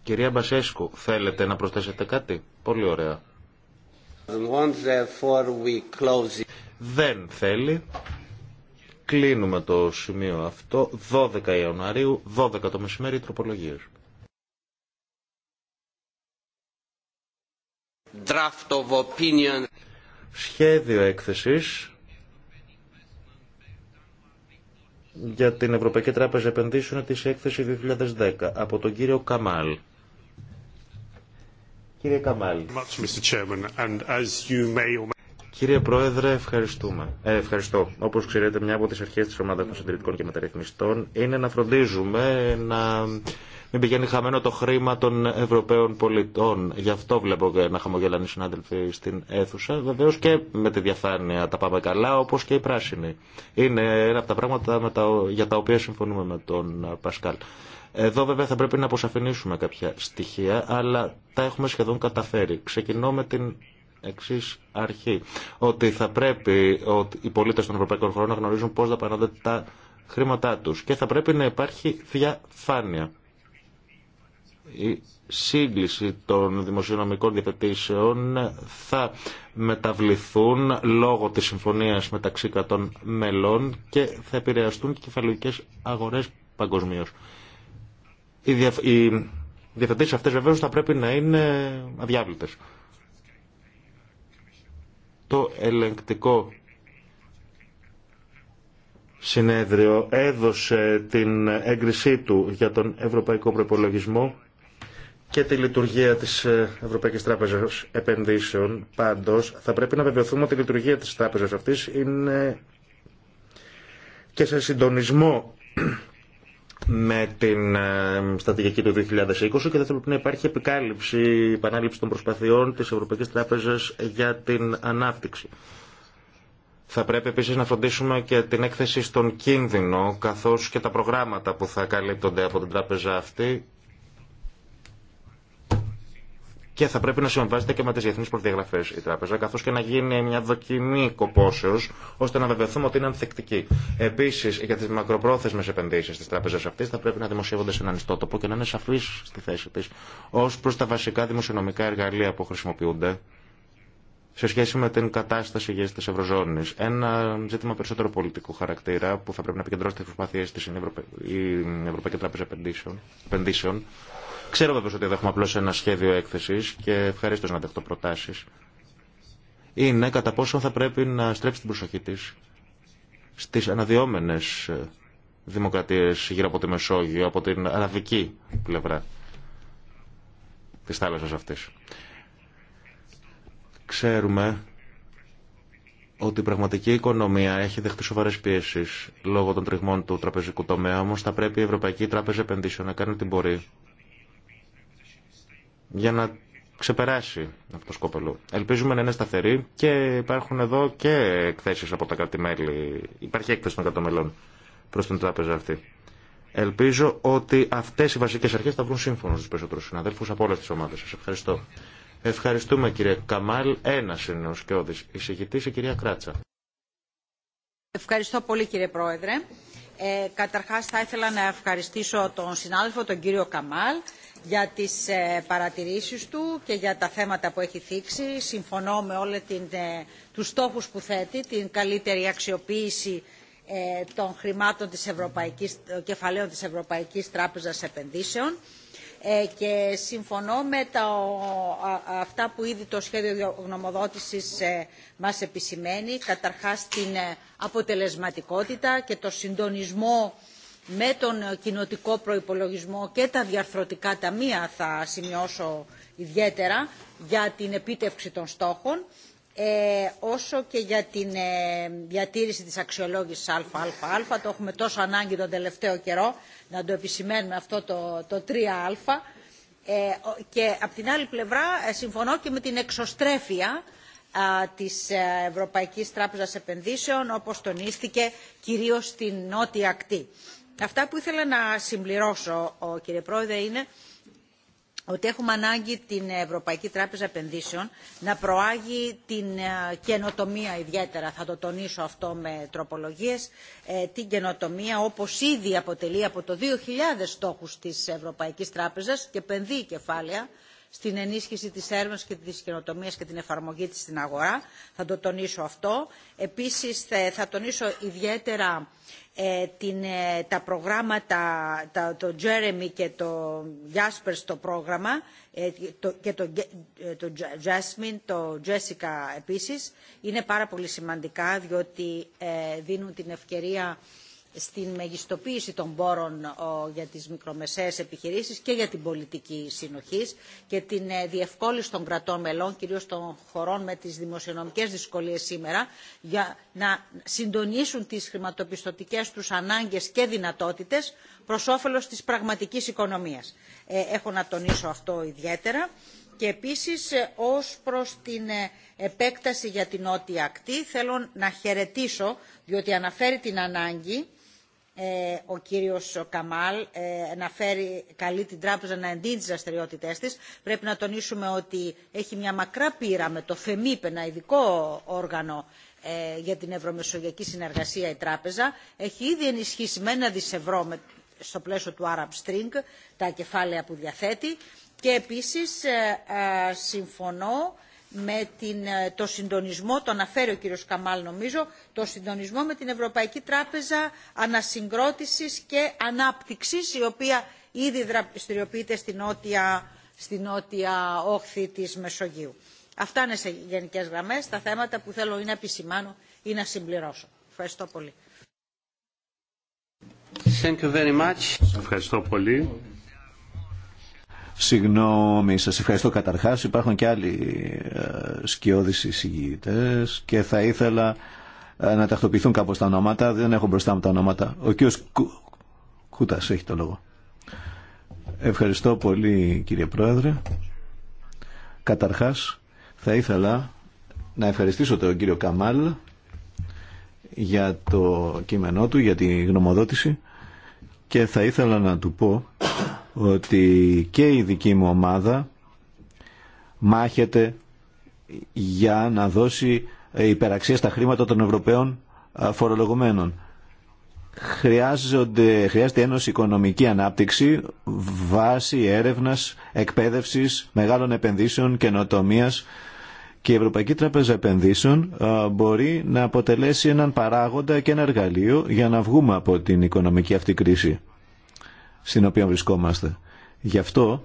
Κυρία Μπασέσκου, θέλετε να προσθέσετε κάτι. Πολύ ωραία. Δεν θέλει. Κλείνουμε το σημείο αυτό. 12 Ιανουαρίου, 12 το μεσημέρι, τροπολογίες. Σχέδιο έκθεσης για την Ευρωπαϊκή Τράπεζα Επενδύσεων της έκθεση 2010 από τον κύριο Καμάλ. Κύριε Κύριε Πρόεδρε, ευχαριστούμε. Ε, ευχαριστώ. Όπως ξέρετε, μια από τις αρχές της ομάδας των συντηρητικών και μεταρρυθμιστών είναι να φροντίζουμε να μην πηγαίνει χαμένο το χρήμα των Ευρωπαίων πολιτών. Γι' αυτό βλέπω και να χαμογελάνε οι συνάδελφοι στην αίθουσα. Βεβαίω και με τη διαφάνεια τα πάμε καλά, όπω και οι πράσινοι. Είναι ένα από τα πράγματα με τα, για τα οποία συμφωνούμε με τον Πασκάλ. Εδώ βέβαια θα πρέπει να αποσαφηνίσουμε κάποια στοιχεία, αλλά τα έχουμε σχεδόν καταφέρει. Ξεκινώ με την εξή αρχή. Ότι θα πρέπει ότι οι πολίτε των ευρωπαϊκών χωρών να γνωρίζουν πώ δαπανώνται τα χρήματά του και θα πρέπει να υπάρχει διαφάνεια η σύγκληση των δημοσιονομικών διαπαιτήσεων θα μεταβληθούν λόγω της συμφωνίας μεταξύ κατών μελών και θα επηρεαστούν και κεφαλαιοκές αγορές παγκοσμίω. Οι, δια... διαθετήσεις αυτές βεβαίως θα πρέπει να είναι αδιάβλητες. Το ελεγκτικό συνέδριο έδωσε την έγκρισή του για τον ευρωπαϊκό Προϋπολογισμό και τη λειτουργία της ε, Ευρωπαϊκής Τράπεζας Επενδύσεων. πάντω, θα πρέπει να βεβαιωθούμε ότι η λειτουργία της τράπεζας αυτής είναι και σε συντονισμό με την ε, στρατηγική του 2020 και δεν θα πρέπει να υπάρχει επικάλυψη, επανάληψη των προσπαθειών της Ευρωπαϊκής Τράπεζας για την ανάπτυξη. Θα πρέπει επίσης να φροντίσουμε και την έκθεση στον κίνδυνο, καθώς και τα προγράμματα που θα καλύπτονται από την τράπεζα αυτή και θα πρέπει να συμβάζεται και με τι διεθνεί προδιαγραφέ η τράπεζα, καθώ και να γίνει μια δοκιμή κοπόσεω, ώστε να βεβαιωθούμε ότι είναι ανθεκτική. Επίση, για τι μακροπρόθεσμε επενδύσει τη τράπεζα αυτή, θα πρέπει να δημοσιεύονται σε έναν ιστότοπο και να είναι σαφή στη θέση τη ω προ τα βασικά δημοσιονομικά εργαλεία που χρησιμοποιούνται σε σχέση με την κατάσταση υγεία τη Ευρωζώνη. Ένα ζήτημα περισσότερο πολιτικού χαρακτήρα που θα πρέπει να επικεντρώσει τι προσπάθειέ τη η Ευρωπαϊκή Τράπεζα Επενδύσεων Ξέρω βέβαια ότι εδώ έχουμε απλώ ένα σχέδιο έκθεση και ευχαρίστω να δεχτώ προτάσει. Είναι κατά πόσο θα πρέπει να στρέψει την προσοχή τη στι αναδυόμενε δημοκρατίε γύρω από τη Μεσόγειο, από την αραβική πλευρά τη θάλασσα αυτή. Ξέρουμε ότι η πραγματική οικονομία έχει δεχτεί σοβαρέ πιέσει λόγω των τριγμών του τραπεζικού τομέα, όμω θα πρέπει η Ευρωπαϊκή Τράπεζα Επενδύσεων να κάνει την μπορεί για να ξεπεράσει αυτό το σκόπελο. Ελπίζουμε να είναι σταθερή και υπάρχουν εδώ και εκθέσεις από τα κρατημέλη. Υπάρχει έκθεση των κατομελών προς την τράπεζα αυτή. Ελπίζω ότι αυτές οι βασικές αρχές θα βρουν σύμφωνο στους περισσότερους συναδέλφους από όλες τις ομάδες. Σας ευχαριστώ. Ευχαριστούμε κύριε Καμάλ. Ένα είναι ο Σκιώδης. Εισηγητής η κυρία Κράτσα. Ευχαριστώ πολύ κύριε Πρόεδρε. Ε, καταρχάς θα ήθελα να ευχαριστήσω τον συνάδελφο τον κύριο Καμάλ για τις ε, παρατηρήσεις του και για τα θέματα που έχει θίξει. Συμφωνώ με όλους ε, τους στόχους που θέτει, την καλύτερη αξιοποίηση ε, των χρημάτων της Ευρωπαϊκής, κεφαλαίων της Ευρωπαϊκής Τράπεζας Επενδύσεων και συμφωνώ με τα, αυτά που ήδη το σχέδιο γνωμοδότησης μας επισημαίνει, καταρχάς την αποτελεσματικότητα και το συντονισμό με τον κοινοτικό προϋπολογισμό και τα διαρθρωτικά ταμεία θα σημειώσω ιδιαίτερα για την επίτευξη των στόχων ε, όσο και για την ε, διατήρηση της αξιολόγησης ΑΑΑ. Το έχουμε τόσο ανάγκη τον τελευταίο καιρό να το επισημαίνουμε αυτό το, το 3α. Ε, και από την άλλη πλευρά ε, συμφωνώ και με την εξωστρέφεια της ε, Ευρωπαϊκής Τράπεζας Επενδύσεων, όπως τονίστηκε κυρίως στην νότια ακτή. Αυτά που ήθελα να συμπληρώσω, κύριε Πρόεδρε, είναι ότι έχουμε ανάγκη την Ευρωπαϊκή Τράπεζα Επενδύσεων να προάγει την ε, καινοτομία ιδιαίτερα, θα το τονίσω αυτό με τροπολογίες, ε, την καινοτομία όπως ήδη αποτελεί από το 2000 στόχους της Ευρωπαϊκής Τράπεζας και επενδύει κεφάλαια στην ενίσχυση της έρευνας και της καινοτομίας και την εφαρμογή της στην αγορά. Θα το τονίσω αυτό. Επίσης θα τονίσω ιδιαίτερα ε, την, ε, τα προγράμματα, το Jeremy και το Jasper στο πρόγραμμα ε, και το, το Jasmine, το Jessica επίσης. Είναι πάρα πολύ σημαντικά διότι δίνουν την ευκαιρία στην μεγιστοποίηση των πόρων για τις μικρομεσαίες επιχειρήσεις και για την πολιτική συνοχής και την ε, διευκόλυνση των κρατών μελών, κυρίως των χωρών με τις δημοσιονομικές δυσκολίες σήμερα, για να συντονίσουν τις χρηματοπιστωτικές τους ανάγκες και δυνατότητες προς όφελος της πραγματικής οικονομίας. Ε, έχω να τονίσω αυτό ιδιαίτερα και επίσης ε, ως προς την επέκταση για την νότια ακτή θέλω να χαιρετήσω διότι αναφέρει την ανάγκη ε, ο κύριος Καμάλ ε, να φέρει καλή την τράπεζα να εντείνει τις δραστηριότητε της. Πρέπει να τονίσουμε ότι έχει μια μακρά πείρα με το ΦΕΜΙΠ, ένα ειδικό όργανο ε, για την ευρωμεσογειακή συνεργασία η τράπεζα. Έχει ήδη ενισχύσει με ένα δισευρώ στο πλαίσιο του Arab String τα κεφάλαια που διαθέτει και επίσης συμφωνώ με ε, το συντονισμό, το αναφέρει ο κύριος Καμάλ νομίζω, το συντονισμό με την Ευρωπαϊκή Τράπεζα Ανασυγκρότησης και Ανάπτυξης, η οποία ήδη δραστηριοποιείται στην νότια, στην όχθη της Μεσογείου. Αυτά είναι σε γενικές γραμμές τα θέματα που θέλω ή να επισημάνω ή να συμπληρώσω. Ευχαριστώ πολύ. Ευχαριστώ πολύ. Συγγνώμη, σας ευχαριστώ καταρχάς. Υπάρχουν και άλλοι ε, σκιώδεις εισηγητές και θα ήθελα ε, να τακτοποιηθούν κάπω τα ονόματα. Δεν έχω μπροστά μου τα ονόματα. Ο κ. Κούτα έχει το λόγο. Ευχαριστώ πολύ κύριε Πρόεδρε. Καταρχάς θα ήθελα να ευχαριστήσω τον κύριο Καμάλ για το κείμενό του, για τη γνωμοδότηση και θα ήθελα να του πω ότι και η δική μου ομάδα μάχεται για να δώσει υπεραξία στα χρήματα των Ευρωπαίων φορολογουμένων. χρειάζεται ένωση οικονομική ανάπτυξη βάσει έρευνας, εκπαίδευσης, μεγάλων επενδύσεων, καινοτομίας και η Ευρωπαϊκή Τράπεζα Επενδύσεων μπορεί να αποτελέσει έναν παράγοντα και ένα εργαλείο για να βγούμε από την οικονομική αυτή κρίση στην οποία βρισκόμαστε. Γι' αυτό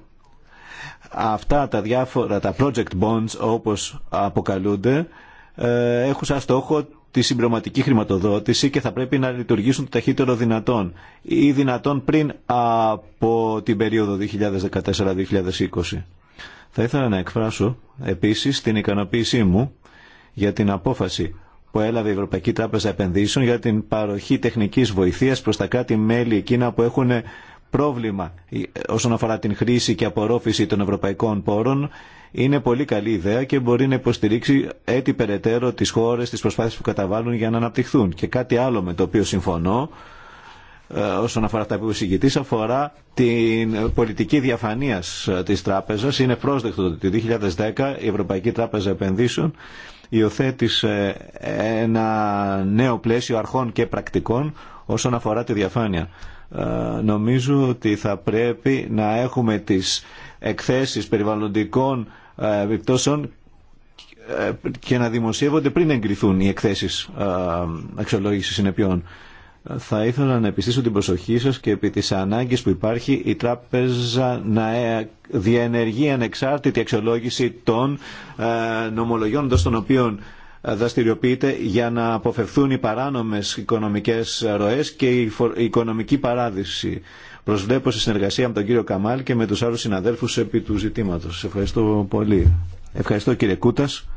αυτά τα διάφορα, τα project bonds όπως αποκαλούνται, ε, έχουν σαν στόχο τη συμπληρωματική χρηματοδότηση και θα πρέπει να λειτουργήσουν το ταχύτερο δυνατόν ή δυνατόν πριν από την περίοδο 2014-2020. Θα ήθελα να εκφράσω επίσης την ικανοποίησή μου για την απόφαση που έλαβε η Ευρωπαϊκή Τράπεζα Επενδύσεων για την παροχή τεχνικής βοηθείας προς τα κράτη-μέλη εκείνα που έχουν πρόβλημα ε, όσον αφορά την χρήση και απορρόφηση των ευρωπαϊκών πόρων είναι πολύ καλή ιδέα και μπορεί να υποστηρίξει έτσι περαιτέρω τις χώρες, τις προσπάθειες που καταβάλουν για να αναπτυχθούν. Και κάτι άλλο με το οποίο συμφωνώ ε, όσον αφορά αυτά που είπε ο αφορά την πολιτική διαφανείας ε, της τράπεζας. Είναι πρόσδεκτο ότι το 2010 η Ευρωπαϊκή Τράπεζα Επενδύσεων υιοθέτησε ένα νέο πλαίσιο αρχών και πρακτικών όσον αφορά τη διαφάνεια. Ε, νομίζω ότι θα πρέπει να έχουμε τις εκθέσεις περιβαλλοντικών ε, επιπτώσεων ε, και να δημοσιεύονται πριν εγκριθούν οι εκθέσεις αξιολόγησης συνεπιών. Θα ήθελα να επιστήσω την προσοχή σας και επί της ανάγκης που υπάρχει η τράπεζα να διενεργεί ανεξάρτητη αξιολόγηση των νομολογιών των οποίων δραστηριοποιείται για να αποφευθούν οι παράνομες οικονομικές ροές και η οικονομική παράδειση. Προσβλέπω στη συνεργασία με τον κύριο Καμάλ και με τους άλλους συναδέλφους επί του ζητήματος. Ευχαριστώ πολύ. Ευχαριστώ κύριε Κούτας.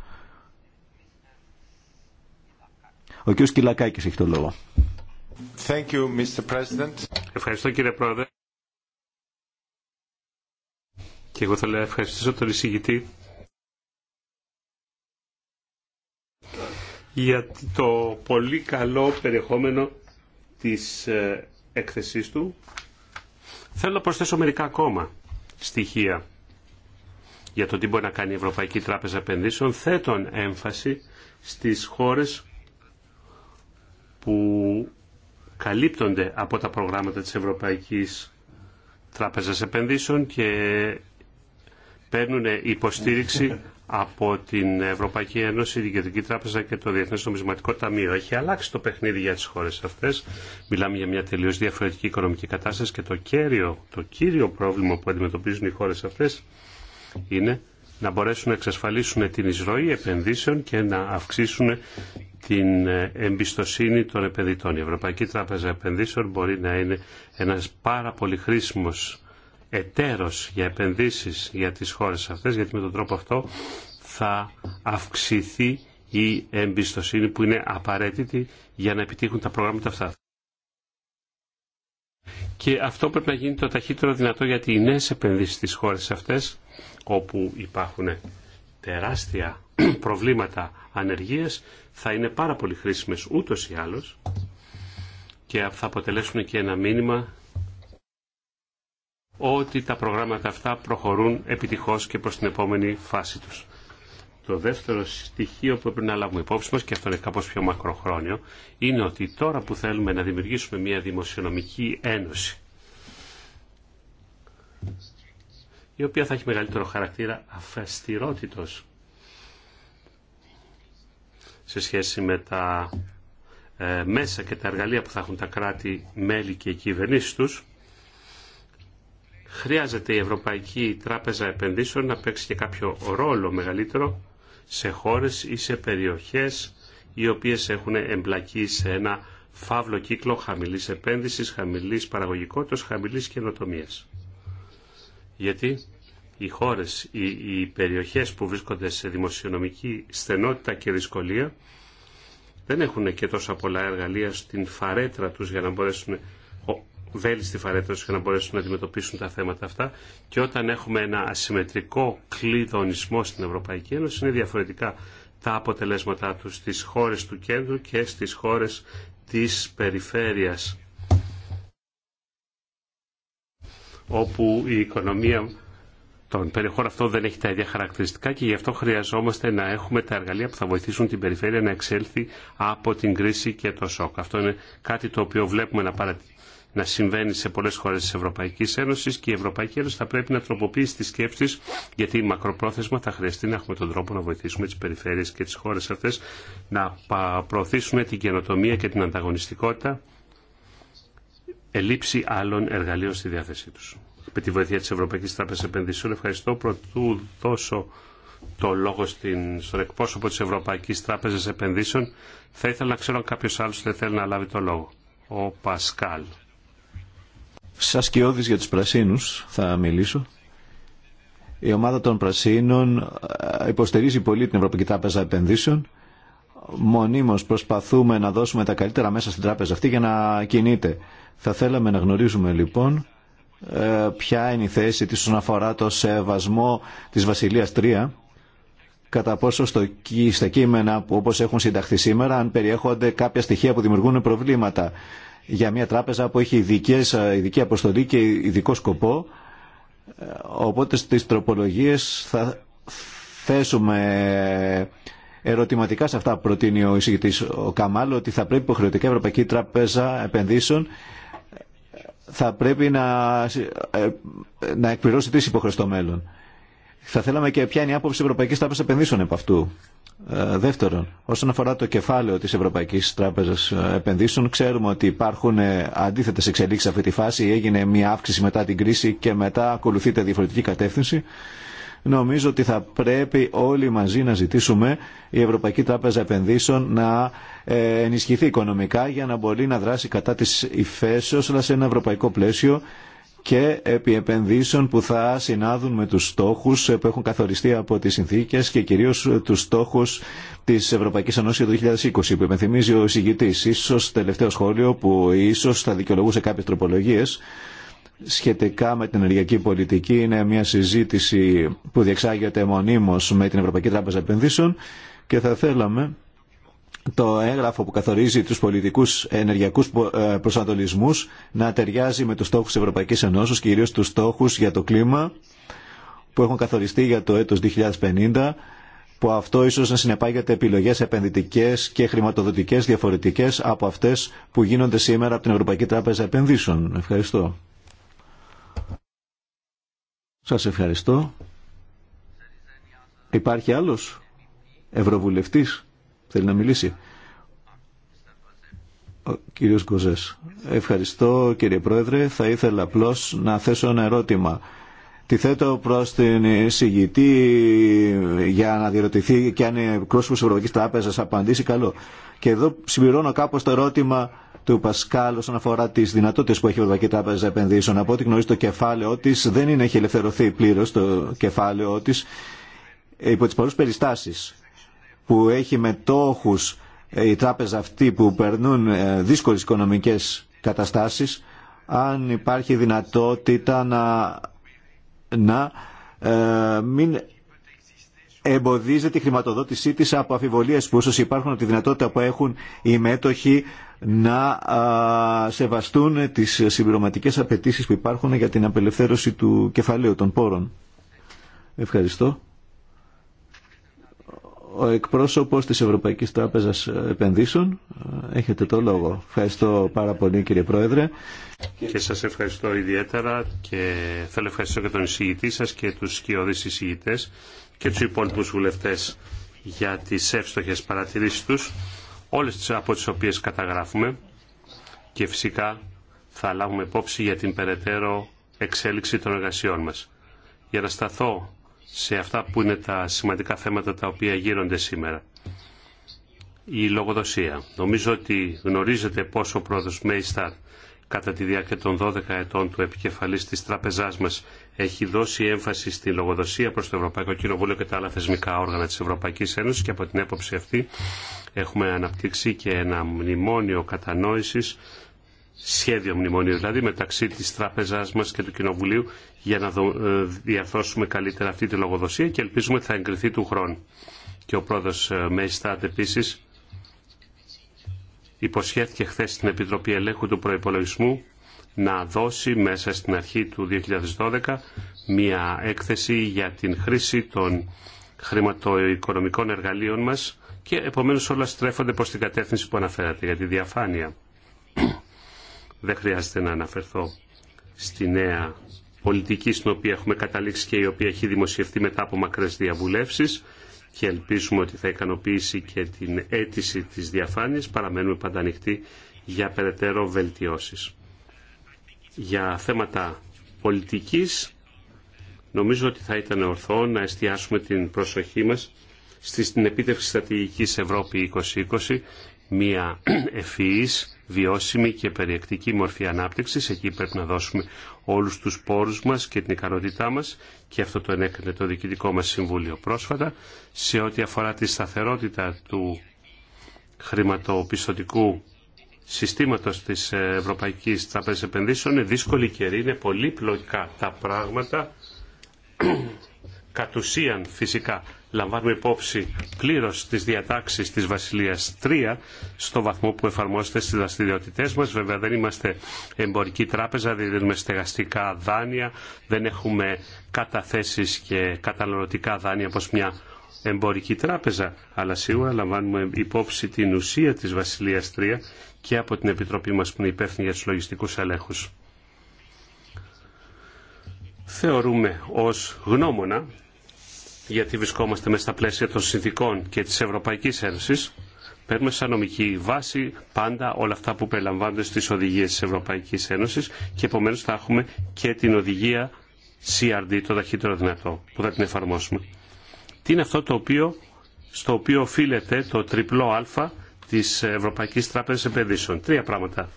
Ο κύριος Κυλακάκης έχει το λόγο. Thank you, Mr. President. Ευχαριστώ κύριε Πρόεδρε. Και εγώ θα λέω ευχαριστήσω τον εισηγητή για το πολύ καλό περιεχόμενο της έκθεσής ε, του. Θέλω να προσθέσω μερικά ακόμα στοιχεία για το τι μπορεί να κάνει η Ευρωπαϊκή Τράπεζα Επενδύσεων, θέτων έμφαση στις χώρες που καλύπτονται από τα προγράμματα της Ευρωπαϊκής Τράπεζας Επενδύσεων και παίρνουν υποστήριξη από την Ευρωπαϊκή Ένωση, την Κεντρική Τράπεζα και το Διεθνές Νομισματικό Ταμείο. Έχει αλλάξει το παιχνίδι για τις χώρες αυτές. Μιλάμε για μια τελείως διαφορετική οικονομική κατάσταση και το κύριο, το κύριο πρόβλημα που αντιμετωπίζουν οι χώρες αυτές είναι να μπορέσουν να εξασφαλίσουν την εισρωή επενδύσεων και να αυξήσουν την εμπιστοσύνη των επενδυτών. Η Ευρωπαϊκή Τράπεζα Επενδύσεων μπορεί να είναι ένας πάρα πολύ χρήσιμος εταίρος για επενδύσεις για τις χώρες αυτές, γιατί με τον τρόπο αυτό θα αυξηθεί η εμπιστοσύνη που είναι απαραίτητη για να επιτύχουν τα προγράμματα αυτά. Και αυτό πρέπει να γίνει το ταχύτερο δυνατό γιατί οι νέες επενδύσεις στις χώρες αυτές, όπου υπάρχουν τεράστια προβλήματα ανεργίας, θα είναι πάρα πολύ χρήσιμες ούτως ή άλλως και θα αποτελέσουν και ένα μήνυμα ότι τα προγράμματα αυτά προχωρούν επιτυχώς και προς την επόμενη φάση τους. Το δεύτερο στοιχείο που πρέπει να λάβουμε υπόψη μας, και αυτό είναι κάπως πιο μακροχρόνιο, είναι ότι τώρα που θέλουμε να δημιουργήσουμε μια δημοσιονομική ένωση, η οποία θα έχει μεγαλύτερο χαρακτήρα αφαιστηρότητος σε σχέση με τα ε, μέσα και τα εργαλεία που θα έχουν τα κράτη, μέλη και οι κυβερνήσεις τους, Χρειάζεται η Ευρωπαϊκή Τράπεζα Επενδύσεων να παίξει και κάποιο ρόλο μεγαλύτερο σε χώρες ή σε περιοχές οι οποίες έχουν εμπλακεί σε ένα φαύλο κύκλο χαμηλής επένδυσης, χαμηλής παραγωγικότητας, χαμηλής καινοτομίας. Γιατί οι χώρες, οι, οι περιοχές που βρίσκονται σε δημοσιονομική στενότητα και δυσκολία δεν έχουν και τόσα πολλά εργαλεία στην φαρέτρα τους για να μπορέσουν βέλη βέλτιστη φαρέτρωση για να μπορέσουν να αντιμετωπίσουν τα θέματα αυτά και όταν έχουμε ένα ασυμμετρικό κλειδονισμό στην Ευρωπαϊκή Ένωση είναι διαφορετικά τα αποτελέσματά του στι χώρε του κέντρου και στι χώρε τη περιφέρεια. όπου η οικονομία των περιχώρων αυτό δεν έχει τα ίδια χαρακτηριστικά και γι' αυτό χρειαζόμαστε να έχουμε τα εργαλεία που θα βοηθήσουν την περιφέρεια να εξέλθει από την κρίση και το σοκ. Αυτό είναι κάτι το οποίο βλέπουμε να παρατηρεί να συμβαίνει σε πολλές χώρες της Ευρωπαϊκής Ένωσης και η Ευρωπαϊκή Ένωση θα πρέπει να τροποποιήσει τις σκέψεις γιατί μακροπρόθεσμα θα χρειαστεί να έχουμε τον τρόπο να βοηθήσουμε τις περιφέρειες και τις χώρες αυτές να προωθήσουν την καινοτομία και την ανταγωνιστικότητα ελήψη άλλων εργαλείων στη διάθεσή τους. Με τη βοήθεια της Ευρωπαϊκή Τράπεζα Επενδύσεων, ευχαριστώ. Πρωτού δώσω το λόγο στην, στον εκπρόσωπο τη Ευρωπαϊκή Τράπεζα Επενδύσεων, θα ήθελα να ξέρω αν κάποιο άλλο δεν θέλει να λάβει το λόγο. Ο Πασκάλ. Σας σκιώδης για τους πρασίνους θα μιλήσω. Η ομάδα των πρασίνων ε, υποστηρίζει πολύ την Ευρωπαϊκή Τράπεζα Επενδύσεων. Μονίμως προσπαθούμε να δώσουμε τα καλύτερα μέσα στην τράπεζα αυτή για να κινείται. Θα θέλαμε να γνωρίζουμε λοιπόν ε, ποια είναι η θέση της όσον αφορά το σεβασμό της Βασιλείας 3 κατά πόσο στα κείμενα που όπως έχουν συνταχθεί σήμερα αν περιέχονται κάποια στοιχεία που δημιουργούν προβλήματα για μια τράπεζα που έχει ειδικές, ε, ειδική αποστολή και ειδικό σκοπό. Ε, οπότε στις τροπολογίες θα θέσουμε ερωτηματικά σε αυτά που προτείνει ο εισηγητής ο Καμάλ, ότι θα πρέπει υποχρεωτικά η Ευρωπαϊκή Τράπεζα Επενδύσεων ε, θα πρέπει να, να εκπληρώσει τις υποχρεώσεις στο μέλλον. Θα θέλαμε και ποια είναι η άποψη τη Ευρωπαϊκή Τράπεζα Επενδύσεων επ' αυτού. Ε, δεύτερον, όσον αφορά το κεφάλαιο τη Ευρωπαϊκή Τράπεζα ε, Επενδύσεων, ξέρουμε ότι υπάρχουν ε, αντίθετε εξελίξει σε αυτή τη φάση. Έγινε μια αύξηση μετά την κρίση και μετά ακολουθείται διαφορετική κατεύθυνση. Νομίζω ότι θα πρέπει όλοι μαζί να ζητήσουμε η Ευρωπαϊκή Τράπεζα Επενδύσεων να ενισχυθεί οικονομικά για να μπορεί να δράσει κατά τη υφέσεω, αλλά σε ένα ευρωπαϊκό πλαίσιο και επί επενδύσεων που θα συνάδουν με τους στόχους που έχουν καθοριστεί από τις συνθήκες και κυρίως τους στόχους της Ευρωπαϊκής Ενώσης του 2020 που υπενθυμίζει ο εισηγητής. Ίσως τελευταίο σχόλιο που ίσως θα δικαιολογούσε κάποιες τροπολογίες σχετικά με την ενεργειακή πολιτική είναι μια συζήτηση που διεξάγεται μονίμως με την Ευρωπαϊκή Τράπεζα Επενδύσεων και θα θέλαμε το έγγραφο που καθορίζει τους πολιτικούς ενεργειακούς ε, προσανατολισμούς να ταιριάζει με τους στόχους της Ευρωπαϊκής Ενώσης, κυρίως τους στόχους για το κλίμα που έχουν καθοριστεί για το έτος 2050, που αυτό ίσως να συνεπάγεται επιλογές επενδυτικές και χρηματοδοτικές διαφορετικές από αυτές που γίνονται σήμερα από την Ευρωπαϊκή Τράπεζα Επενδύσεων. Ευχαριστώ. Σας ευχαριστώ. Υπάρχει άλλος Ευρωβουλευτής. Θέλει να μιλήσει. Ο κύριος Κουζές. Ευχαριστώ κύριε Πρόεδρε. Θα ήθελα απλώ να θέσω ένα ερώτημα. Τη θέτω προς την εισηγητή για να διερωτηθεί και αν είναι πρόσωπος Ευρωπαϊκής Τράπεζας απαντήσει καλό. Και εδώ συμπληρώνω κάπως το ερώτημα του Πασκάλ όσον αφορά τι δυνατότητε που έχει η Ευρωπαϊκή Τράπεζα Επενδύσεων. Από ό,τι γνωρίζει το κεφάλαιο τη δεν είναι, έχει ελευθερωθεί πλήρω το κεφάλαιο τη ε, υπό τι παρούσε περιστάσει που έχει μετόχους ε, η τράπεζα αυτή που περνούν ε, δύσκολες οικονομικές καταστάσεις αν υπάρχει δυνατότητα να, να ε, μην εμποδίζεται η χρηματοδότησή της από αφιβολίες που ίσως υπάρχουν από τη δυνατότητα που έχουν οι μέτοχοι να σεβαστούν τις συμπληρωματικές απαιτήσεις που υπάρχουν για την απελευθέρωση του κεφαλαίου των πόρων. Ευχαριστώ ο εκπρόσωπος της Ευρωπαϊκής Τράπεζας Επενδύσεων. Ε, έχετε το λόγο. Ευχαριστώ πάρα πολύ κύριε Πρόεδρε. Και σας ευχαριστώ ιδιαίτερα και θέλω ευχαριστώ και τον εισηγητή σας και τους σκιώδεις εισηγητέ και τους υπόλοιπους βουλευτές για τις εύστοχες παρατηρήσεις τους, όλες τις από τις οποίες καταγράφουμε και φυσικά θα λάβουμε υπόψη για την περαιτέρω εξέλιξη των εργασιών μας. Για να σταθώ σε αυτά που είναι τα σημαντικά θέματα τα οποία γίνονται σήμερα. Η λογοδοσία. Νομίζω ότι γνωρίζετε πόσο ο πρόεδρος Μέισταρ κατά τη διάρκεια των 12 ετών του επικεφαλής της τραπεζάς μας έχει δώσει έμφαση στη λογοδοσία προς το Ευρωπαϊκό Κοινοβούλιο και τα άλλα θεσμικά όργανα της Ευρωπαϊκής Ένωσης και από την έποψη αυτή έχουμε αναπτύξει και ένα μνημόνιο κατανόησης σχέδιο μνημονίου, δηλαδή μεταξύ της τράπεζάς μας και του Κοινοβουλίου για να ε, διαρθώσουμε καλύτερα αυτή τη λογοδοσία και ελπίζουμε ότι θα εγκριθεί του χρόνου. Και ο πρόεδρος ε, Μέιστατ επίσης υποσχέθηκε χθε στην Επιτροπή Ελέγχου του Προϋπολογισμού να δώσει μέσα στην αρχή του 2012 μία έκθεση για την χρήση των χρηματοοικονομικών εργαλείων μας και επομένως όλα στρέφονται προς την κατεύθυνση που αναφέρατε για τη διαφάνεια. Δεν χρειάζεται να αναφερθώ στη νέα πολιτική στην οποία έχουμε καταλήξει και η οποία έχει δημοσιευτεί μετά από μακρές διαβουλεύσεις και ελπίζουμε ότι θα ικανοποιήσει και την αίτηση της διαφάνειας. Παραμένουμε πάντα για περαιτέρω βελτιώσεις. Για θέματα πολιτικής νομίζω ότι θα ήταν ορθό να εστιάσουμε την προσοχή μας στην επίτευξη στρατηγικής Ευρώπη 2020, μια ευφυής βιώσιμη και περιεκτική μορφή ανάπτυξης. Εκεί πρέπει να δώσουμε όλους τους πόρους μας και την ικανότητά μας και αυτό το ενέκρινε το Διοικητικό μας Συμβούλιο πρόσφατα σε ό,τι αφορά τη σταθερότητα του χρηματοπιστωτικού συστήματος της Ευρωπαϊκής Τραπέζας Επενδύσεων είναι δύσκολη καιρή, είναι πολύ πολύπλοκα τα πράγματα κατ' ουσίαν φυσικά λαμβάνουμε υπόψη πλήρως τι διατάξεις της Βασιλείας 3 στο βαθμό που εφαρμόζεται στις δραστηριότητές μας. Βέβαια δεν είμαστε εμπορική τράπεζα, δεν δίνουμε στεγαστικά δάνεια, δεν έχουμε καταθέσεις και καταναλωτικά δάνεια όπως μια εμπορική τράπεζα, αλλά σίγουρα λαμβάνουμε υπόψη την ουσία της Βασιλείας 3 και από την Επιτροπή μας που είναι υπεύθυνη για τους λογιστικούς ελέγχους. Θεωρούμε ως γνώμονα γιατί βρισκόμαστε μέσα στα πλαίσια των συνθηκών και της Ευρωπαϊκής Ένωσης, παίρνουμε σαν νομική βάση πάντα όλα αυτά που περιλαμβάνονται στις οδηγίες της Ευρωπαϊκής Ένωσης και επομένως θα έχουμε και την οδηγία CRD το ταχύτερο δυνατό που θα την εφαρμόσουμε. Τι είναι αυτό το οποίο, στο οποίο οφείλεται το τριπλό α της Ευρωπαϊκής Τράπεζας Επενδύσεων. Τρία πράγματα.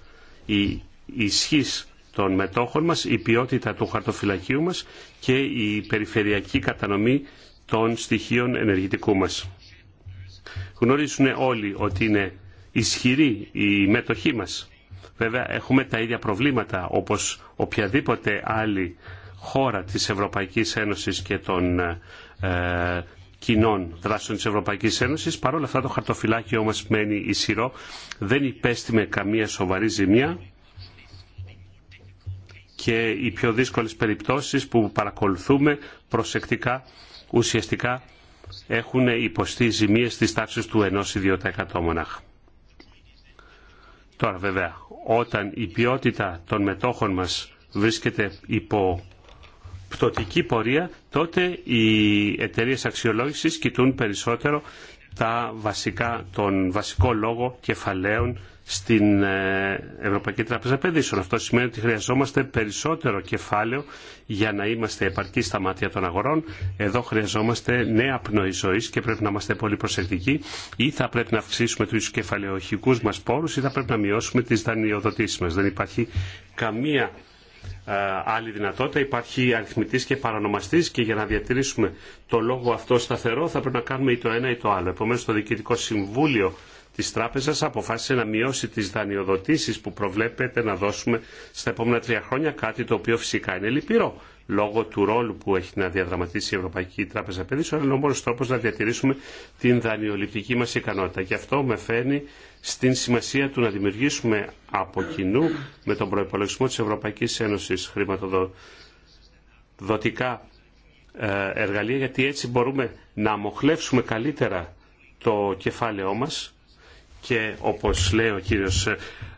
Η ισχύς των μετόχων μας, η ποιότητα του χαρτοφυλακίου μας και η περιφερειακή κατανομή των στοιχείων ενεργητικού μας. Γνωρίζουν όλοι ότι είναι ισχυρή η μετοχή μας. Βέβαια έχουμε τα ίδια προβλήματα όπως οποιαδήποτε άλλη χώρα της Ευρωπαϊκής Ένωσης και των ε, κοινών δράσεων της Ευρωπαϊκής Ένωσης. Παρ' όλα αυτά το χαρτοφυλάκιό μας μένει ισχυρό. Δεν υπέστημε καμία σοβαρή ζημιά και οι πιο δύσκολες περιπτώσεις που παρακολουθούμε προσεκτικά ουσιαστικά έχουν υποστεί ζημίες της τάξης του 1-2% μονάχα. Τώρα βέβαια, όταν η ποιότητα των μετόχων μας βρίσκεται υπό πτωτική πορεία, τότε οι εταιρείε αξιολόγησης κοιτούν περισσότερο τα βασικά, τον βασικό λόγο κεφαλαίων στην ε, Ευρωπαϊκή Τράπεζα Επενδύσεων. Αυτό σημαίνει ότι χρειαζόμαστε περισσότερο κεφάλαιο για να είμαστε επαρκή στα μάτια των αγορών. Εδώ χρειαζόμαστε νέα πνοή ζωή και πρέπει να είμαστε πολύ προσεκτικοί. Ή θα πρέπει να αυξήσουμε του κεφαλαιοχικού μα πόρου ή θα πρέπει να μειώσουμε τι δανειοδοτήσει μα. Δεν υπάρχει καμία ε, άλλη δυνατότητα. Υπάρχει αριθμητής και παρανομαστής και για να διατηρήσουμε το λόγο αυτό σταθερό θα πρέπει να κάνουμε ή το ένα ή το άλλο. Επομένως το Διοικητικό Συμβούλιο Τη τράπεζα αποφάσισε να μειώσει τι δανειοδοτήσει που προβλέπεται να δώσουμε στα επόμενα τρία χρόνια, κάτι το οποίο φυσικά είναι λυπηρό λόγω του ρόλου που έχει να διαδραματίσει η Ευρωπαϊκή Τράπεζα Επενδύσεων, αλλά είναι ο μόνο τρόπο να διατηρήσουμε την δανειοληπτική μα ικανότητα. Και αυτό με φέρνει στην σημασία του να δημιουργήσουμε από κοινού με τον προπολογισμό τη Ευρωπαϊκή Ένωση χρηματοδοτικά ε, εργαλεία, γιατί έτσι μπορούμε να αμοχλεύσουμε καλύτερα το κεφάλαιό μας και όπως λέει ο κύριος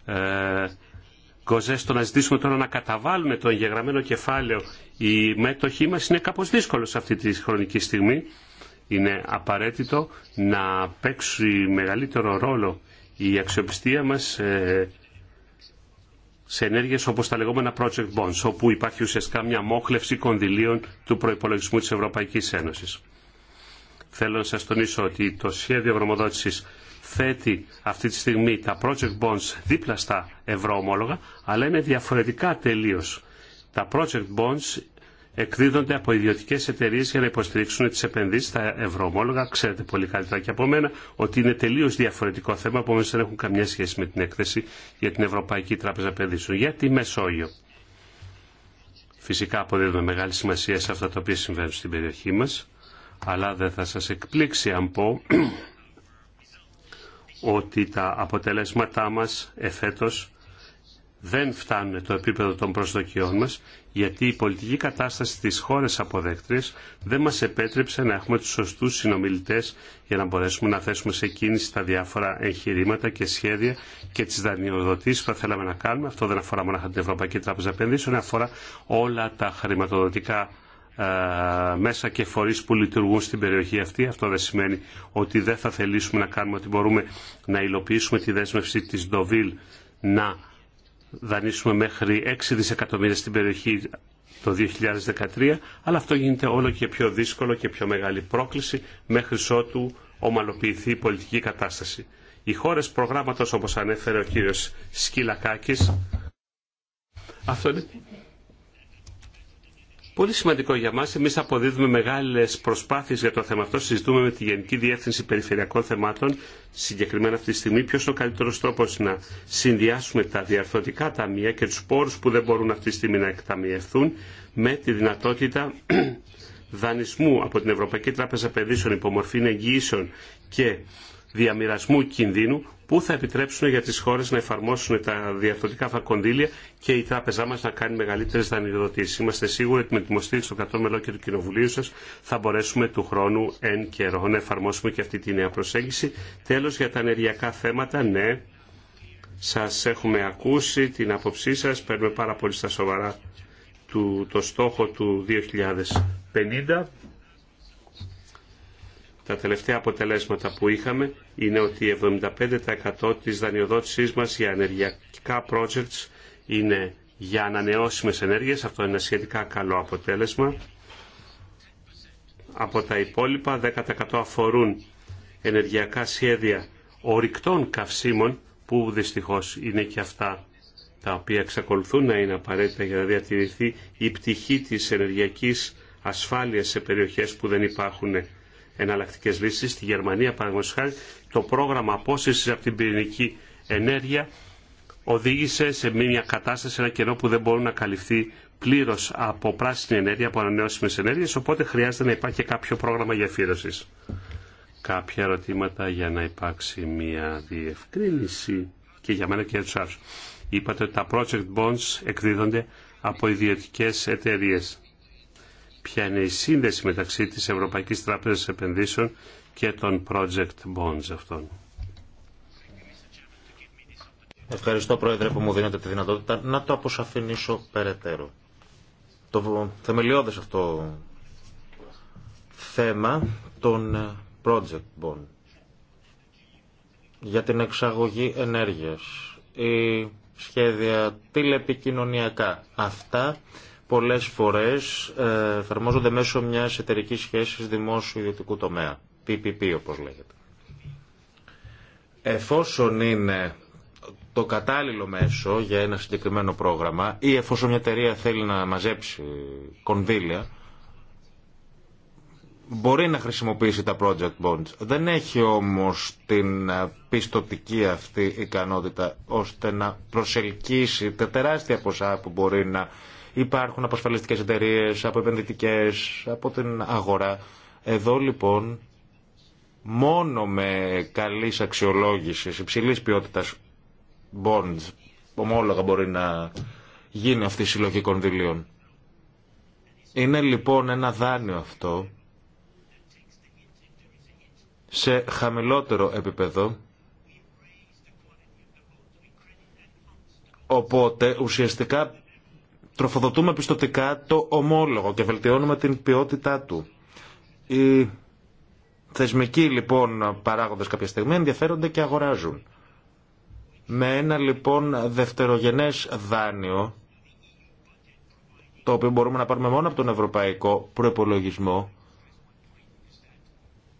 ε, το να ζητήσουμε τώρα να καταβάλουμε το εγγεγραμμένο κεφάλαιο οι μέτοχοί μας είναι κάπως δύσκολο σε αυτή τη χρονική στιγμή. Είναι απαραίτητο να παίξει μεγαλύτερο ρόλο η αξιοπιστία μας ε, σε ενέργειες όπως τα λεγόμενα project bonds, όπου υπάρχει ουσιαστικά μια μόχλευση κονδυλίων του προϋπολογισμού της Ευρωπαϊκής Ένωσης. Θέλω να σας τονίσω ότι το σχέδιο γνωμοδότησης θέτει αυτή τη στιγμή τα project bonds δίπλα στα ευρωομόλογα, αλλά είναι διαφορετικά τελείως. Τα project bonds εκδίδονται από ιδιωτικέ εταιρείε για να υποστηρίξουν τι επενδύσει στα ευρωομόλογα. Ξέρετε πολύ καλύτερα και από μένα ότι είναι τελείω διαφορετικό θέμα, επομένω δεν έχουν καμιά σχέση με την έκθεση για την Ευρωπαϊκή Τράπεζα Επενδύσεων. Για τη Μεσόγειο. Φυσικά αποδίδουμε μεγάλη σημασία σε αυτά τα οποία συμβαίνουν στην περιοχή μα, αλλά δεν θα σα εκπλήξει αν πω ότι τα αποτελέσματά μας εφέτος δεν φτάνουν το επίπεδο των προσδοκιών μας, γιατί η πολιτική κατάσταση της χώρας αποδέκτριας δεν μας επέτρεψε να έχουμε τους σωστούς συνομιλητές για να μπορέσουμε να θέσουμε σε κίνηση τα διάφορα εγχειρήματα και σχέδια και τις δανειοδοτήσεις που θα θέλαμε να κάνουμε. Αυτό δεν αφορά μόνο την Ευρωπαϊκή Τράπεζα Επενδύσεων, αφορά όλα τα χρηματοδοτικά ε, μέσα και φορείς που λειτουργούν στην περιοχή αυτή. Αυτό δεν σημαίνει ότι δεν θα θελήσουμε να κάνουμε ότι μπορούμε να υλοποιήσουμε τη δέσμευση της Ντοβίλ να δανείσουμε μέχρι 6 δισεκατομμύρια στην περιοχή το 2013, αλλά αυτό γίνεται όλο και πιο δύσκολο και πιο μεγάλη πρόκληση μέχρι ότου ομαλοποιηθεί η πολιτική κατάσταση. Οι χώρες προγράμματος όπως ανέφερε ο κύριος Σκυλακάκης, αυτό είναι Πολύ σημαντικό για μας, εμείς αποδίδουμε μεγάλες προσπάθειες για το θέμα αυτό. Συζητούμε με τη Γενική Διεύθυνση Περιφερειακών Θεμάτων, συγκεκριμένα αυτή τη στιγμή, ποιος είναι ο καλύτερος τρόπος να συνδυάσουμε τα διαρθρωτικά ταμεία και τους πόρους που δεν μπορούν αυτή τη στιγμή να εκταμιευθούν με τη δυνατότητα δανεισμού από την Ευρωπαϊκή Τράπεζα Παιδίσεων μορφή εγγύησεων και διαμοιρασμού κινδύνου που θα επιτρέψουν για τις χώρες να εφαρμόσουν τα διαρθρωτικά αυτά και η τράπεζά μας να κάνει μεγαλύτερες δανειοδοτήσεις. Είμαστε σίγουροι ότι με τη μοστήριξη των κρατών μελών και του Κοινοβουλίου σας θα μπορέσουμε του χρόνου εν καιρό να εφαρμόσουμε και αυτή τη νέα προσέγγιση. Τέλος για τα ενεργειακά θέματα, ναι, σας έχουμε ακούσει την άποψή σας, παίρνουμε πάρα πολύ στα σοβαρά του, το στόχο του 2050 τα τελευταία αποτελέσματα που είχαμε είναι ότι 75% της δανειοδότησής μας για ενεργειακά projects είναι για ανανεώσιμες ενέργειες. Αυτό είναι ένα σχετικά καλό αποτέλεσμα. Από τα υπόλοιπα 10% αφορούν ενεργειακά σχέδια ορυκτών καυσίμων που δυστυχώς είναι και αυτά τα οποία εξακολουθούν να είναι απαραίτητα για να διατηρηθεί η πτυχή της ενεργειακής ασφάλειας σε περιοχές που δεν υπάρχουν Εναλλακτικέ λύσει, Στη Γερμανία, χάρη, το πρόγραμμα απόσυρση από την πυρηνική ενέργεια οδήγησε σε μια κατάσταση, ένα κενό που δεν μπορεί να καλυφθεί πλήρω από πράσινη ενέργεια, από ανανεώσιμε ενέργειε, οπότε χρειάζεται να υπάρχει κάποιο πρόγραμμα γεφύρωση. Κάποια ερωτήματα για να υπάρξει μια διευκρίνηση και για μένα και για του άλλου. Είπατε ότι τα project bonds εκδίδονται από ιδιωτικέ εταιρείε ποια είναι η σύνδεση μεταξύ της Ευρωπαϊκής Τράπεζας Επενδύσεων και των project bonds αυτών. Ευχαριστώ Πρόεδρε που μου δίνετε τη δυνατότητα να το αποσαφηνίσω περαιτέρω. Το θεμελιώδες αυτό θέμα των project bond για την εξαγωγή ενέργειας ή σχέδια τηλεπικοινωνιακά. Αυτά πολλές φορές ε, εφαρμόζονται μέσω μια εταιρική σχέσης δημόσιο-ιδιωτικού τομέα, PPP όπως λέγεται. Εφόσον είναι το κατάλληλο μέσο για ένα συγκεκριμένο πρόγραμμα ή εφόσον μια εταιρεία θέλει να μαζέψει κονδύλια, μπορεί να χρησιμοποιήσει τα project bonds. Δεν έχει όμως την πιστοτική αυτή ικανότητα ώστε να προσελκύσει τα τεράστια ποσά που μπορεί να Υπάρχουν από ασφαλιστικέ εταιρείε, από επενδυτικέ, από την αγορά. Εδώ λοιπόν μόνο με καλής αξιολόγηση υψηλή ποιότητας bonds, ομόλογα μπορεί να γίνει αυτή η συλλογή κονδυλίων. Είναι λοιπόν ένα δάνειο αυτό σε χαμηλότερο επίπεδο Οπότε ουσιαστικά τροφοδοτούμε πιστοτικά το ομόλογο και βελτιώνουμε την ποιότητά του. Οι θεσμικοί λοιπόν παράγοντες κάποια στιγμή ενδιαφέρονται και αγοράζουν. Με ένα λοιπόν δευτερογενές δάνειο, το οποίο μπορούμε να πάρουμε μόνο από τον ευρωπαϊκό προπολογισμό,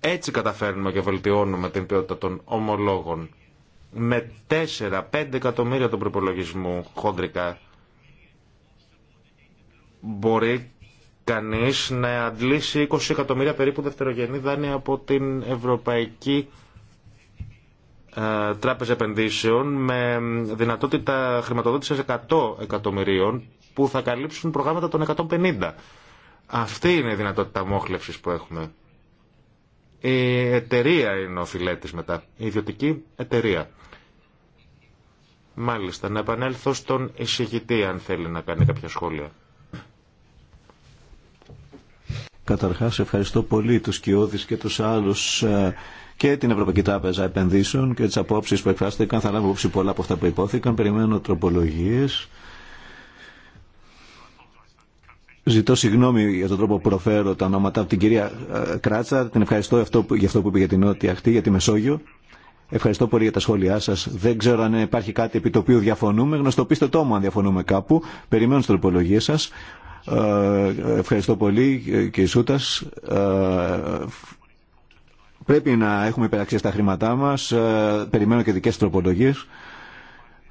έτσι καταφέρνουμε και βελτιώνουμε την ποιότητα των ομολόγων. Με 4-5 εκατομμύρια τον προπολογισμού χοντρικά μπορεί κανείς να αντλήσει 20 εκατομμύρια περίπου δευτερογενή δάνεια από την Ευρωπαϊκή ε, Τράπεζα Επενδύσεων με δυνατότητα χρηματοδότησης 100 εκατομμυρίων που θα καλύψουν προγράμματα των 150. Αυτή είναι η δυνατότητα μόχλευσης που έχουμε. Η εταιρεία είναι ο φιλέτης μετά. Η ιδιωτική εταιρεία. Μάλιστα, να επανέλθω στον εισηγητή αν θέλει να κάνει κάποια σχόλια. Καταρχάς ευχαριστώ πολύ τους Κιώδης και τους άλλους ε, και την Ευρωπαϊκή Τράπεζα Επενδύσεων και τις απόψεις που εκφράστηκαν. Θα λάβω υπόψη πολλά από αυτά που υπόθηκαν. Περιμένω τροπολογίες. Ζητώ συγγνώμη για τον τρόπο που προφέρω τα ονόματα από την κυρία ε, Κράτσα. Την ευχαριστώ για αυτό που είπε για την Νότια Αχτή, για τη Μεσόγειο. Ευχαριστώ πολύ για τα σχόλιά σα. Δεν ξέρω αν υπάρχει κάτι επί το οποίο διαφωνούμε. Γνωστοποιήστε το μου αν διαφωνούμε κάπου. Περιμένω τι τροπολογίε σα. Ε, ευχαριστώ πολύ ε, και Σούτας. Ε, πρέπει να έχουμε υπεραξία στα χρήματά μας. Περιμένω και δικές τροπολογίες.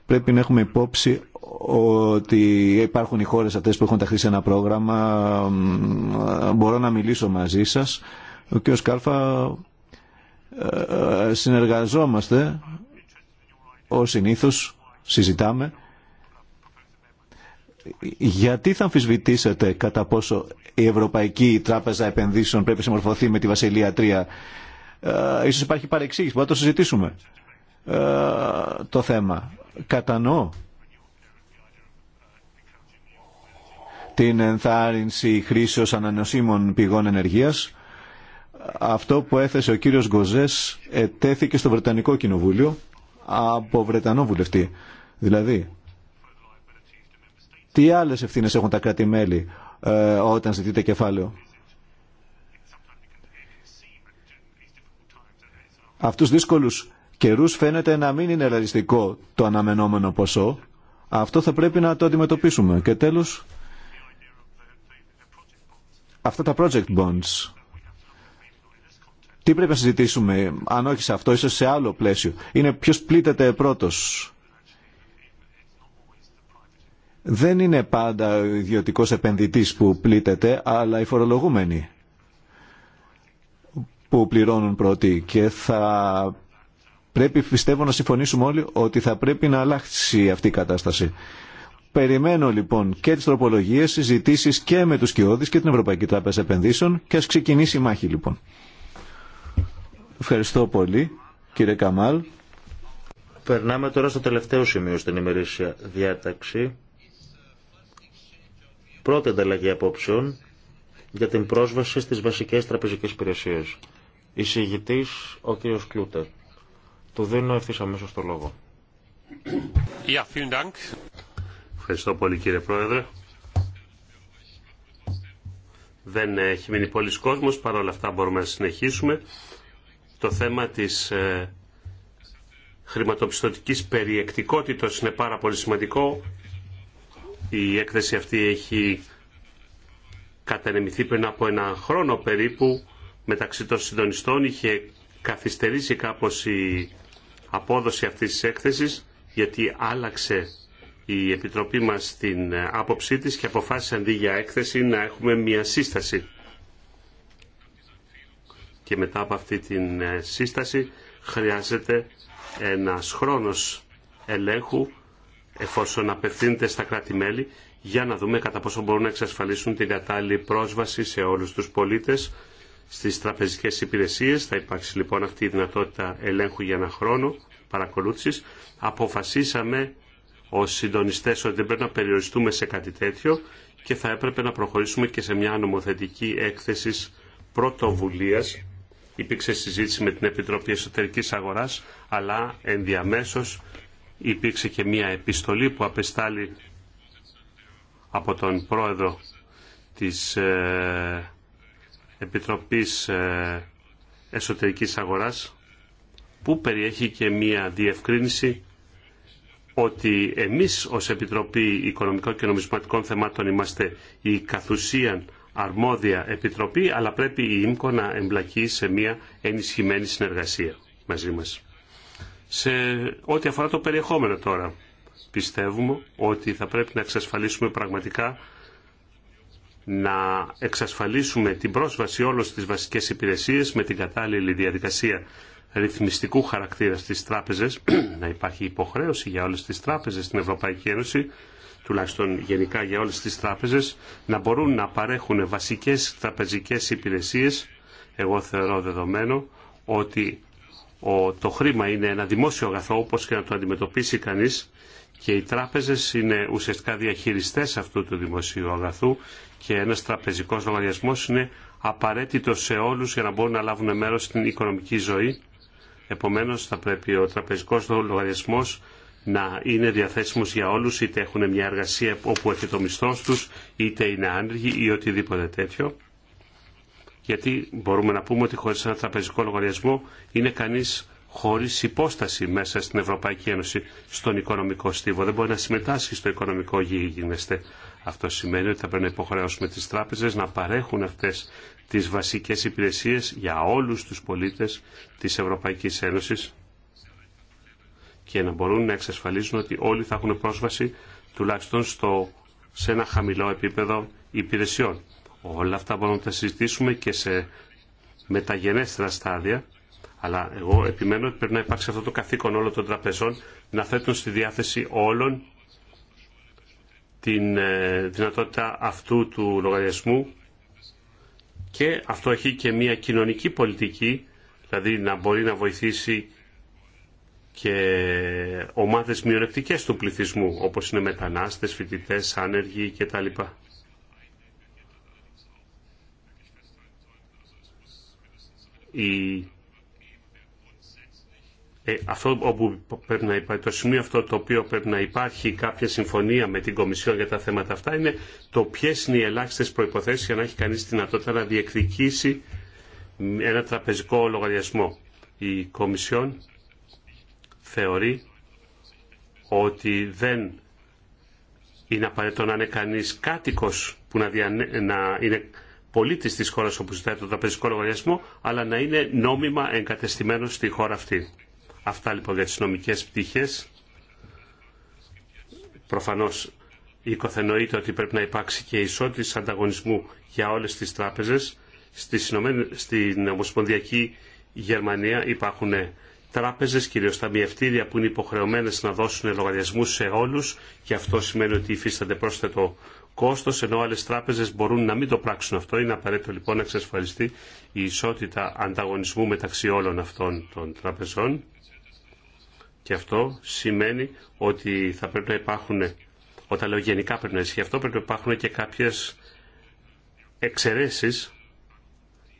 Πρέπει να έχουμε υπόψη ότι υπάρχουν οι χώρες αυτές που έχουν ταχθεί σε ένα πρόγραμμα. Μπορώ να μιλήσω μαζί σας. Ο κ. Σκάλφα, συνεργαζόμαστε ως συνήθως συζητάμε γιατί θα αμφισβητήσετε κατά πόσο η Ευρωπαϊκή Τράπεζα Επενδύσεων πρέπει να συμμορφωθεί με τη Βασιλεία 3. Ε, ίσως υπάρχει παρεξήγηση, μπορεί να το συζητήσουμε ε, το θέμα. Κατανοώ την ενθάρρυνση χρήσεως ανανεωσίμων πηγών ενεργείας. Αυτό που έθεσε ο κύριος Γκοζές ετέθηκε στο Βρετανικό Κοινοβούλιο από Βρετανό βουλευτή. Δηλαδή, τι άλλες ευθύνε έχουν τα κράτη-μέλη ε, όταν ζητείτε κεφάλαιο. Αυτούς δύσκολους καιρούς φαίνεται να μην είναι ρεαλιστικό το αναμενόμενο ποσό. Αυτό θα πρέπει να το αντιμετωπίσουμε. Και τέλος, αυτά τα project bonds. Τι πρέπει να συζητήσουμε, αν όχι σε αυτό, ίσως σε άλλο πλαίσιο. Είναι ποιο πλήττεται πρώτος δεν είναι πάντα ο ιδιωτικό επενδυτή που πλήττεται, αλλά οι φορολογούμενοι που πληρώνουν πρώτοι και θα πρέπει πιστεύω να συμφωνήσουμε όλοι ότι θα πρέπει να αλλάξει αυτή η κατάσταση. Περιμένω λοιπόν και τις τροπολογίες, συζητήσει και με τους Κιώδη και την Ευρωπαϊκή Τράπεζα Επενδύσεων και α ξεκινήσει η μάχη λοιπόν. Ευχαριστώ πολύ κύριε Καμάλ. Περνάμε τώρα στο τελευταίο σημείο στην ημερήσια διάταξη πρώτη ανταλλαγή απόψεων για την πρόσβαση στις βασικές τραπεζικές υπηρεσίες. Εισηγητής ο κ. Κλούτερ. Του δίνω ευθύς αμέσω το λόγο. Ja, vielen Dank. Ευχαριστώ πολύ κύριε Πρόεδρε. Δεν έχει μείνει πολλοί κόσμος, παρόλα αυτά μπορούμε να συνεχίσουμε. Το θέμα της ε, χρηματοπιστωτικής περιεκτικότητας είναι πάρα πολύ σημαντικό η έκθεση αυτή έχει κατανεμηθεί πριν από ένα χρόνο περίπου μεταξύ των συντονιστών. Είχε καθυστερήσει κάπως η απόδοση αυτής της έκθεσης γιατί άλλαξε η Επιτροπή μας την άποψή της και αποφάσισε αντί για έκθεση να έχουμε μια σύσταση. Και μετά από αυτή την ε, σύσταση χρειάζεται ένας χρόνος ελέγχου εφόσον απευθύνεται στα κράτη-μέλη για να δούμε κατά πόσο μπορούν να εξασφαλίσουν την κατάλληλη πρόσβαση σε όλους τους πολίτες στις τραπεζικές υπηρεσίες. Θα υπάρξει λοιπόν αυτή η δυνατότητα ελέγχου για ένα χρόνο παρακολούθησης. Αποφασίσαμε ως συντονιστές ότι δεν πρέπει να περιοριστούμε σε κάτι τέτοιο και θα έπρεπε να προχωρήσουμε και σε μια νομοθετική έκθεση πρωτοβουλίας. Υπήρξε συζήτηση με την Επιτροπή Εσωτερικής Αγοράς, αλλά ενδιαμέσως υπήρξε και μία επιστολή που απεστάλλει από τον πρόεδρο της ε, Επιτροπής ε, Εσωτερικής Αγοράς που περιέχει και μία διευκρίνηση ότι εμείς ως Επιτροπή Οικονομικών και Νομισματικών Θεμάτων είμαστε η καθουσία αρμόδια επιτροπή, αλλά πρέπει η ΙΜΚΟ να εμπλακεί σε μια ενισχυμένη συνεργασία μαζί μας. Σε ό,τι αφορά το περιεχόμενο τώρα, πιστεύουμε ότι θα πρέπει να εξασφαλίσουμε πραγματικά να εξασφαλίσουμε την πρόσβαση όλων στις βασικές υπηρεσίες με την κατάλληλη διαδικασία ρυθμιστικού χαρακτήρα στις τράπεζες, να υπάρχει υποχρέωση για όλες τις τράπεζες στην Ευρωπαϊκή Ένωση, τουλάχιστον γενικά για όλες τις τράπεζες, να μπορούν να παρέχουν βασικές τραπεζικές υπηρεσίες. Εγώ θεωρώ δεδομένο ότι το χρήμα είναι ένα δημόσιο αγαθό όπως και να το αντιμετωπίσει κανείς και οι τράπεζες είναι ουσιαστικά διαχειριστές αυτού του δημοσίου αγαθού και ένας τραπεζικός λογαριασμός είναι απαραίτητο σε όλους για να μπορούν να λάβουν μέρος στην οικονομική ζωή. Επομένως θα πρέπει ο τραπεζικός λογαριασμός να είναι διαθέσιμος για όλους, είτε έχουν μια εργασία όπου έχει το μισθό τους, είτε είναι άνεργοι ή οτιδήποτε τέτοιο γιατί μπορούμε να πούμε ότι χωρίς ένα τραπεζικό λογαριασμό είναι κανείς χωρίς υπόσταση μέσα στην Ευρωπαϊκή Ένωση στον οικονομικό στίβο. Δεν μπορεί να συμμετάσχει στο οικονομικό γίγνεσθε. Αυτό σημαίνει ότι θα πρέπει να υποχρεώσουμε τις τράπεζες να παρέχουν αυτές τις βασικές υπηρεσίες για όλους τους πολίτες της Ευρωπαϊκής Ένωσης και να μπορούν να εξασφαλίσουν ότι όλοι θα έχουν πρόσβαση τουλάχιστον στο, σε ένα χαμηλό επίπεδο υπηρεσιών. Όλα αυτά μπορούμε να τα συζητήσουμε και σε μεταγενέστερα στάδια. Αλλά εγώ επιμένω ότι πρέπει να υπάρξει αυτό το καθήκον όλων των τραπεζών να θέτουν στη διάθεση όλων την ε, δυνατότητα αυτού του λογαριασμού και αυτό έχει και μια κοινωνική πολιτική, δηλαδή να μπορεί να βοηθήσει και ομάδες μειονεκτικές του πληθυσμού, όπως είναι μετανάστες, φοιτητές, άνεργοι κτλ. Ε, αυτό όπου πρέπει να υπάρχει, το σημείο αυτό το οποίο πρέπει να υπάρχει κάποια συμφωνία με την Κομισιόν για τα θέματα αυτά είναι το ποιε είναι οι ελάχιστε προποθέσει για να έχει κανεί τη δυνατότητα να διεκδικήσει ένα τραπεζικό λογαριασμό. Η Κομισιόν θεωρεί ότι δεν είναι απαραίτητο να είναι κανείς κάτοικος που να είναι πολίτης της χώρας όπου ζητάει το τραπεζικό λογαριασμό, αλλά να είναι νόμιμα εγκατεστημένο στη χώρα αυτή. Αυτά λοιπόν για τις νομικές πτυχές. Προφανώς οικοθενοείται ότι πρέπει να υπάρξει και ισότητα ανταγωνισμού για όλες τις τράπεζες. Στην Ομοσπονδιακή Γερμανία υπάρχουν τράπεζες, κυρίως ταμιευτήρια που είναι υποχρεωμένες να δώσουν λογαριασμούς σε όλους και αυτό σημαίνει ότι υφίστανται πρόσθετο κόστος, ενώ άλλε τράπεζε μπορούν να μην το πράξουν αυτό. Είναι απαραίτητο λοιπόν να εξασφαλιστεί η ισότητα ανταγωνισμού μεταξύ όλων αυτών των τραπεζών. Και αυτό σημαίνει ότι θα πρέπει να υπάρχουν, όταν λέω γενικά πρέπει να ισχύει αυτό, πρέπει να υπάρχουν και κάποιες εξαιρέσει.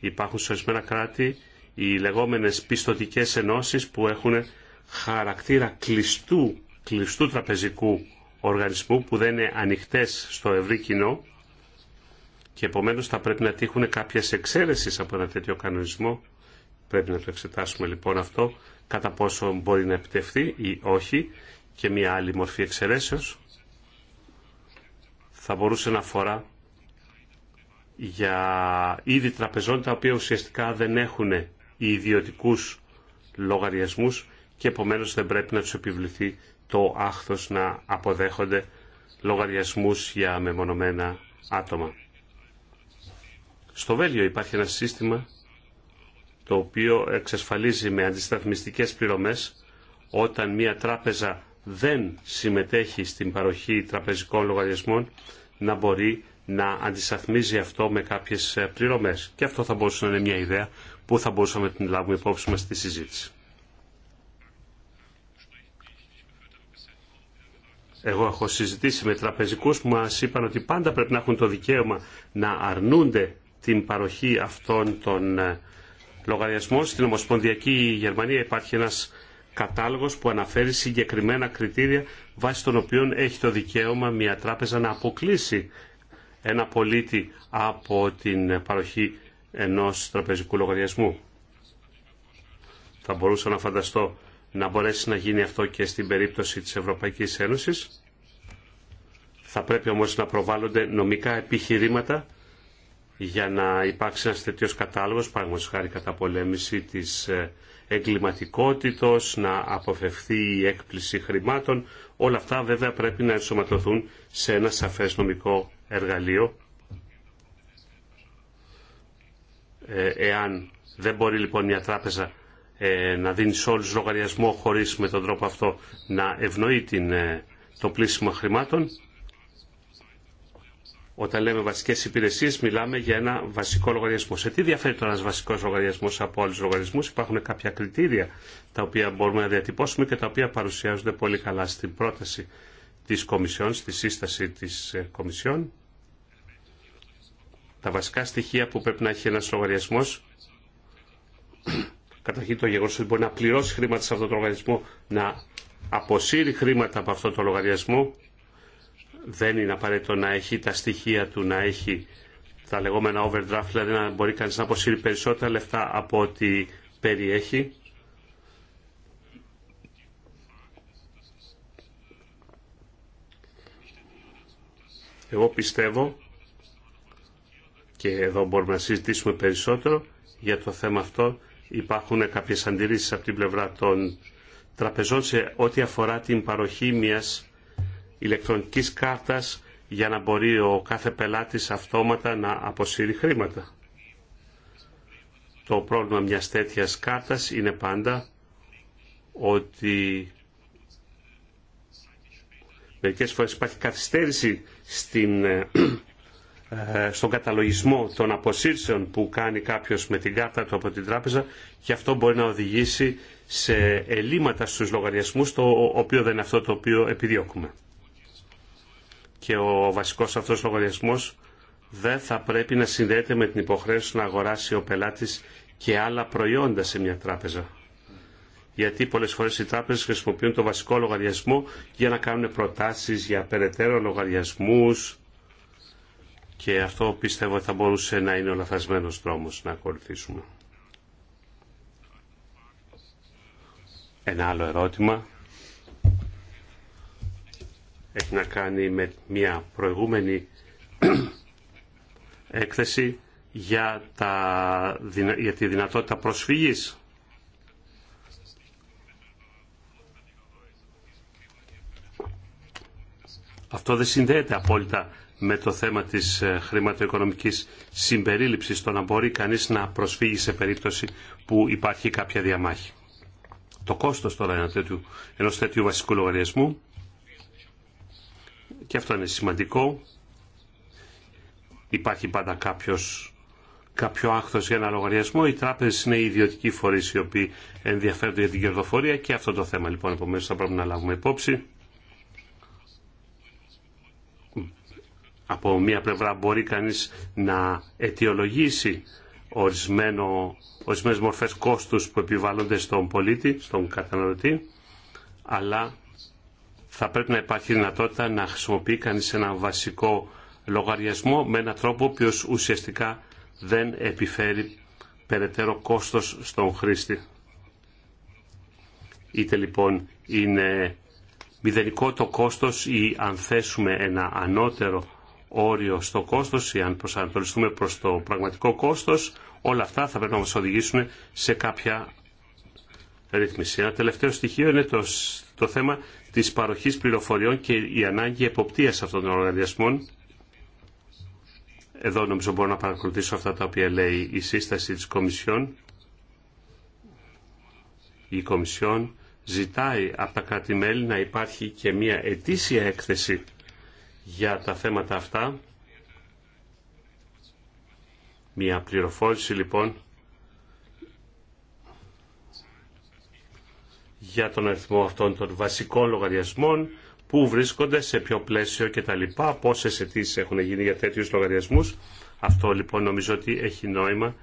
Υπάρχουν σε ορισμένα κράτη οι λεγόμενες πιστοτικές ενώσεις που έχουν χαρακτήρα κλειστού, κλειστού τραπεζικού οργανισμού που δεν είναι ανοιχτές στο ευρύ κοινό και επομένως θα πρέπει να τύχουν κάποιες εξαίρεσεις από ένα τέτοιο κανονισμό. Πρέπει να το εξετάσουμε λοιπόν αυτό, κατά πόσο μπορεί να επιτευχθεί ή όχι και μια άλλη μορφή εξαιρέσεως θα μπορούσε να αφορά για είδη τραπεζών τα οποία ουσιαστικά δεν έχουν ιδιωτικούς λογαριασμούς και επομένως δεν πρέπει να τους επιβληθεί το άχθος να αποδέχονται λογαριασμούς για μεμονωμένα άτομα. Στο Βέλγιο υπάρχει ένα σύστημα το οποίο εξασφαλίζει με αντισταθμιστικές πληρωμές όταν μια τράπεζα δεν συμμετέχει στην παροχή τραπεζικών λογαριασμών να μπορεί να αντισταθμίζει αυτό με κάποιες πληρωμές. Και αυτό θα μπορούσε να είναι μια ιδέα που θα μπορούσαμε να την λάβουμε υπόψη μας στη συζήτηση. Εγώ έχω συζητήσει με τραπεζικούς που μας είπαν ότι πάντα πρέπει να έχουν το δικαίωμα να αρνούνται την παροχή αυτών των ε, λογαριασμών. Στην Ομοσπονδιακή Γερμανία υπάρχει ένας κατάλογος που αναφέρει συγκεκριμένα κριτήρια βάσει των οποίων έχει το δικαίωμα μια τράπεζα να αποκλείσει ένα πολίτη από την παροχή ενός τραπεζικού λογαριασμού. Θα μπορούσα να φανταστώ να μπορέσει να γίνει αυτό και στην περίπτωση της Ευρωπαϊκής Ένωσης. Θα πρέπει όμως να προβάλλονται νομικά επιχειρήματα για να υπάρξει ένας τέτοιος κατάλογος, παραγωγός χάρη πολέμηση της ε, εγκληματικότητος, να αποφευθεί η έκπληση χρημάτων. Όλα αυτά βέβαια πρέπει να ενσωματωθούν σε ένα σαφές νομικό εργαλείο. Ε, εάν δεν μπορεί λοιπόν μια τράπεζα ε, να δίνει σε όλους λογαριασμό χωρίς με τον τρόπο αυτό να ευνοεί ε, το πλήσιμο χρημάτων. Όταν λέμε βασικέ υπηρεσίε, μιλάμε για ένα βασικό λογαριασμό. Σε τι διαφέρει τώρα ένα βασικό λογαριασμό από άλλου λογαριασμού, Υπάρχουν κάποια κριτήρια τα οποία μπορούμε να διατυπώσουμε και τα οποία παρουσιάζονται πολύ καλά στην πρόταση τη Κομισιόν, στη σύσταση τη ε, Κομισιόν. Τα βασικά στοιχεία που πρέπει να έχει ένα λογαριασμό καταρχήν το γεγονό ότι μπορεί να πληρώσει χρήματα σε αυτόν τον λογαριασμό, να αποσύρει χρήματα από αυτόν τον λογαριασμό. Δεν είναι απαραίτητο να έχει τα στοιχεία του, να έχει τα λεγόμενα overdraft, δηλαδή να μπορεί κανείς να αποσύρει περισσότερα λεφτά από ό,τι περιέχει. Εγώ πιστεύω, και εδώ μπορούμε να συζητήσουμε περισσότερο για το θέμα αυτό, υπάρχουν κάποιες αντιρρήσεις από την πλευρά των τραπεζών σε ό,τι αφορά την παροχή μιας ηλεκτρονικής κάρτας για να μπορεί ο κάθε πελάτης αυτόματα να αποσύρει χρήματα. Το πρόβλημα μιας τέτοιας κάρτας είναι πάντα ότι μερικές φορές υπάρχει καθυστέρηση στην ε, ε, στον καταλογισμό των αποσύρσεων που κάνει κάποιος με την κάρτα του από την τράπεζα και αυτό μπορεί να οδηγήσει σε ελλείμματα στους λογαριασμούς το οποίο δεν είναι αυτό το οποίο επιδιώκουμε. Και ο βασικός αυτός λογαριασμός δεν θα πρέπει να συνδέεται με την υποχρέωση να αγοράσει ο πελάτης και άλλα προϊόντα σε μια τράπεζα. Γιατί πολλέ φορέ οι τράπεζε χρησιμοποιούν το βασικό λογαριασμό για να κάνουν προτάσει για περαιτέρω λογαριασμού, και αυτό πιστεύω ότι θα μπορούσε να είναι ο λαθασμένος δρόμος να ακολουθήσουμε. Ένα άλλο ερώτημα έχει να κάνει με μια προηγούμενη έκθεση για, τα, για τη δυνατότητα προσφυγής. Αυτό δεν συνδέεται απόλυτα με το θέμα της ε, χρηματοοικονομικής συμπερίληψης, το να μπορεί κανείς να προσφύγει σε περίπτωση που υπάρχει κάποια διαμάχη. Το κόστος τώρα ενό τέτοιου, ενός τέτοιου βασικού λογαριασμού, και αυτό είναι σημαντικό, υπάρχει πάντα κάποιος κάποιο άχθος για ένα λογαριασμό. Οι τράπεζες είναι οι ιδιωτικοί φορείς οι οποίοι ενδιαφέρονται για την κερδοφορία και αυτό το θέμα λοιπόν επομένως θα πρέπει να λάβουμε υπόψη. από μία πλευρά μπορεί κανείς να αιτιολογήσει ορισμένο, ορισμένες μορφές κόστους που επιβάλλονται στον πολίτη, στον καταναλωτή, αλλά θα πρέπει να υπάρχει δυνατότητα να χρησιμοποιεί κανείς ένα βασικό λογαριασμό με έναν τρόπο ο οποίος ουσιαστικά δεν επιφέρει περαιτέρω κόστος στον χρήστη. Είτε λοιπόν είναι μηδενικό το κόστος ή αν θέσουμε ένα ανώτερο όριο στο κόστος ή αν προσανατολιστούμε προς το πραγματικό κόστος, όλα αυτά θα πρέπει να μας οδηγήσουν σε κάποια ρύθμιση. Ένα τελευταίο στοιχείο είναι το, το θέμα της παροχής πληροφοριών και η ανάγκη εποπτείας αυτών των οργανισμών. Εδώ νομίζω μπορώ να παρακολουθήσω αυτά τα οποία λέει η σύσταση της Κομισιόν. Η Κομισιόν ζητάει από τα κράτη-μέλη να υπάρχει και μια ετήσια έκθεση για τα θέματα αυτά. Μια πληροφόρηση λοιπόν για τον αριθμό αυτών των βασικών λογαριασμών, πού βρίσκονται, σε ποιο πλαίσιο κτλ, πόσες αιτήσει έχουν γίνει για τέτοιους λογαριασμούς. Αυτό λοιπόν νομίζω ότι έχει νόημα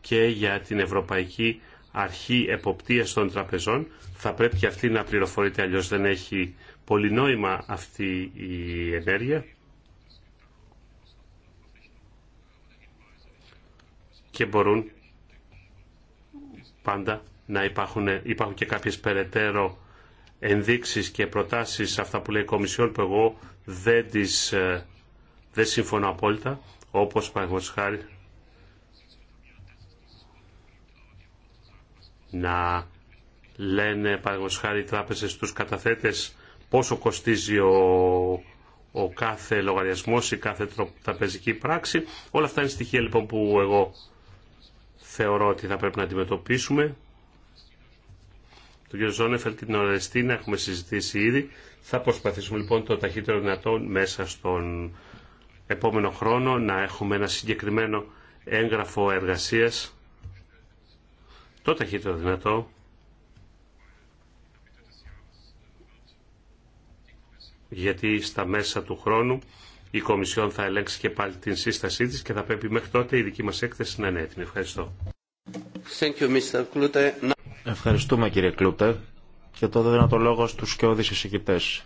και για την Ευρωπαϊκή Αρχή Εποπτείας των Τραπεζών. Θα πρέπει και αυτή να πληροφορείται, αλλιώς δεν έχει πολυνόημα αυτή η ενέργεια και μπορούν πάντα να υπάρχουν, υπάρχουν και κάποιες περαιτέρω ενδείξεις και προτάσεις αυτά που λέει η Κομισιόν που εγώ δεν, τις, ε, δεν συμφωνώ απόλυτα όπως παραγωγός χάρη να λένε παραγωγός χάρη οι τράπεζες τους καταθέτες πόσο κοστίζει ο, ο κάθε λογαριασμός, η κάθε τραπεζική πράξη. Όλα αυτά είναι στοιχεία λοιπόν που εγώ θεωρώ ότι θα πρέπει να αντιμετωπίσουμε. Το κ. Ζόνεφελ την Ορεστίνα έχουμε συζητήσει ήδη. Θα προσπαθήσουμε λοιπόν το ταχύτερο δυνατό μέσα στον επόμενο χρόνο να έχουμε ένα συγκεκριμένο έγγραφο εργασίας το ταχύτερο δυνατό γιατί στα μέσα του χρόνου η Κομισιόν θα ελέγξει και πάλι την σύστασή της και θα πρέπει μέχρι τότε η δική μας έκθεση να είναι έτοιμη. Ευχαριστώ. Ευχαριστούμε κύριε Κλούτε και τότε δίνω το λόγο στους και εισηγητές.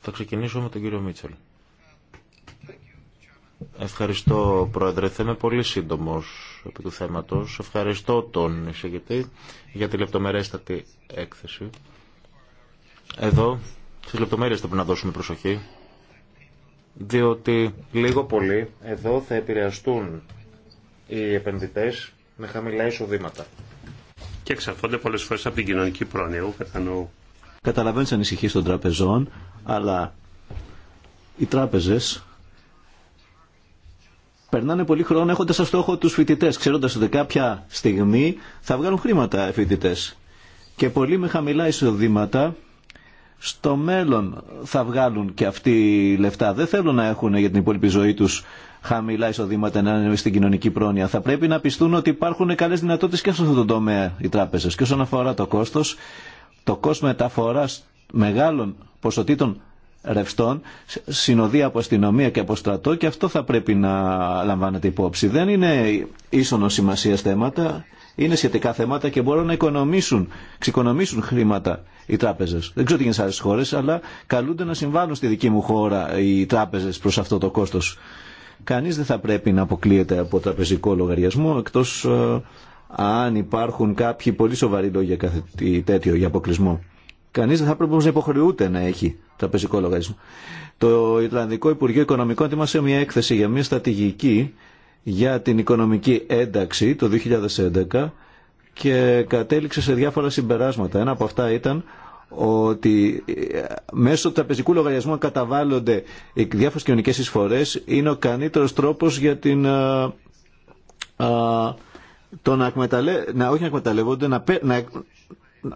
Θα ξεκινήσω με τον κύριο Μίτσελ. Ευχαριστώ Πρόεδρε. Θα είμαι πολύ σύντομο επί του θέματος. Ευχαριστώ τον εισηγητή για τη λεπτομερέστατη έκθεση. Εδώ Στι λεπτομέρειες θα πρέπει να δώσουμε προσοχή, διότι λίγο πολύ εδώ θα επηρεαστούν οι επενδυτέ με χαμηλά εισοδήματα. Και εξαρτώνται πολλέ φορέ από την κοινωνική πρόνοια. Κατανοώ. Καταλαβαίνω των τραπεζών, αλλά οι τράπεζε περνάνε πολύ χρόνο έχοντα σαν στόχο του φοιτητέ, ξέροντα ότι κάποια στιγμή θα βγάλουν χρήματα οι φοιτητέ. Και πολλοί με χαμηλά εισοδήματα στο μέλλον θα βγάλουν και αυτοί λεφτά. Δεν θέλουν να έχουν για την υπόλοιπη ζωή τους χαμηλά εισοδήματα να είναι στην κοινωνική πρόνοια. Θα πρέπει να πιστούν ότι υπάρχουν καλές δυνατότητες και σε αυτό το τομέα οι τράπεζες. Και όσον αφορά το κόστος, το κόστος μεταφοράς μεγάλων ποσοτήτων ρευστών συνοδεία από αστυνομία και από στρατό και αυτό θα πρέπει να λαμβάνεται υπόψη. Δεν είναι ίσονο σημασία θέματα είναι σχετικά θέματα και μπορούν να οικονομήσουν, ξεκονομήσουν χρήματα οι τράπεζε. Δεν ξέρω τι είναι σε άλλε χώρε, αλλά καλούνται να συμβάλλουν στη δική μου χώρα οι τράπεζε προ αυτό το κόστο. Κανεί δεν θα πρέπει να αποκλείεται από τραπεζικό λογαριασμό, εκτό ε, αν υπάρχουν κάποιοι πολύ σοβαροί λόγοι για τέτοιο, για αποκλεισμό. Κανεί δεν θα πρέπει όμω να υποχρεούται να έχει τραπεζικό λογαριασμό. Το Ιρλανδικό Υπουργείο Οικονομικών ετοίμασε μια έκθεση για μια στρατηγική για την οικονομική ένταξη το 2011 και κατέληξε σε διάφορα συμπεράσματα. Ένα από αυτά ήταν ότι ε, μέσω τραπεζικού λογαριασμού καταβάλλονται οι διάφορες κοινωνικές εισφορές είναι ο καλύτερο τρόπος για την, α, ε, ε, το να, να όχι να εκμεταλλεύονται, να,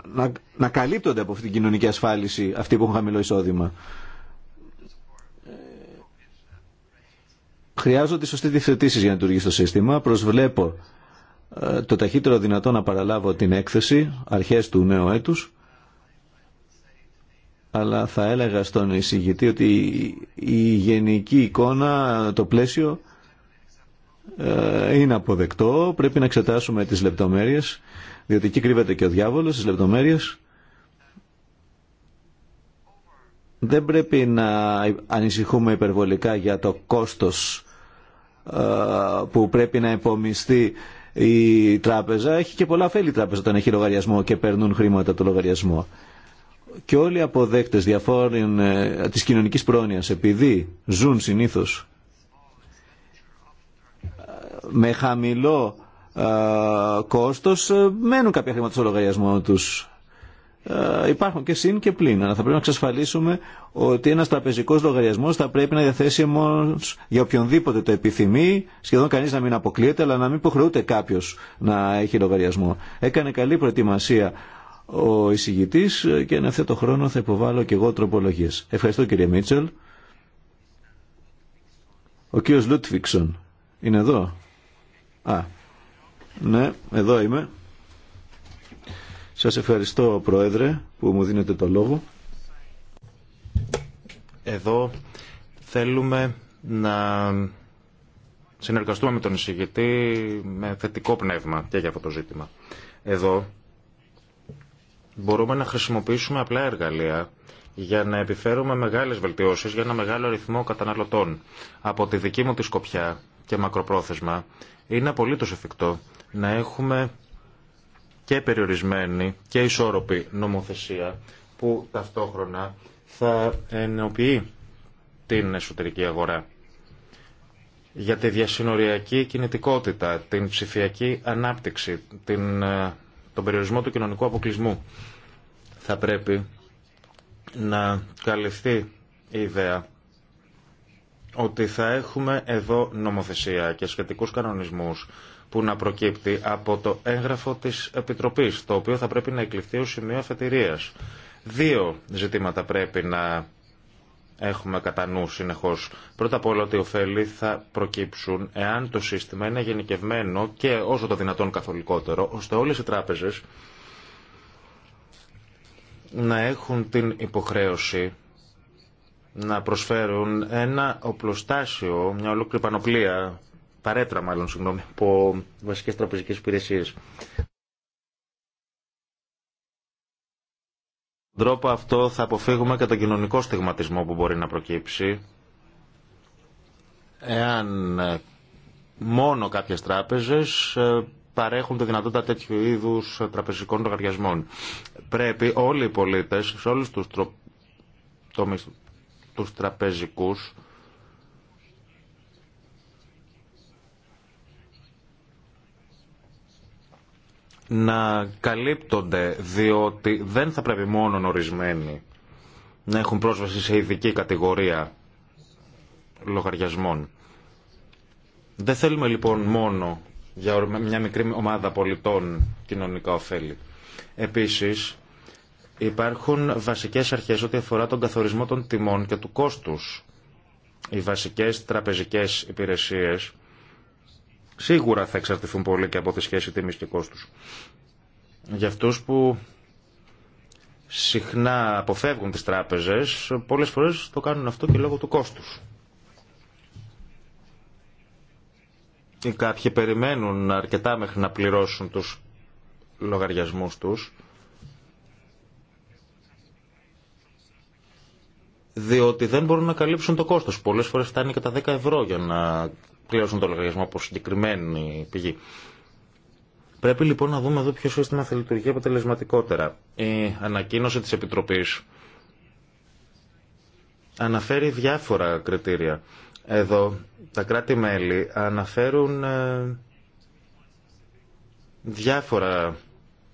να, να, καλύπτονται από αυτή την κοινωνική ασφάλιση αυτοί που έχουν χαμηλό εισόδημα. Χρειάζονται σωστέ διευθετήσει για να λειτουργήσει το σύστημα. Προσβλέπω ε, το ταχύτερο δυνατό να παραλάβω την έκθεση αρχές του νέου έτους αλλά θα έλεγα στον εισηγητή ότι η γενική εικόνα, το πλαίσιο ε, είναι αποδεκτό. Πρέπει να εξετάσουμε τις λεπτομέρειες, διότι εκεί κρύβεται και ο διάβολος, τις λεπτομέρειες. Δεν πρέπει να ανησυχούμε υπερβολικά για το κόστος που πρέπει να υπομειστεί η τράπεζα έχει και πολλά φέλη τράπεζα όταν έχει λογαριασμό και παίρνουν χρήματα από το λογαριασμό. Και όλοι οι αποδέκτες διαφόρων τη ε, της κοινωνικής πρόνοιας επειδή ζουν συνήθως ε, με χαμηλό κόστο ε, κόστος μένουν κάποια χρήματα στο λογαριασμό τους ε, υπάρχουν και συν και πλήν, αλλά θα πρέπει να εξασφαλίσουμε ότι ένας τραπεζικό λογαριασμό θα πρέπει να διαθέσει μόνος για οποιονδήποτε το επιθυμεί, σχεδόν κανείς να μην αποκλείεται, αλλά να μην υποχρεούται κάποιο να έχει λογαριασμό. Έκανε καλή προετοιμασία ο εισηγητή και εν αυτό το χρόνο θα υποβάλω και εγώ τροπολογίες. Ευχαριστώ κύριε Μίτσελ. Ο κύριο Λούτφιξον είναι εδώ. Α, ναι, εδώ είμαι. Σας ευχαριστώ, Πρόεδρε, που μου δίνετε το λόγο. Εδώ θέλουμε να συνεργαστούμε με τον εισηγητή με θετικό πνεύμα και για αυτό το ζήτημα. Εδώ μπορούμε να χρησιμοποιήσουμε απλά εργαλεία για να επιφέρουμε μεγάλες βελτιώσεις για ένα μεγάλο αριθμό καταναλωτών. Από τη δική μου τη σκοπιά και μακροπρόθεσμα είναι απολύτως εφικτό να έχουμε και περιορισμένη και ισόρροπη νομοθεσία που ταυτόχρονα θα ενοποιεί την εσωτερική αγορά για τη διασυνοριακή κινητικότητα, την ψηφιακή ανάπτυξη, την, ε, τον περιορισμό του κοινωνικού αποκλεισμού. Θα πρέπει να καλυφθεί η ιδέα ότι θα έχουμε εδώ νομοθεσία και σχετικούς κανονισμούς που να προκύπτει από το έγγραφο της Επιτροπής, το οποίο θα πρέπει να εκλειφθεί ως σημείο αφετηρίας. Δύο ζητήματα πρέπει να έχουμε κατά νου συνεχώς. Πρώτα απ' όλα ότι ωφέλη θα προκύψουν εάν το σύστημα είναι γενικευμένο και όσο το δυνατόν καθολικότερο, ώστε όλες οι τράπεζες να έχουν την υποχρέωση να προσφέρουν ένα οπλοστάσιο, μια ολόκληρη πανοπλία παρέτρα μάλλον, συγγνώμη, από βασικές τραπεζικές υπηρεσίες. Τον τρόπο αυτό θα αποφύγουμε και τον κοινωνικό στιγματισμό που μπορεί να προκύψει εάν ε, μόνο κάποιες τράπεζες ε, παρέχουν τη δυνατότητα τέτοιου είδους ε, τραπεζικών λογαριασμών. Πρέπει όλοι οι πολίτες, σε όλους τους, τρο... τους τραπεζικούς, να καλύπτονται, διότι δεν θα πρέπει μόνο ορισμένοι να έχουν πρόσβαση σε ειδική κατηγορία λογαριασμών. Δεν θέλουμε λοιπόν μόνο για μια μικρή ομάδα πολιτών κοινωνικά ωφέλη. Επίσης, υπάρχουν βασικές αρχές ό,τι αφορά τον καθορισμό των τιμών και του κόστους. Οι βασικές τραπεζικές υπηρεσίες σίγουρα θα εξαρτηθούν πολύ και από τη σχέση τιμής και κόστους. Για αυτούς που συχνά αποφεύγουν τις τράπεζες, πολλές φορές το κάνουν αυτό και λόγω του κόστους. κάποιοι περιμένουν αρκετά μέχρι να πληρώσουν τους λογαριασμούς τους, διότι δεν μπορούν να καλύψουν το κόστος. Πολλές φορές φτάνει και τα 10 ευρώ για να κλέωσαν το λογαριασμό από συγκεκριμένη πηγή. Πρέπει λοιπόν να δούμε εδώ ποιο σύστημα θα λειτουργεί αποτελεσματικότερα. Η ανακοίνωση της Επιτροπής αναφέρει διάφορα κριτήρια. Εδώ τα κράτη-μέλη αναφέρουν ε, διάφορα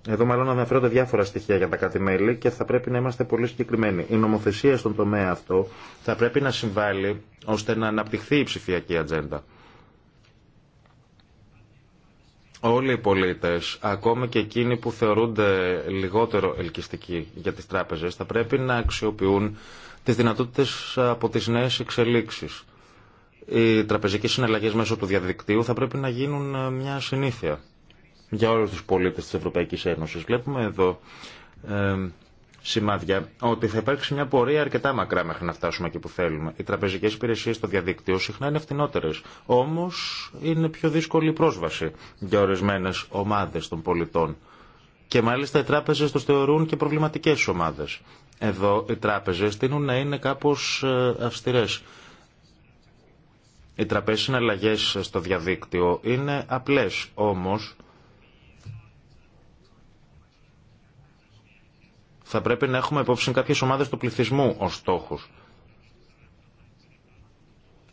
εδώ μάλλον αναφέρονται διάφορα στοιχεία για τα κράτη-μέλη και θα πρέπει να είμαστε πολύ συγκεκριμένοι. Η νομοθεσία στον τομέα αυτό θα πρέπει να συμβάλλει ώστε να αναπτυχθεί η ψηφιακή ατζέντα όλοι οι πολίτες, ακόμη και εκείνοι που θεωρούνται λιγότερο ελκυστικοί για τις τράπεζες, θα πρέπει να αξιοποιούν τις δυνατότητες από τις νέες εξελίξεις. Οι τραπεζικές συναλλαγές μέσω του διαδικτύου θα πρέπει να γίνουν ε, μια συνήθεια για όλους τους πολίτες της Ευρωπαϊκής Ένωσης. Βλέπουμε εδώ ε, σημάδια ότι θα υπάρξει μια πορεία αρκετά μακρά μέχρι να φτάσουμε εκεί που θέλουμε. Οι τραπεζικέ υπηρεσίε στο διαδίκτυο συχνά είναι φτηνότερε. Όμω είναι πιο δύσκολη η πρόσβαση για ορισμένε ομάδε των πολιτών. Και μάλιστα οι τράπεζε του θεωρούν και προβληματικέ ομάδε. Εδώ οι τράπεζε τείνουν να είναι κάπω ε, αυστηρέ. Οι τραπέζι συναλλαγέ στο διαδίκτυο είναι απλέ, όμω Θα πρέπει να έχουμε υπόψη κάποιες ομάδες του πληθυσμού ως στόχους.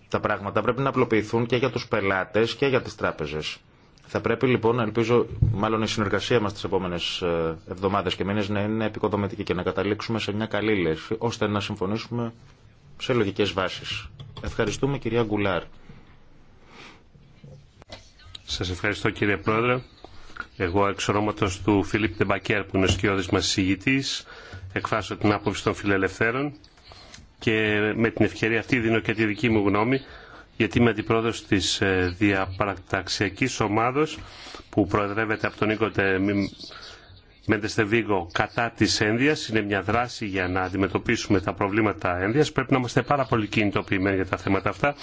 Τα πράγματα πρέπει να απλοποιηθούν και για τους πελάτες και για τις τράπεζε. Θα πρέπει λοιπόν, ελπίζω, μάλλον η συνεργασία μας τις επόμενες ε, εβδομάδες και μήνες να είναι επικοδομητική και να καταλήξουμε σε μια καλή λύση, ώστε να συμφωνήσουμε σε λογικέ βάσει. Ευχαριστούμε κυρία Γκουλάρ. Σα ευχαριστώ κύριε Πρόεδρε. Εγώ εξ ονόματος του Φιλίπ Τεμπακέρ που είναι ο σκιώδης μας συγητής, εκφράσω την άποψη των φιλελευθέρων και με την ευκαιρία αυτή δίνω και τη δική μου γνώμη γιατί είμαι αντιπρόεδρος της ε, διαπρακταξιακής ομάδος που προεδρεύεται από τον Νίκο Μεντεστεβίγκο κατά της ένδυας. Είναι μια δράση για να αντιμετωπίσουμε τα προβλήματα ένδυας. Πρέπει να είμαστε πάρα πολύ κινητοποιημένοι για τα θέματα αυτά.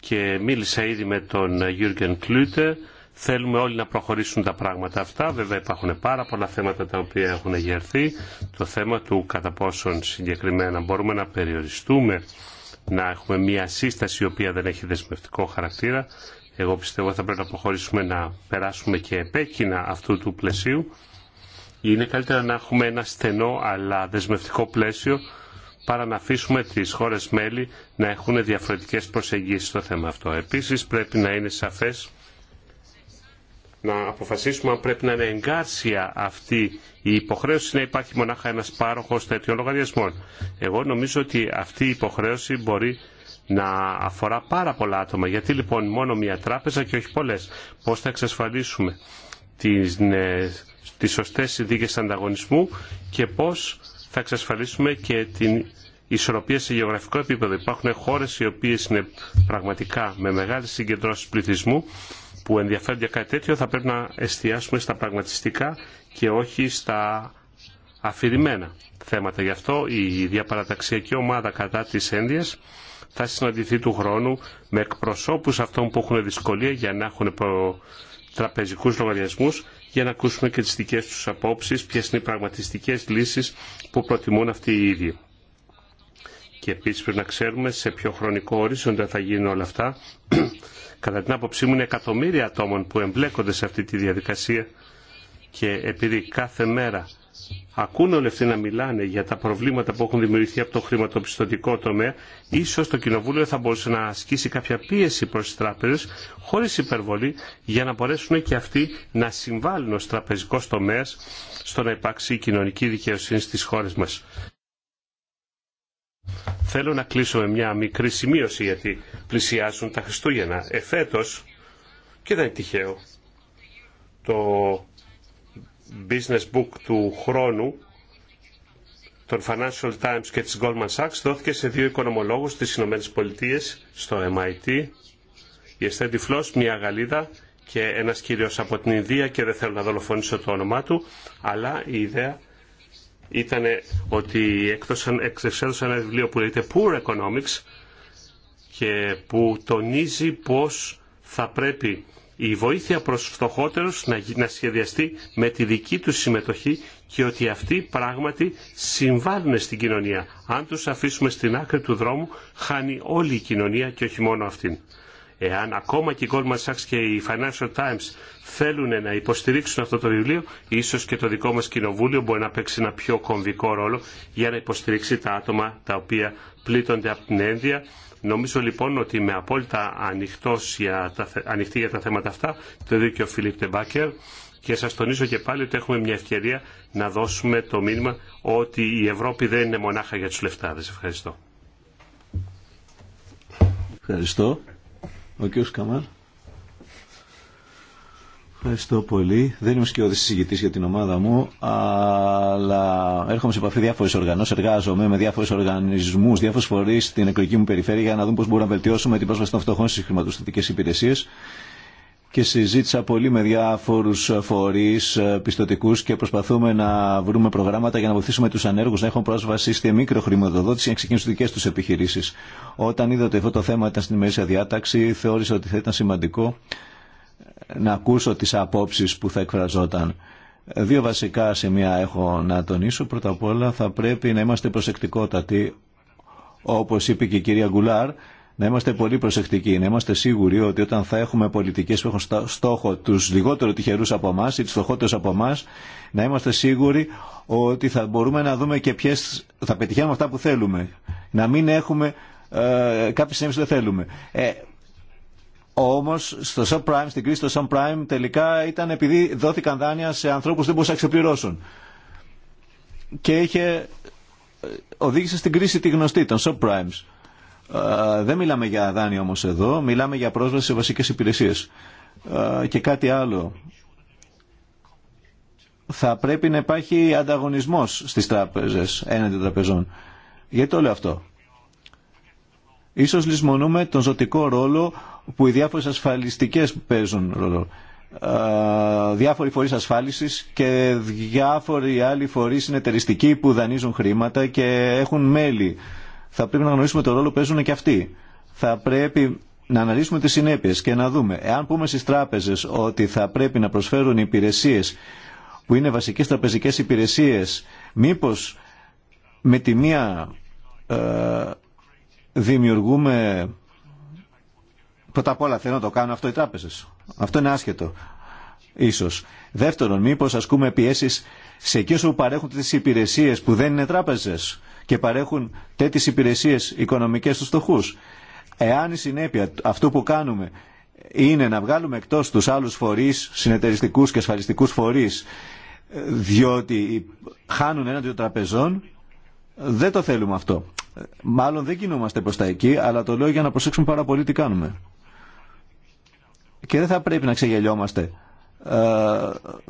Και μίλησα ήδη με τον ε, Γιούργεν Κλούτε Θέλουμε όλοι να προχωρήσουν τα πράγματα αυτά. Βέβαια υπάρχουν πάρα πολλά θέματα τα οποία έχουν γερθεί. Το θέμα του κατά πόσον συγκεκριμένα μπορούμε να περιοριστούμε, να έχουμε μια σύσταση η οποία δεν έχει δεσμευτικό χαρακτήρα. Εγώ πιστεύω θα πρέπει να προχωρήσουμε να περάσουμε και επέκεινα αυτού του πλαισίου. Είναι καλύτερα να έχουμε ένα στενό αλλά δεσμευτικό πλαίσιο παρά να αφήσουμε τις χώρες μέλη να έχουν διαφορετικές προσεγγίσεις στο θέμα αυτό. Επίσης πρέπει να είναι σαφές να αποφασίσουμε αν πρέπει να είναι εγκάρσια αυτή η υποχρέωση να υπάρχει μονάχα ένας πάροχος τέτοιων λογαριασμών. Εγώ νομίζω ότι αυτή η υποχρέωση μπορεί να αφορά πάρα πολλά άτομα. Γιατί λοιπόν μόνο μία τράπεζα και όχι πολλές. Πώς θα εξασφαλίσουμε τις, ναι, τις σωστές ανταγωνισμού και πώς θα εξασφαλίσουμε και την ισορροπία σε γεωγραφικό επίπεδο. Υπάρχουν χώρες οι οποίες είναι πραγματικά με μεγάλες συγκεντρώσει πληθυσμού που ενδιαφέρονται για κάτι τέτοιο θα πρέπει να εστιάσουμε στα πραγματιστικά και όχι στα αφηρημένα θέματα. Γι' αυτό η διαπαραταξιακή ομάδα κατά της ένδυας θα συναντηθεί του χρόνου με εκπροσώπους αυτών που έχουν δυσκολία για να έχουν τραπεζικούς λογαριασμούς για να ακούσουμε και τις δικές τους απόψεις, ποιες είναι οι πραγματιστικές λύσεις που προτιμούν αυτοί οι ίδιοι. Και επίσης πρέπει να ξέρουμε σε ποιο χρονικό ορίζοντα θα γίνουν όλα αυτά Κατά την άποψή μου είναι εκατομμύρια ατόμων που εμπλέκονται σε αυτή τη διαδικασία και επειδή κάθε μέρα ακούνε όλοι αυτοί να μιλάνε για τα προβλήματα που έχουν δημιουργηθεί από το χρηματοπιστωτικό τομέα, ίσως το Κοινοβούλιο θα μπορούσε να ασκήσει κάποια πίεση προς τις τράπεζες, χωρίς υπερβολή, για να μπορέσουν και αυτοί να συμβάλλουν ως τραπεζικός τομέας στο να υπάρξει η κοινωνική δικαιοσύνη στις χώρες μας. Θέλω να κλείσω με μια μικρή σημείωση γιατί πλησιάζουν τα Χριστούγεννα. Εφέτος, και δεν είναι τυχαίο, το business book του χρόνου των Financial Times και της Goldman Sachs δόθηκε σε δύο οικονομολόγους της Ηνωμένες Πολιτείες στο MIT, η Εστέντη Φλός, μια Γαλλίδα και ένας κύριος από την Ινδία και δεν θέλω να δολοφονήσω το όνομά του, αλλά η ιδέα ήταν ότι εξέδωσαν ένα βιβλίο που λέγεται Poor Economics και που τονίζει πως θα πρέπει η βοήθεια προς φτωχότερους να σχεδιαστεί με τη δική του συμμετοχή και ότι αυτοί πράγματι συμβάλλουν στην κοινωνία. Αν τους αφήσουμε στην άκρη του δρόμου, χάνει όλη η κοινωνία και όχι μόνο αυτήν. Εάν ακόμα και η Goldman Sachs και οι Financial Times θέλουν να υποστηρίξουν αυτό το βιβλίο, ίσως και το δικό μας κοινοβούλιο μπορεί να παίξει ένα πιο κομβικό ρόλο για να υποστηρίξει τα άτομα τα οποία πλήττονται από την ένδια. Νομίζω λοιπόν ότι είμαι απόλυτα για τα, ανοιχτή για τα θέματα αυτά, το ίδιο και ο Φιλίπ Τεμπάκερ και σας τονίζω και πάλι ότι έχουμε μια ευκαιρία να δώσουμε το μήνυμα ότι η Ευρώπη δεν είναι μονάχα για τους λεφτάδες. Ευχαριστώ. Ευχαριστώ. Ο κ. Καμάλ. Ευχαριστώ πολύ. Δεν είμαι σκιώδη συζητητή για την ομάδα μου, αλλά έρχομαι σε επαφή διάφορε οργανώσει. Εργάζομαι με διάφορου οργανισμού, διάφορου φορεί στην εκλογική μου περιφέρεια για να δούμε πώ μπορούμε να βελτιώσουμε την πρόσβαση των φτωχών στι χρηματοστατικέ υπηρεσίε και συζήτησα πολύ με διάφορου φορεί ε, πιστοτικούς και προσπαθούμε να βρούμε προγράμματα για να βοηθήσουμε του ανέργου να έχουν πρόσβαση στη μικροχρηματοδότηση και να ξεκινήσουν δικέ του επιχειρήσεις. Όταν είδα ότι αυτό το θέμα ήταν στην ημερήσια διάταξη θεώρησα ότι θα ήταν σημαντικό να ακούσω τι απόψει που θα εκφραζόταν. Δύο βασικά σημεία έχω να τονίσω. Πρώτα απ' όλα θα πρέπει να είμαστε προσεκτικότατοι όπως είπε και η κυρία Γκουλάρ να είμαστε πολύ προσεκτικοί, να είμαστε σίγουροι ότι όταν θα έχουμε πολιτικέ που έχουν στόχο του λιγότερο τυχερού από εμά ή του φτωχότερου από εμά, να είμαστε σίγουροι ότι θα μπορούμε να δούμε και ποιε θα πετυχαίνουμε αυτά που θέλουμε. Να μην έχουμε ε, κάποιε συνέπειε που δεν θέλουμε. Ε, Όμω στο subprime, στην κρίση του subprime τελικά ήταν επειδή δόθηκαν δάνεια σε ανθρώπου που δεν μπορούσαν να ξεπληρώσουν. Και είχε ε, οδήγησε στην κρίση τη γνωστή των subprimes δεν μιλάμε για δάνεια όμως εδώ, μιλάμε για πρόσβαση σε βασικές υπηρεσίες. Και κάτι άλλο. Θα πρέπει να υπάρχει ανταγωνισμός στις τράπεζες, έναντι τραπεζών. Γιατί το λέω αυτό. Ίσως λησμονούμε τον ζωτικό ρόλο που οι διάφορες ασφαλιστικές παίζουν ρόλο. Διάφοροι φορείς ασφάλισης και διάφοροι άλλοι φορείς συνεταιριστικοί που δανείζουν χρήματα και έχουν μέλη θα πρέπει να γνωρίσουμε το ρόλο που παίζουν και αυτοί. Θα πρέπει να αναλύσουμε τις συνέπειες και να δούμε εάν πούμε στις τράπεζες ότι θα πρέπει να προσφέρουν υπηρεσίες που είναι βασικές τραπεζικές υπηρεσίες μήπως με τη μία ε, δημιουργούμε πρώτα απ' όλα θέλω να το κάνουν αυτό οι τράπεζες αυτό είναι άσχετο ίσως δεύτερον μήπως ασκούμε πιέσεις σε εκείνους που παρέχουν τις υπηρεσίες που δεν είναι τράπεζες και παρέχουν τέτοιες υπηρεσίες οικονομικές στους στοχούς. Εάν η συνέπεια αυτού που κάνουμε είναι να βγάλουμε εκτός τους άλλους φορείς, συνεταιριστικούς και ασφαλιστικούς φορείς, διότι χάνουν χάνουν των τραπεζών, δεν το θέλουμε αυτό. Μάλλον δεν κινούμαστε προς τα εκεί, αλλά το λέω για να προσέξουμε πάρα πολύ τι κάνουμε. Και δεν θα πρέπει να ξεγελιόμαστε. Ε,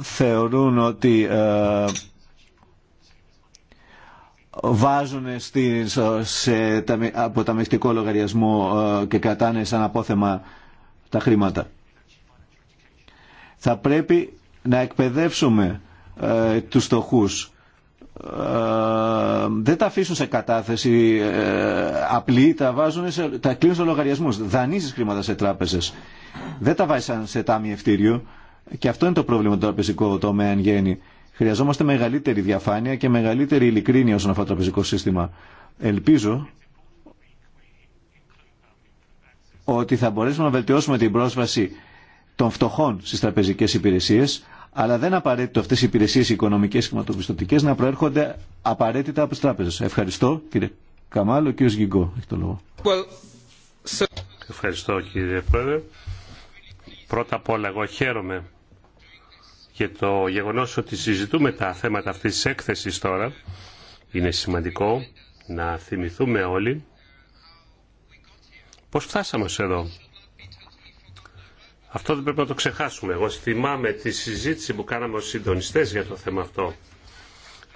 θεωρούν ότι ε, βάζουν στις, σε, από ταμευτικό λογαριασμό ε, και κρατάνε σαν απόθεμα τα χρήματα. Θα πρέπει να εκπαιδεύσουμε ε, τους στοχούς. Ε, δεν τα αφήσουν σε κατάθεση ε, απλή, τα, βάζουν σε, τα κλείνουν σε λογαριασμούς. Δανείζεις χρήματα σε τράπεζες. Δεν τα βάζεις σε ταμιευτήριο. Και αυτό είναι το πρόβλημα του τραπεζικού τομέα εν γέννη. Χρειαζόμαστε μεγαλύτερη διαφάνεια και μεγαλύτερη ειλικρίνεια όσον αφορά το τραπεζικό σύστημα. Ελπίζω ότι θα μπορέσουμε να βελτιώσουμε την πρόσβαση των φτωχών στι τραπεζικέ υπηρεσίε, αλλά δεν απαραίτητο αυτέ οι υπηρεσίε οι οικονομικέ και χρηματοπιστωτικέ να προέρχονται απαραίτητα από τι τράπεζε. Ευχαριστώ κύριε Καμάλο. Ο κύριο Γιγκό. έχει το λόγο. Ευχαριστώ κύριε Πρόεδρε. Πρώτα απ' όλα εγώ χαίρομαι και το γεγονός ότι συζητούμε τα θέματα αυτής της έκθεσης τώρα είναι σημαντικό να θυμηθούμε όλοι πώς φτάσαμε εδώ. Αυτό δεν πρέπει να το ξεχάσουμε. Εγώ θυμάμαι τη συζήτηση που κάναμε ως συντονιστές για το θέμα αυτό.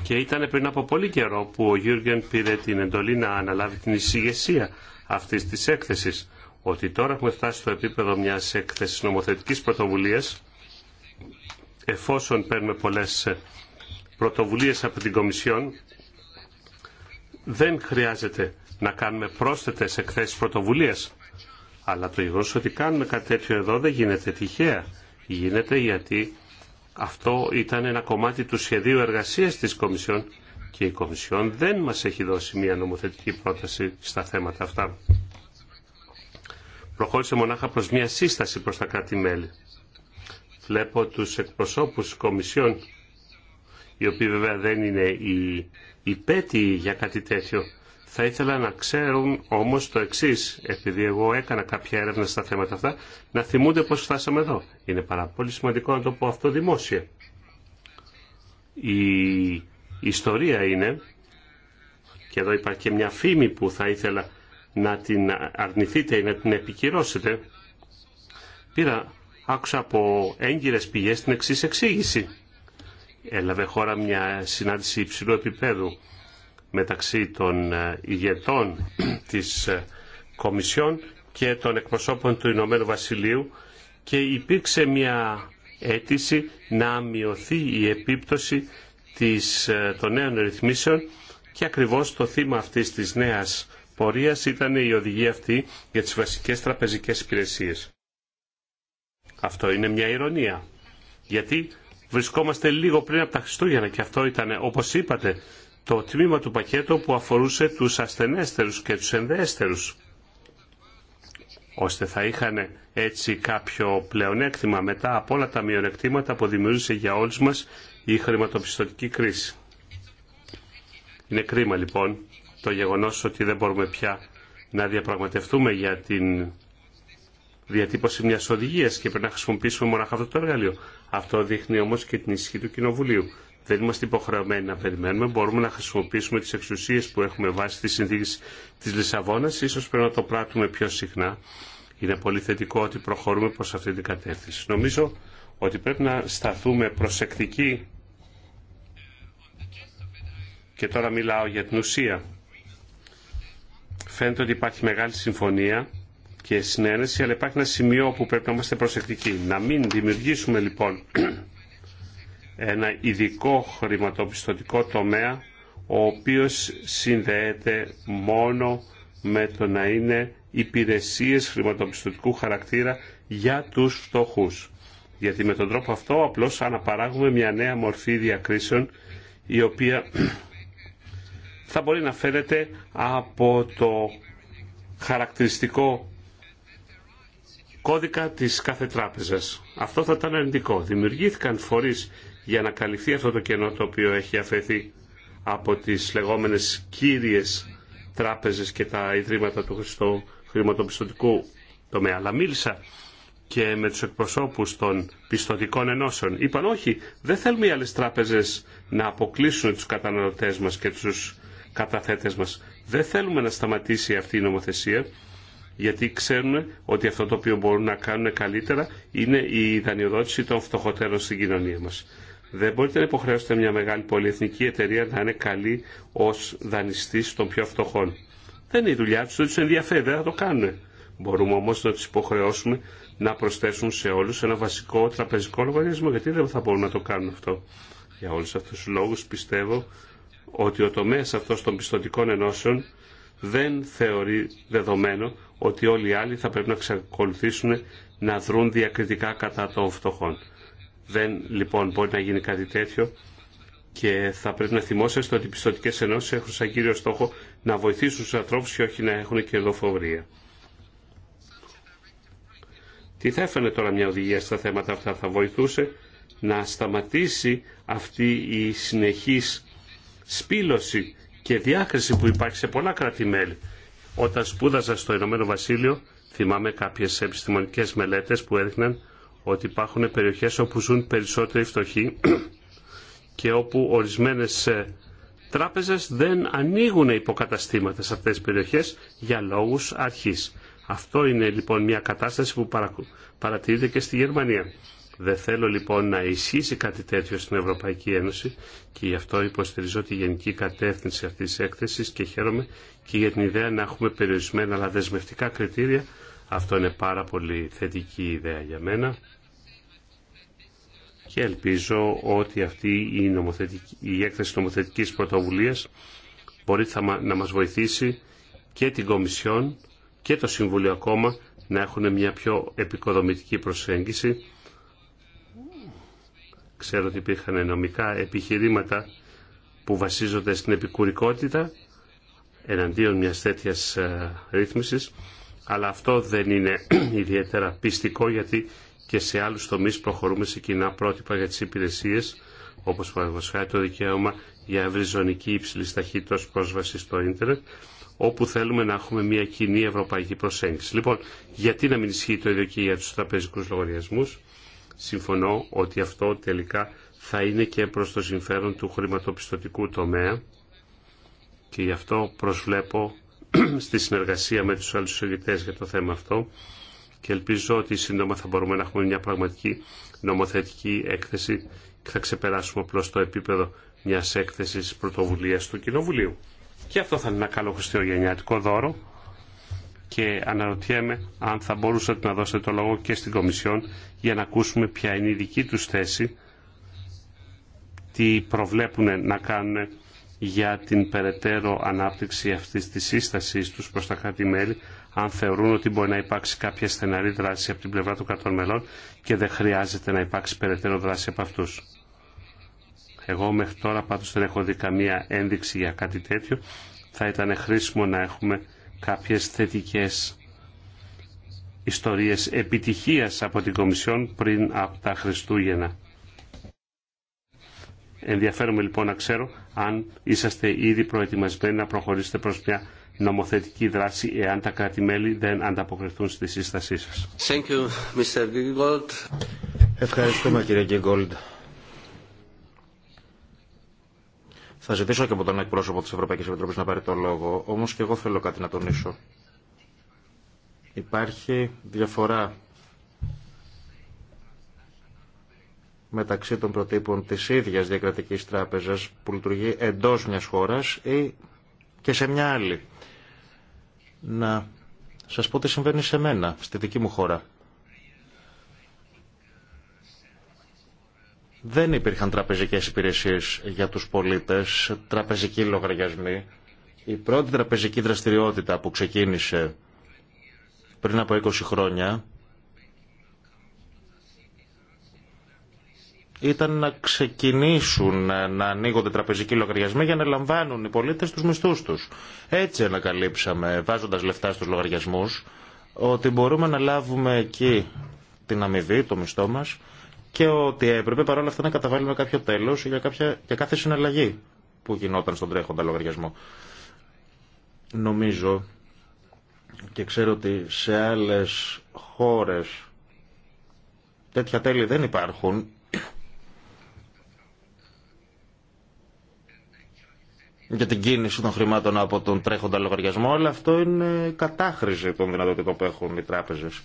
Και ήταν πριν από πολύ καιρό που ο Γιούργεν πήρε την εντολή να αναλάβει την εισηγεσία αυτής της έκθεσης. Ότι τώρα έχουμε φτάσει στο επίπεδο μιας έκθεσης νομοθετικής πρωτοβουλίας εφόσον παίρνουμε πολλές ε, πρωτοβουλίες από την Κομισιόν, δεν χρειάζεται να κάνουμε πρόσθετες εκθέσεις πρωτοβουλίας. Αλλά το γεγονός ότι κάνουμε κάτι τέτοιο εδώ δεν γίνεται τυχαία. Γίνεται γιατί αυτό ήταν ένα κομμάτι του σχεδίου εργασίας της Κομισιόν και η Κομισιόν δεν μας έχει δώσει μια νομοθετική πρόταση στα θέματα αυτά. Προχώρησε μονάχα προς μια σύσταση προς τα κράτη-μέλη. Βλέπω τους εκπροσώπους κομισιών, οι οποίοι βέβαια δεν είναι οι υπέτειοι για κάτι τέτοιο. Θα ήθελα να ξέρουν όμως το εξής, επειδή εγώ έκανα κάποια έρευνα στα θέματα αυτά, να θυμούνται πώς φτάσαμε εδώ. Είναι πάρα πολύ σημαντικό να το πω αυτό δημόσια. Η ιστορία είναι, και εδώ υπάρχει και μια φήμη που θα ήθελα να την αρνηθείτε ή να την επικυρώσετε, πήρα άκουσα από έγκυρες πηγές την εξής εξήγηση. Έλαβε χώρα μια συνάντηση υψηλού επίπεδου μεταξύ των ε, ηγετών της ε, Κομισιόν και των εκπροσώπων του Ηνωμένου Βασιλείου και υπήρξε μια αίτηση να μειωθεί η επίπτωση της, ε, των νέων ρυθμίσεων και ακριβώς το θύμα αυτής της νέας πορείας ήταν η οδηγία αυτή για τις βασικές τραπεζικές υπηρεσίες. Αυτό είναι μια ηρωνία. Γιατί βρισκόμαστε λίγο πριν από τα Χριστούγεννα και αυτό ήταν, όπως είπατε, το τμήμα του πακέτου που αφορούσε τους ασθενέστερους και τους ενδέστερους ώστε θα είχαν έτσι κάποιο πλεονέκτημα μετά από όλα τα μειονεκτήματα που δημιούργησε για όλους μας η χρηματοπιστωτική κρίση. Είναι κρίμα λοιπόν το γεγονός ότι δεν μπορούμε πια να διαπραγματευτούμε για την διατύπωση μια οδηγία και πρέπει να χρησιμοποιήσουμε μόνο αυτό το εργαλείο. Αυτό δείχνει όμω και την ισχύ του Κοινοβουλίου. Δεν είμαστε υποχρεωμένοι να περιμένουμε. Μπορούμε να χρησιμοποιήσουμε τι εξουσίε που έχουμε βάσει τη συνθήκη τη Λισαβόνα. σω πρέπει να το πράττουμε πιο συχνά. Είναι πολύ θετικό ότι προχωρούμε προ αυτή την κατεύθυνση. Νομίζω ότι πρέπει να σταθούμε προσεκτικοί. Και τώρα μιλάω για την ουσία. Φαίνεται ότι υπάρχει μεγάλη συμφωνία και συνένεση, αλλά υπάρχει ένα σημείο που πρέπει να είμαστε προσεκτικοί. Να μην δημιουργήσουμε λοιπόν ένα ειδικό χρηματοπιστωτικό τομέα ο οποίος συνδέεται μόνο με το να είναι υπηρεσίες χρηματοπιστωτικού χαρακτήρα για τους φτωχούς. Γιατί με τον τρόπο αυτό απλώς αναπαράγουμε μια νέα μορφή διακρίσεων η οποία θα μπορεί να φέρεται από το χαρακτηριστικό κώδικα της κάθε τράπεζας. Αυτό θα ήταν αρνητικό. Δημιουργήθηκαν φορείς για να καλυφθεί αυτό το κενό το οποίο έχει αφαιθεί από τις λεγόμενες κύριες τράπεζες και τα ιδρύματα του χρηματοπιστωτικού τομέα. Αλλά μίλησα και με τους εκπροσώπους των πιστοτικών ενώσεων. Είπαν όχι, δεν θέλουμε οι άλλες τράπεζες να αποκλείσουν τους καταναλωτές μας και τους καταθέτες μας. Δεν θέλουμε να σταματήσει αυτή η νομοθεσία γιατί ξέρουν ότι αυτό το οποίο μπορούν να κάνουν καλύτερα είναι η δανειοδότηση των φτωχότερων στην κοινωνία μας. Δεν μπορείτε να υποχρεώσετε μια μεγάλη πολυεθνική εταιρεία να είναι καλή ως δανειστής των πιο φτωχών. Δεν είναι η δουλειά τους, δεν τους ενδιαφέρει, δεν θα το κάνουν. Μπορούμε όμως να τους υποχρεώσουμε να προσθέσουν σε όλους ένα βασικό τραπεζικό λογαριασμό, γιατί δεν θα μπορούν να το κάνουν αυτό. Για όλους αυτούς τους λόγους πιστεύω ότι ο τομέας αυτός των πιστοτικών ενώσεων δεν θεωρεί δεδομένο ότι όλοι οι άλλοι θα πρέπει να ξεκολουθήσουν να δρουν διακριτικά κατά των φτωχών. Δεν λοιπόν μπορεί να γίνει κάτι τέτοιο και θα πρέπει να θυμόσαστε ότι οι πιστοτικέ ενώσει έχουν σαν κύριο στόχο να βοηθήσουν του ανθρώπου και όχι να έχουν κερδοφορία. Τι θα έφερε τώρα μια οδηγία στα θέματα αυτά, θα βοηθούσε να σταματήσει αυτή η συνεχής σπήλωση και διάκριση που υπάρχει σε πολλά κράτη-μέλη. Όταν σπούδαζα στο Ηνωμένο Βασίλειο, θυμάμαι κάποιες επιστημονικές μελέτες που έδειχναν ότι υπάρχουν περιοχές όπου ζουν περισσότεροι φτωχοί και όπου ορισμένες ε, τράπεζες δεν ανοίγουν υποκαταστήματα σε αυτές τις περιοχές για λόγους αρχή. Αυτό είναι λοιπόν μια κατάσταση που παρατηρείται και στη Γερμανία. Δεν θέλω λοιπόν να ισχύσει κάτι τέτοιο στην Ευρωπαϊκή Ένωση και γι' αυτό υποστηρίζω τη γενική κατεύθυνση αυτής τη έκθεσης και χαίρομαι και για την ιδέα να έχουμε περιορισμένα αλλά δεσμευτικά κριτήρια. Αυτό είναι πάρα πολύ θετική ιδέα για μένα και ελπίζω ότι αυτή η, νομοθετική, η έκθεση νομοθετική πρωτοβουλίας μπορεί να μας βοηθήσει και την Κομισιόν και το Συμβουλίο ακόμα να έχουν μια πιο επικοδομητική προσέγγιση Ξέρω ότι υπήρχαν νομικά επιχειρήματα που βασίζονται στην επικουρικότητα εναντίον μιας τέτοιας ε, ρύθμισης, αλλά αυτό δεν είναι ιδιαίτερα πιστικό γιατί και σε άλλους τομείς προχωρούμε σε κοινά πρότυπα για τις υπηρεσίες, όπως παραδείγματος το δικαίωμα για ευρυζωνική υψηλή ταχύτητα πρόσβαση στο ίντερνετ, όπου θέλουμε να έχουμε μια κοινή ευρωπαϊκή προσέγγιση. Λοιπόν, γιατί να μην ισχύει το ίδιο και για τους τραπεζικούς λογαριασμούς συμφωνώ ότι αυτό τελικά θα είναι και προς το συμφέρον του χρηματοπιστωτικού τομέα και γι' αυτό προσβλέπω στη συνεργασία με τους άλλους συζητητές για το θέμα αυτό και ελπίζω ότι σύντομα θα μπορούμε να έχουμε μια πραγματική νομοθετική έκθεση και θα ξεπεράσουμε απλώ το επίπεδο μιας έκθεσης πρωτοβουλίας του Κοινοβουλίου. Και αυτό θα είναι ένα καλό χριστιογεννιάτικο δώρο και αναρωτιέμαι αν θα μπορούσατε να δώσετε το λόγο και στην Κομισιόν για να ακούσουμε ποια είναι η δική τους θέση, τι προβλέπουν να κάνουν για την περαιτέρω ανάπτυξη αυτής της σύστασης τους προς τα κράτη-μέλη, αν θεωρούν ότι μπορεί να υπάρξει κάποια στεναρή δράση από την πλευρά των κρατών μελών και δεν χρειάζεται να υπάρξει περαιτέρω δράση από αυτούς. Εγώ μέχρι τώρα πάντως δεν έχω δει καμία ένδειξη για κάτι τέτοιο. Θα ήταν χρήσιμο να έχουμε κάποιες θετικές ιστορίες επιτυχίας από την Κομισιόν πριν από τα Χριστούγεννα. Ενδιαφέρομαι λοιπόν να ξέρω αν είσαστε ήδη προετοιμασμένοι να προχωρήσετε προς μια νομοθετική δράση εάν τα κράτη-μέλη δεν ανταποκριθούν στη σύστασή σας. Ευχαριστούμε κύριε Γκόλντ. Θα ζητήσω και από τον εκπρόσωπο της Ευρωπαϊκής Επιτροπής να πάρει το λόγο, όμως και εγώ θέλω κάτι να τονίσω. Υπάρχει διαφορά μεταξύ των προτύπων της ίδιας διακρατικής τράπεζας που λειτουργεί εντός μιας χώρας ή και σε μια άλλη. Να σας πω τι συμβαίνει σε μένα, στη δική μου χώρα. δεν υπήρχαν τραπεζικές υπηρεσίες για τους πολίτες, τραπεζικοί λογαριασμοί. Η πρώτη τραπεζική δραστηριότητα που ξεκίνησε πριν από 20 χρόνια ήταν να ξεκινήσουν να ανοίγονται τραπεζικοί λογαριασμοί για να λαμβάνουν οι πολίτες τους μισθούς τους. Έτσι ανακαλύψαμε, βάζοντας λεφτά στους λογαριασμούς, ότι μπορούμε να λάβουμε εκεί την αμοιβή, το μισθό μας, και ότι έπρεπε παρόλα αυτά να καταβάλουμε κάποιο τέλο για, για κάθε συναλλαγή που γινόταν στον τρέχοντα λογαριασμό. Νομίζω και ξέρω ότι σε άλλε χώρε τέτοια τέλη δεν υπάρχουν. για την κίνηση των χρημάτων από τον τρέχοντα λογαριασμό, αλλά αυτό είναι κατάχρηση των δυνατοτήτων που έχουν οι τράπεζες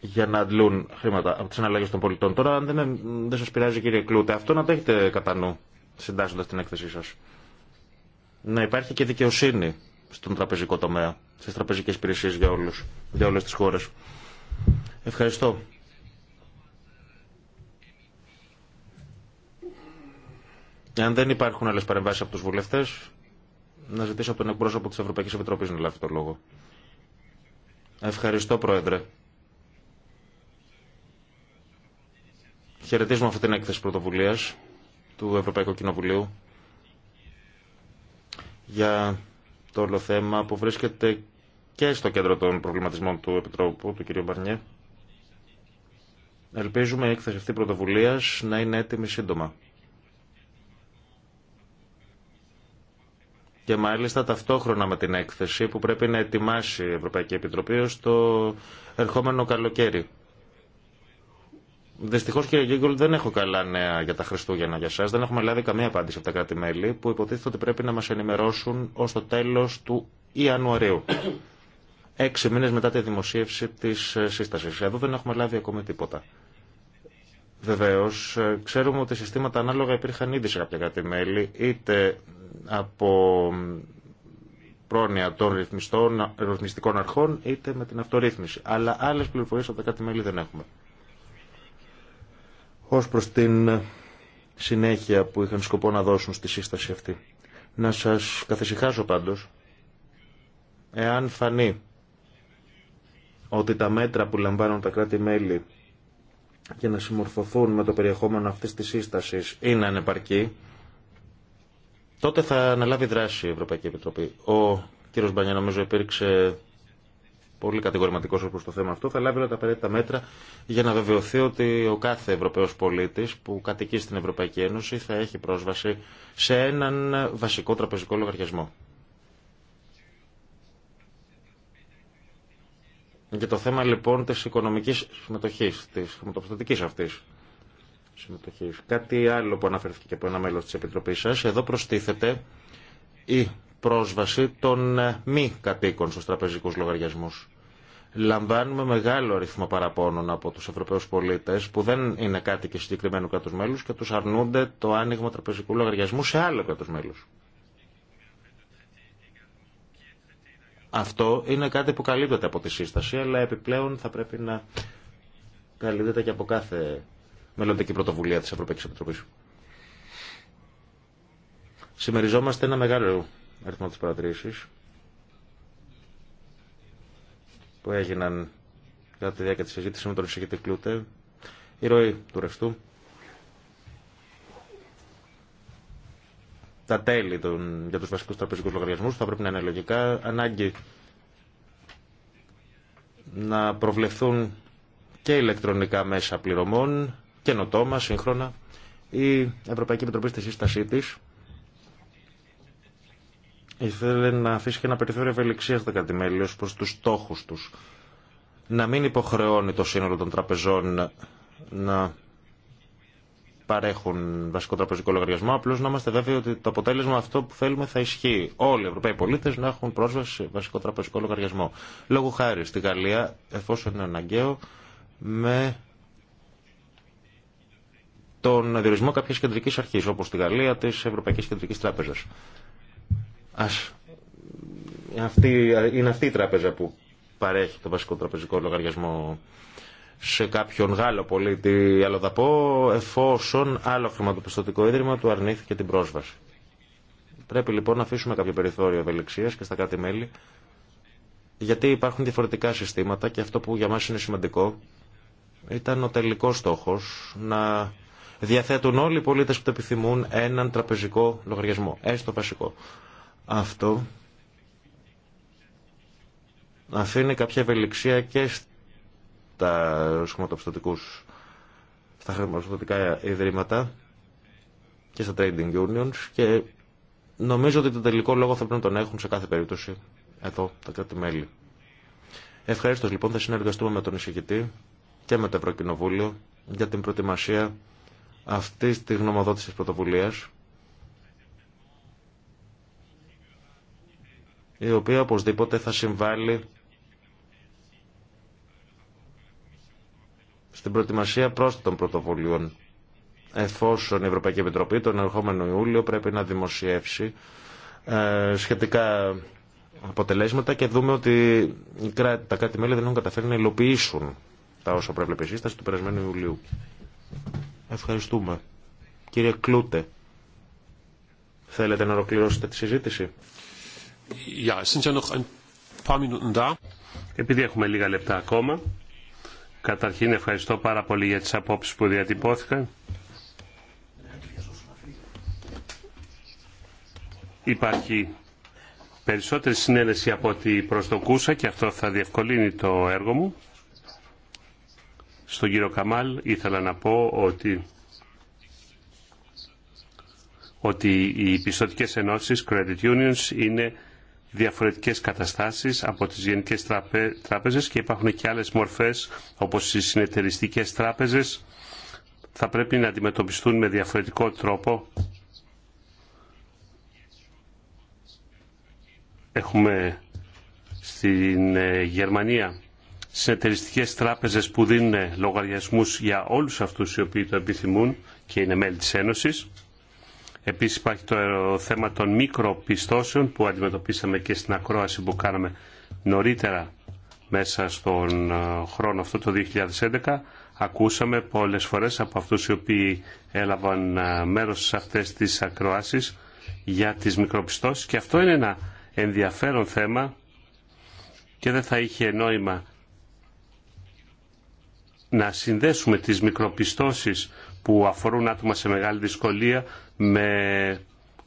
για να αντλούν χρήματα από τι συναλλαγέ των πολιτών. Τώρα, αν δεν, δεν σα πειράζει, κύριε Κλούτε, αυτό να το έχετε κατά νου, συντάσσοντα την έκθεσή σα. Να υπάρχει και δικαιοσύνη στον τραπεζικό τομέα, στι τραπεζικέ υπηρεσίε για, όλους, για όλε τι χώρε. Ευχαριστώ. Εάν δεν υπάρχουν άλλε παρεμβάσει από του βουλευτέ, να ζητήσω από τον εκπρόσωπο τη Ευρωπαϊκή Επιτροπή να λάβει το λόγο. Ευχαριστώ, Πρόεδρε. Χαιρετίζουμε αυτή την έκθεση πρωτοβουλία του Ευρωπαϊκού Κοινοβουλίου για το όλο θέμα που βρίσκεται και στο κέντρο των προβληματισμών του Επιτρόπου, του κ. Μπαρνιέ. Ελπίζουμε η έκθεση αυτή πρωτοβουλία να είναι έτοιμη σύντομα. Και μάλιστα ταυτόχρονα με την έκθεση που πρέπει να ετοιμάσει η Ευρωπαϊκή Επιτροπή στο ερχόμενο καλοκαίρι. Δυστυχώ, κύριε Γκίγκολ, δεν έχω καλά νέα για τα Χριστούγεννα για εσά. Δεν έχουμε λάβει καμία απάντηση από τα κράτη-μέλη που υποτίθεται ότι πρέπει να μα ενημερώσουν ω το τέλο του Ιανουαρίου. Έξι μήνε μετά τη δημοσίευση τη ε, σύσταση. Εδώ δεν έχουμε λάβει ακόμη τίποτα. Βεβαίω, ε, ξέρουμε ότι συστήματα ανάλογα υπήρχαν ήδη σε κάποια κράτη-μέλη, είτε από πρόνοια των ρυθμιστικών αρχών, είτε με την αυτορύθμιση. Αλλά άλλε πληροφορίε από τα κράτη-μέλη δεν έχουμε ως προς την συνέχεια που είχαν σκοπό να δώσουν στη σύσταση αυτή. Να σας καθησυχάσω πάντως, εάν φανεί ότι τα μέτρα που λαμβάνουν τα κράτη-μέλη για να συμμορφωθούν με το περιεχόμενο αυτής της σύστασης είναι ανεπαρκή, τότε θα αναλάβει δράση η Ευρωπαϊκή Επιτροπή. Ο κύριος Μπανιά νομίζω υπήρξε πολύ κατηγορηματικό όπω το θέμα αυτό, θα λάβει όλα τα απαραίτητα μέτρα για να βεβαιωθεί ότι ο κάθε Ευρωπαίο πολίτη που κατοικεί στην Ευρωπαϊκή Ένωση θα έχει πρόσβαση σε έναν βασικό τραπεζικό λογαριασμό. Και το θέμα λοιπόν τη οικονομική συμμετοχή, τη χρηματοπιστωτική αυτή συμμετοχή. Κάτι άλλο που αναφέρθηκε και από ένα μέλο τη Επιτροπή σα, εδώ προστίθεται η πρόσβαση των ε, μη κατοίκων στους τραπεζικούς λογαριασμούς. Λαμβάνουμε μεγάλο αριθμό παραπώνων από τους Ευρωπαίους πολίτες που δεν είναι κάτοικοι συγκεκριμένου κράτους μέλους και τους αρνούνται το άνοιγμα τραπεζικού λογαριασμού σε άλλο κράτος μέλους. Αυτό είναι κάτι που καλύπτεται από τη σύσταση, αλλά επιπλέον θα πρέπει να καλύπτεται και από κάθε μελλοντική πρωτοβουλία της Ευρωπαϊκής Επιτροπής. Συμμεριζόμαστε ένα μεγάλο αριθμό της παρατηρήσεις που έγιναν κατά τη διάρκεια της συζήτησης με τον εισηγητή Κλούτε, η ροή του ρευστού, τα τέλη των, για τους βασικούς τραπεζικούς λογαριασμούς θα πρέπει να είναι λογικά, ανάγκη να προβλεφθούν και ηλεκτρονικά μέσα πληρωμών, καινοτόμα, σύγχρονα. Η Ευρωπαϊκή Επιτροπή στη σύστασή ήθελε να αφήσει και ένα περιθώριο ευελιξία στα κατημέλια προ του στόχου του. Να μην υποχρεώνει το σύνολο των τραπεζών να παρέχουν βασικό τραπεζικό λογαριασμό, απλώ να είμαστε βέβαιοι ότι το αποτέλεσμα αυτό που θέλουμε θα ισχύει. Όλοι οι Ευρωπαίοι πολίτε να έχουν πρόσβαση σε βασικό τραπεζικό λογαριασμό. Λόγω χάρη στη Γαλλία, εφόσον είναι αναγκαίο, με τον διορισμό κάποια κεντρική αρχή, όπω στη Γαλλία τη Ευρωπαϊκή Κεντρική Τράπεζα. Ας... Αυτή, είναι αυτή η τράπεζα που παρέχει το βασικό τραπεζικό λογαριασμό σε κάποιον Γάλλο πολίτη πω, εφόσον άλλο χρηματοπιστωτικό ίδρυμα του αρνήθηκε την πρόσβαση. Πρέπει λοιπόν να αφήσουμε κάποιο περιθώριο ευελιξίας και στα κάτι μέλη, γιατί υπάρχουν διαφορετικά συστήματα και αυτό που για μας είναι σημαντικό ήταν ο τελικός στόχος να διαθέτουν όλοι οι πολίτες που το επιθυμούν έναν τραπεζικό λογαριασμό, έστω βασικό. Αυτό αφήνει κάποια ευελιξία και στα χρηματοπιστωτικούς στα χρηματοπιστωτικά ιδρύματα και στα trading unions και νομίζω ότι τον τελικό λόγο θα πρέπει να τον έχουν σε κάθε περίπτωση εδώ τα κράτη-μέλη. Ευχαριστώ λοιπόν, θα συνεργαστούμε με τον εισηγητή και με το Ευρωκοινοβούλιο για την προετοιμασία αυτής της γνωμοδότησης πρωτοβουλίας η οποία οπωσδήποτε θα συμβάλλει στην προετοιμασία πρόσθετων πρωτοβουλίων, εφόσον η Ευρωπαϊκή Επιτροπή τον ερχόμενο Ιούλιο πρέπει να δημοσιεύσει ε, σχετικά αποτελέσματα και δούμε ότι τα κράτη-μέλη δεν έχουν καταφέρει να υλοποιήσουν τα όσα πρέπει η σύσταση του περασμένου Ιουλίου. Ευχαριστούμε. Κύριε Κλούτε, θέλετε να ολοκληρώσετε τη συζήτηση. Επειδή έχουμε λίγα λεπτά ακόμα, καταρχήν ευχαριστώ πάρα πολύ για τις απόψεις που διατυπώθηκαν. Υπάρχει περισσότερη συνένεση από ό,τι προσδοκούσα και αυτό θα διευκολύνει το έργο μου. Στον κύριο Καμάλ ήθελα να πω ότι ότι οι πιστοτικές ενώσεις, credit unions, είναι διαφορετικές καταστάσεις από τις γενικές τράπεζες και υπάρχουν και άλλες μορφές όπως οι συνεταιριστικές τράπεζες θα πρέπει να αντιμετωπιστούν με διαφορετικό τρόπο. Έχουμε στην ε, Γερμανία συνεταιριστικές τράπεζες που δίνουν λογαριασμούς για όλους αυτούς οι οποίοι το επιθυμούν και είναι μέλη της Ένωσης. Επίσης υπάρχει το θέμα των μικροπιστώσεων που αντιμετωπίσαμε και στην ακρόαση που κάναμε νωρίτερα μέσα στον ε, χρόνο αυτό το 2011. Ακούσαμε πολλές φορές από αυτούς οι οποίοι έλαβαν ε, μέρος σε αυτές τις ακροάσεις για τις μικροπιστώσεις και αυτό είναι ένα ενδιαφέρον θέμα και δεν θα είχε νόημα να συνδέσουμε τις μικροπιστώσεις που αφορούν άτομα σε μεγάλη δυσκολία με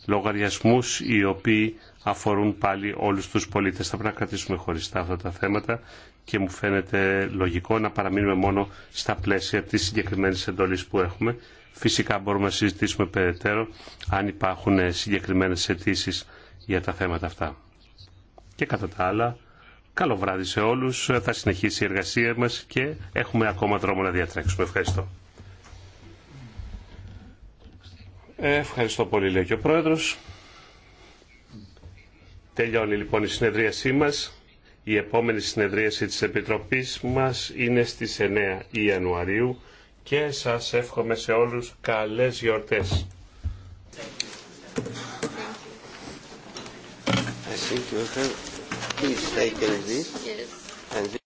λογαριασμούς οι οποίοι αφορούν πάλι όλους τους πολίτες. Θα πρέπει να κρατήσουμε χωριστά αυτά τα θέματα και μου φαίνεται λογικό να παραμείνουμε μόνο στα πλαίσια της συγκεκριμένη εντολής που έχουμε. Φυσικά μπορούμε να συζητήσουμε περαιτέρω αν υπάρχουν συγκεκριμένες αιτήσει για τα θέματα αυτά. Και κατά τα άλλα, καλό βράδυ σε όλους, θα συνεχίσει η εργασία μας και έχουμε ακόμα δρόμο να διατρέξουμε. Ευχαριστώ. Ευχαριστώ πολύ, λέει και ο πρόεδρο. Τελειώνει λοιπόν η συνεδρίασή μας. Η επόμενη συνεδρίαση της Επιτροπής μας είναι στις 9 Ιανουαρίου και σας εύχομαι σε όλους καλές γιορτές. you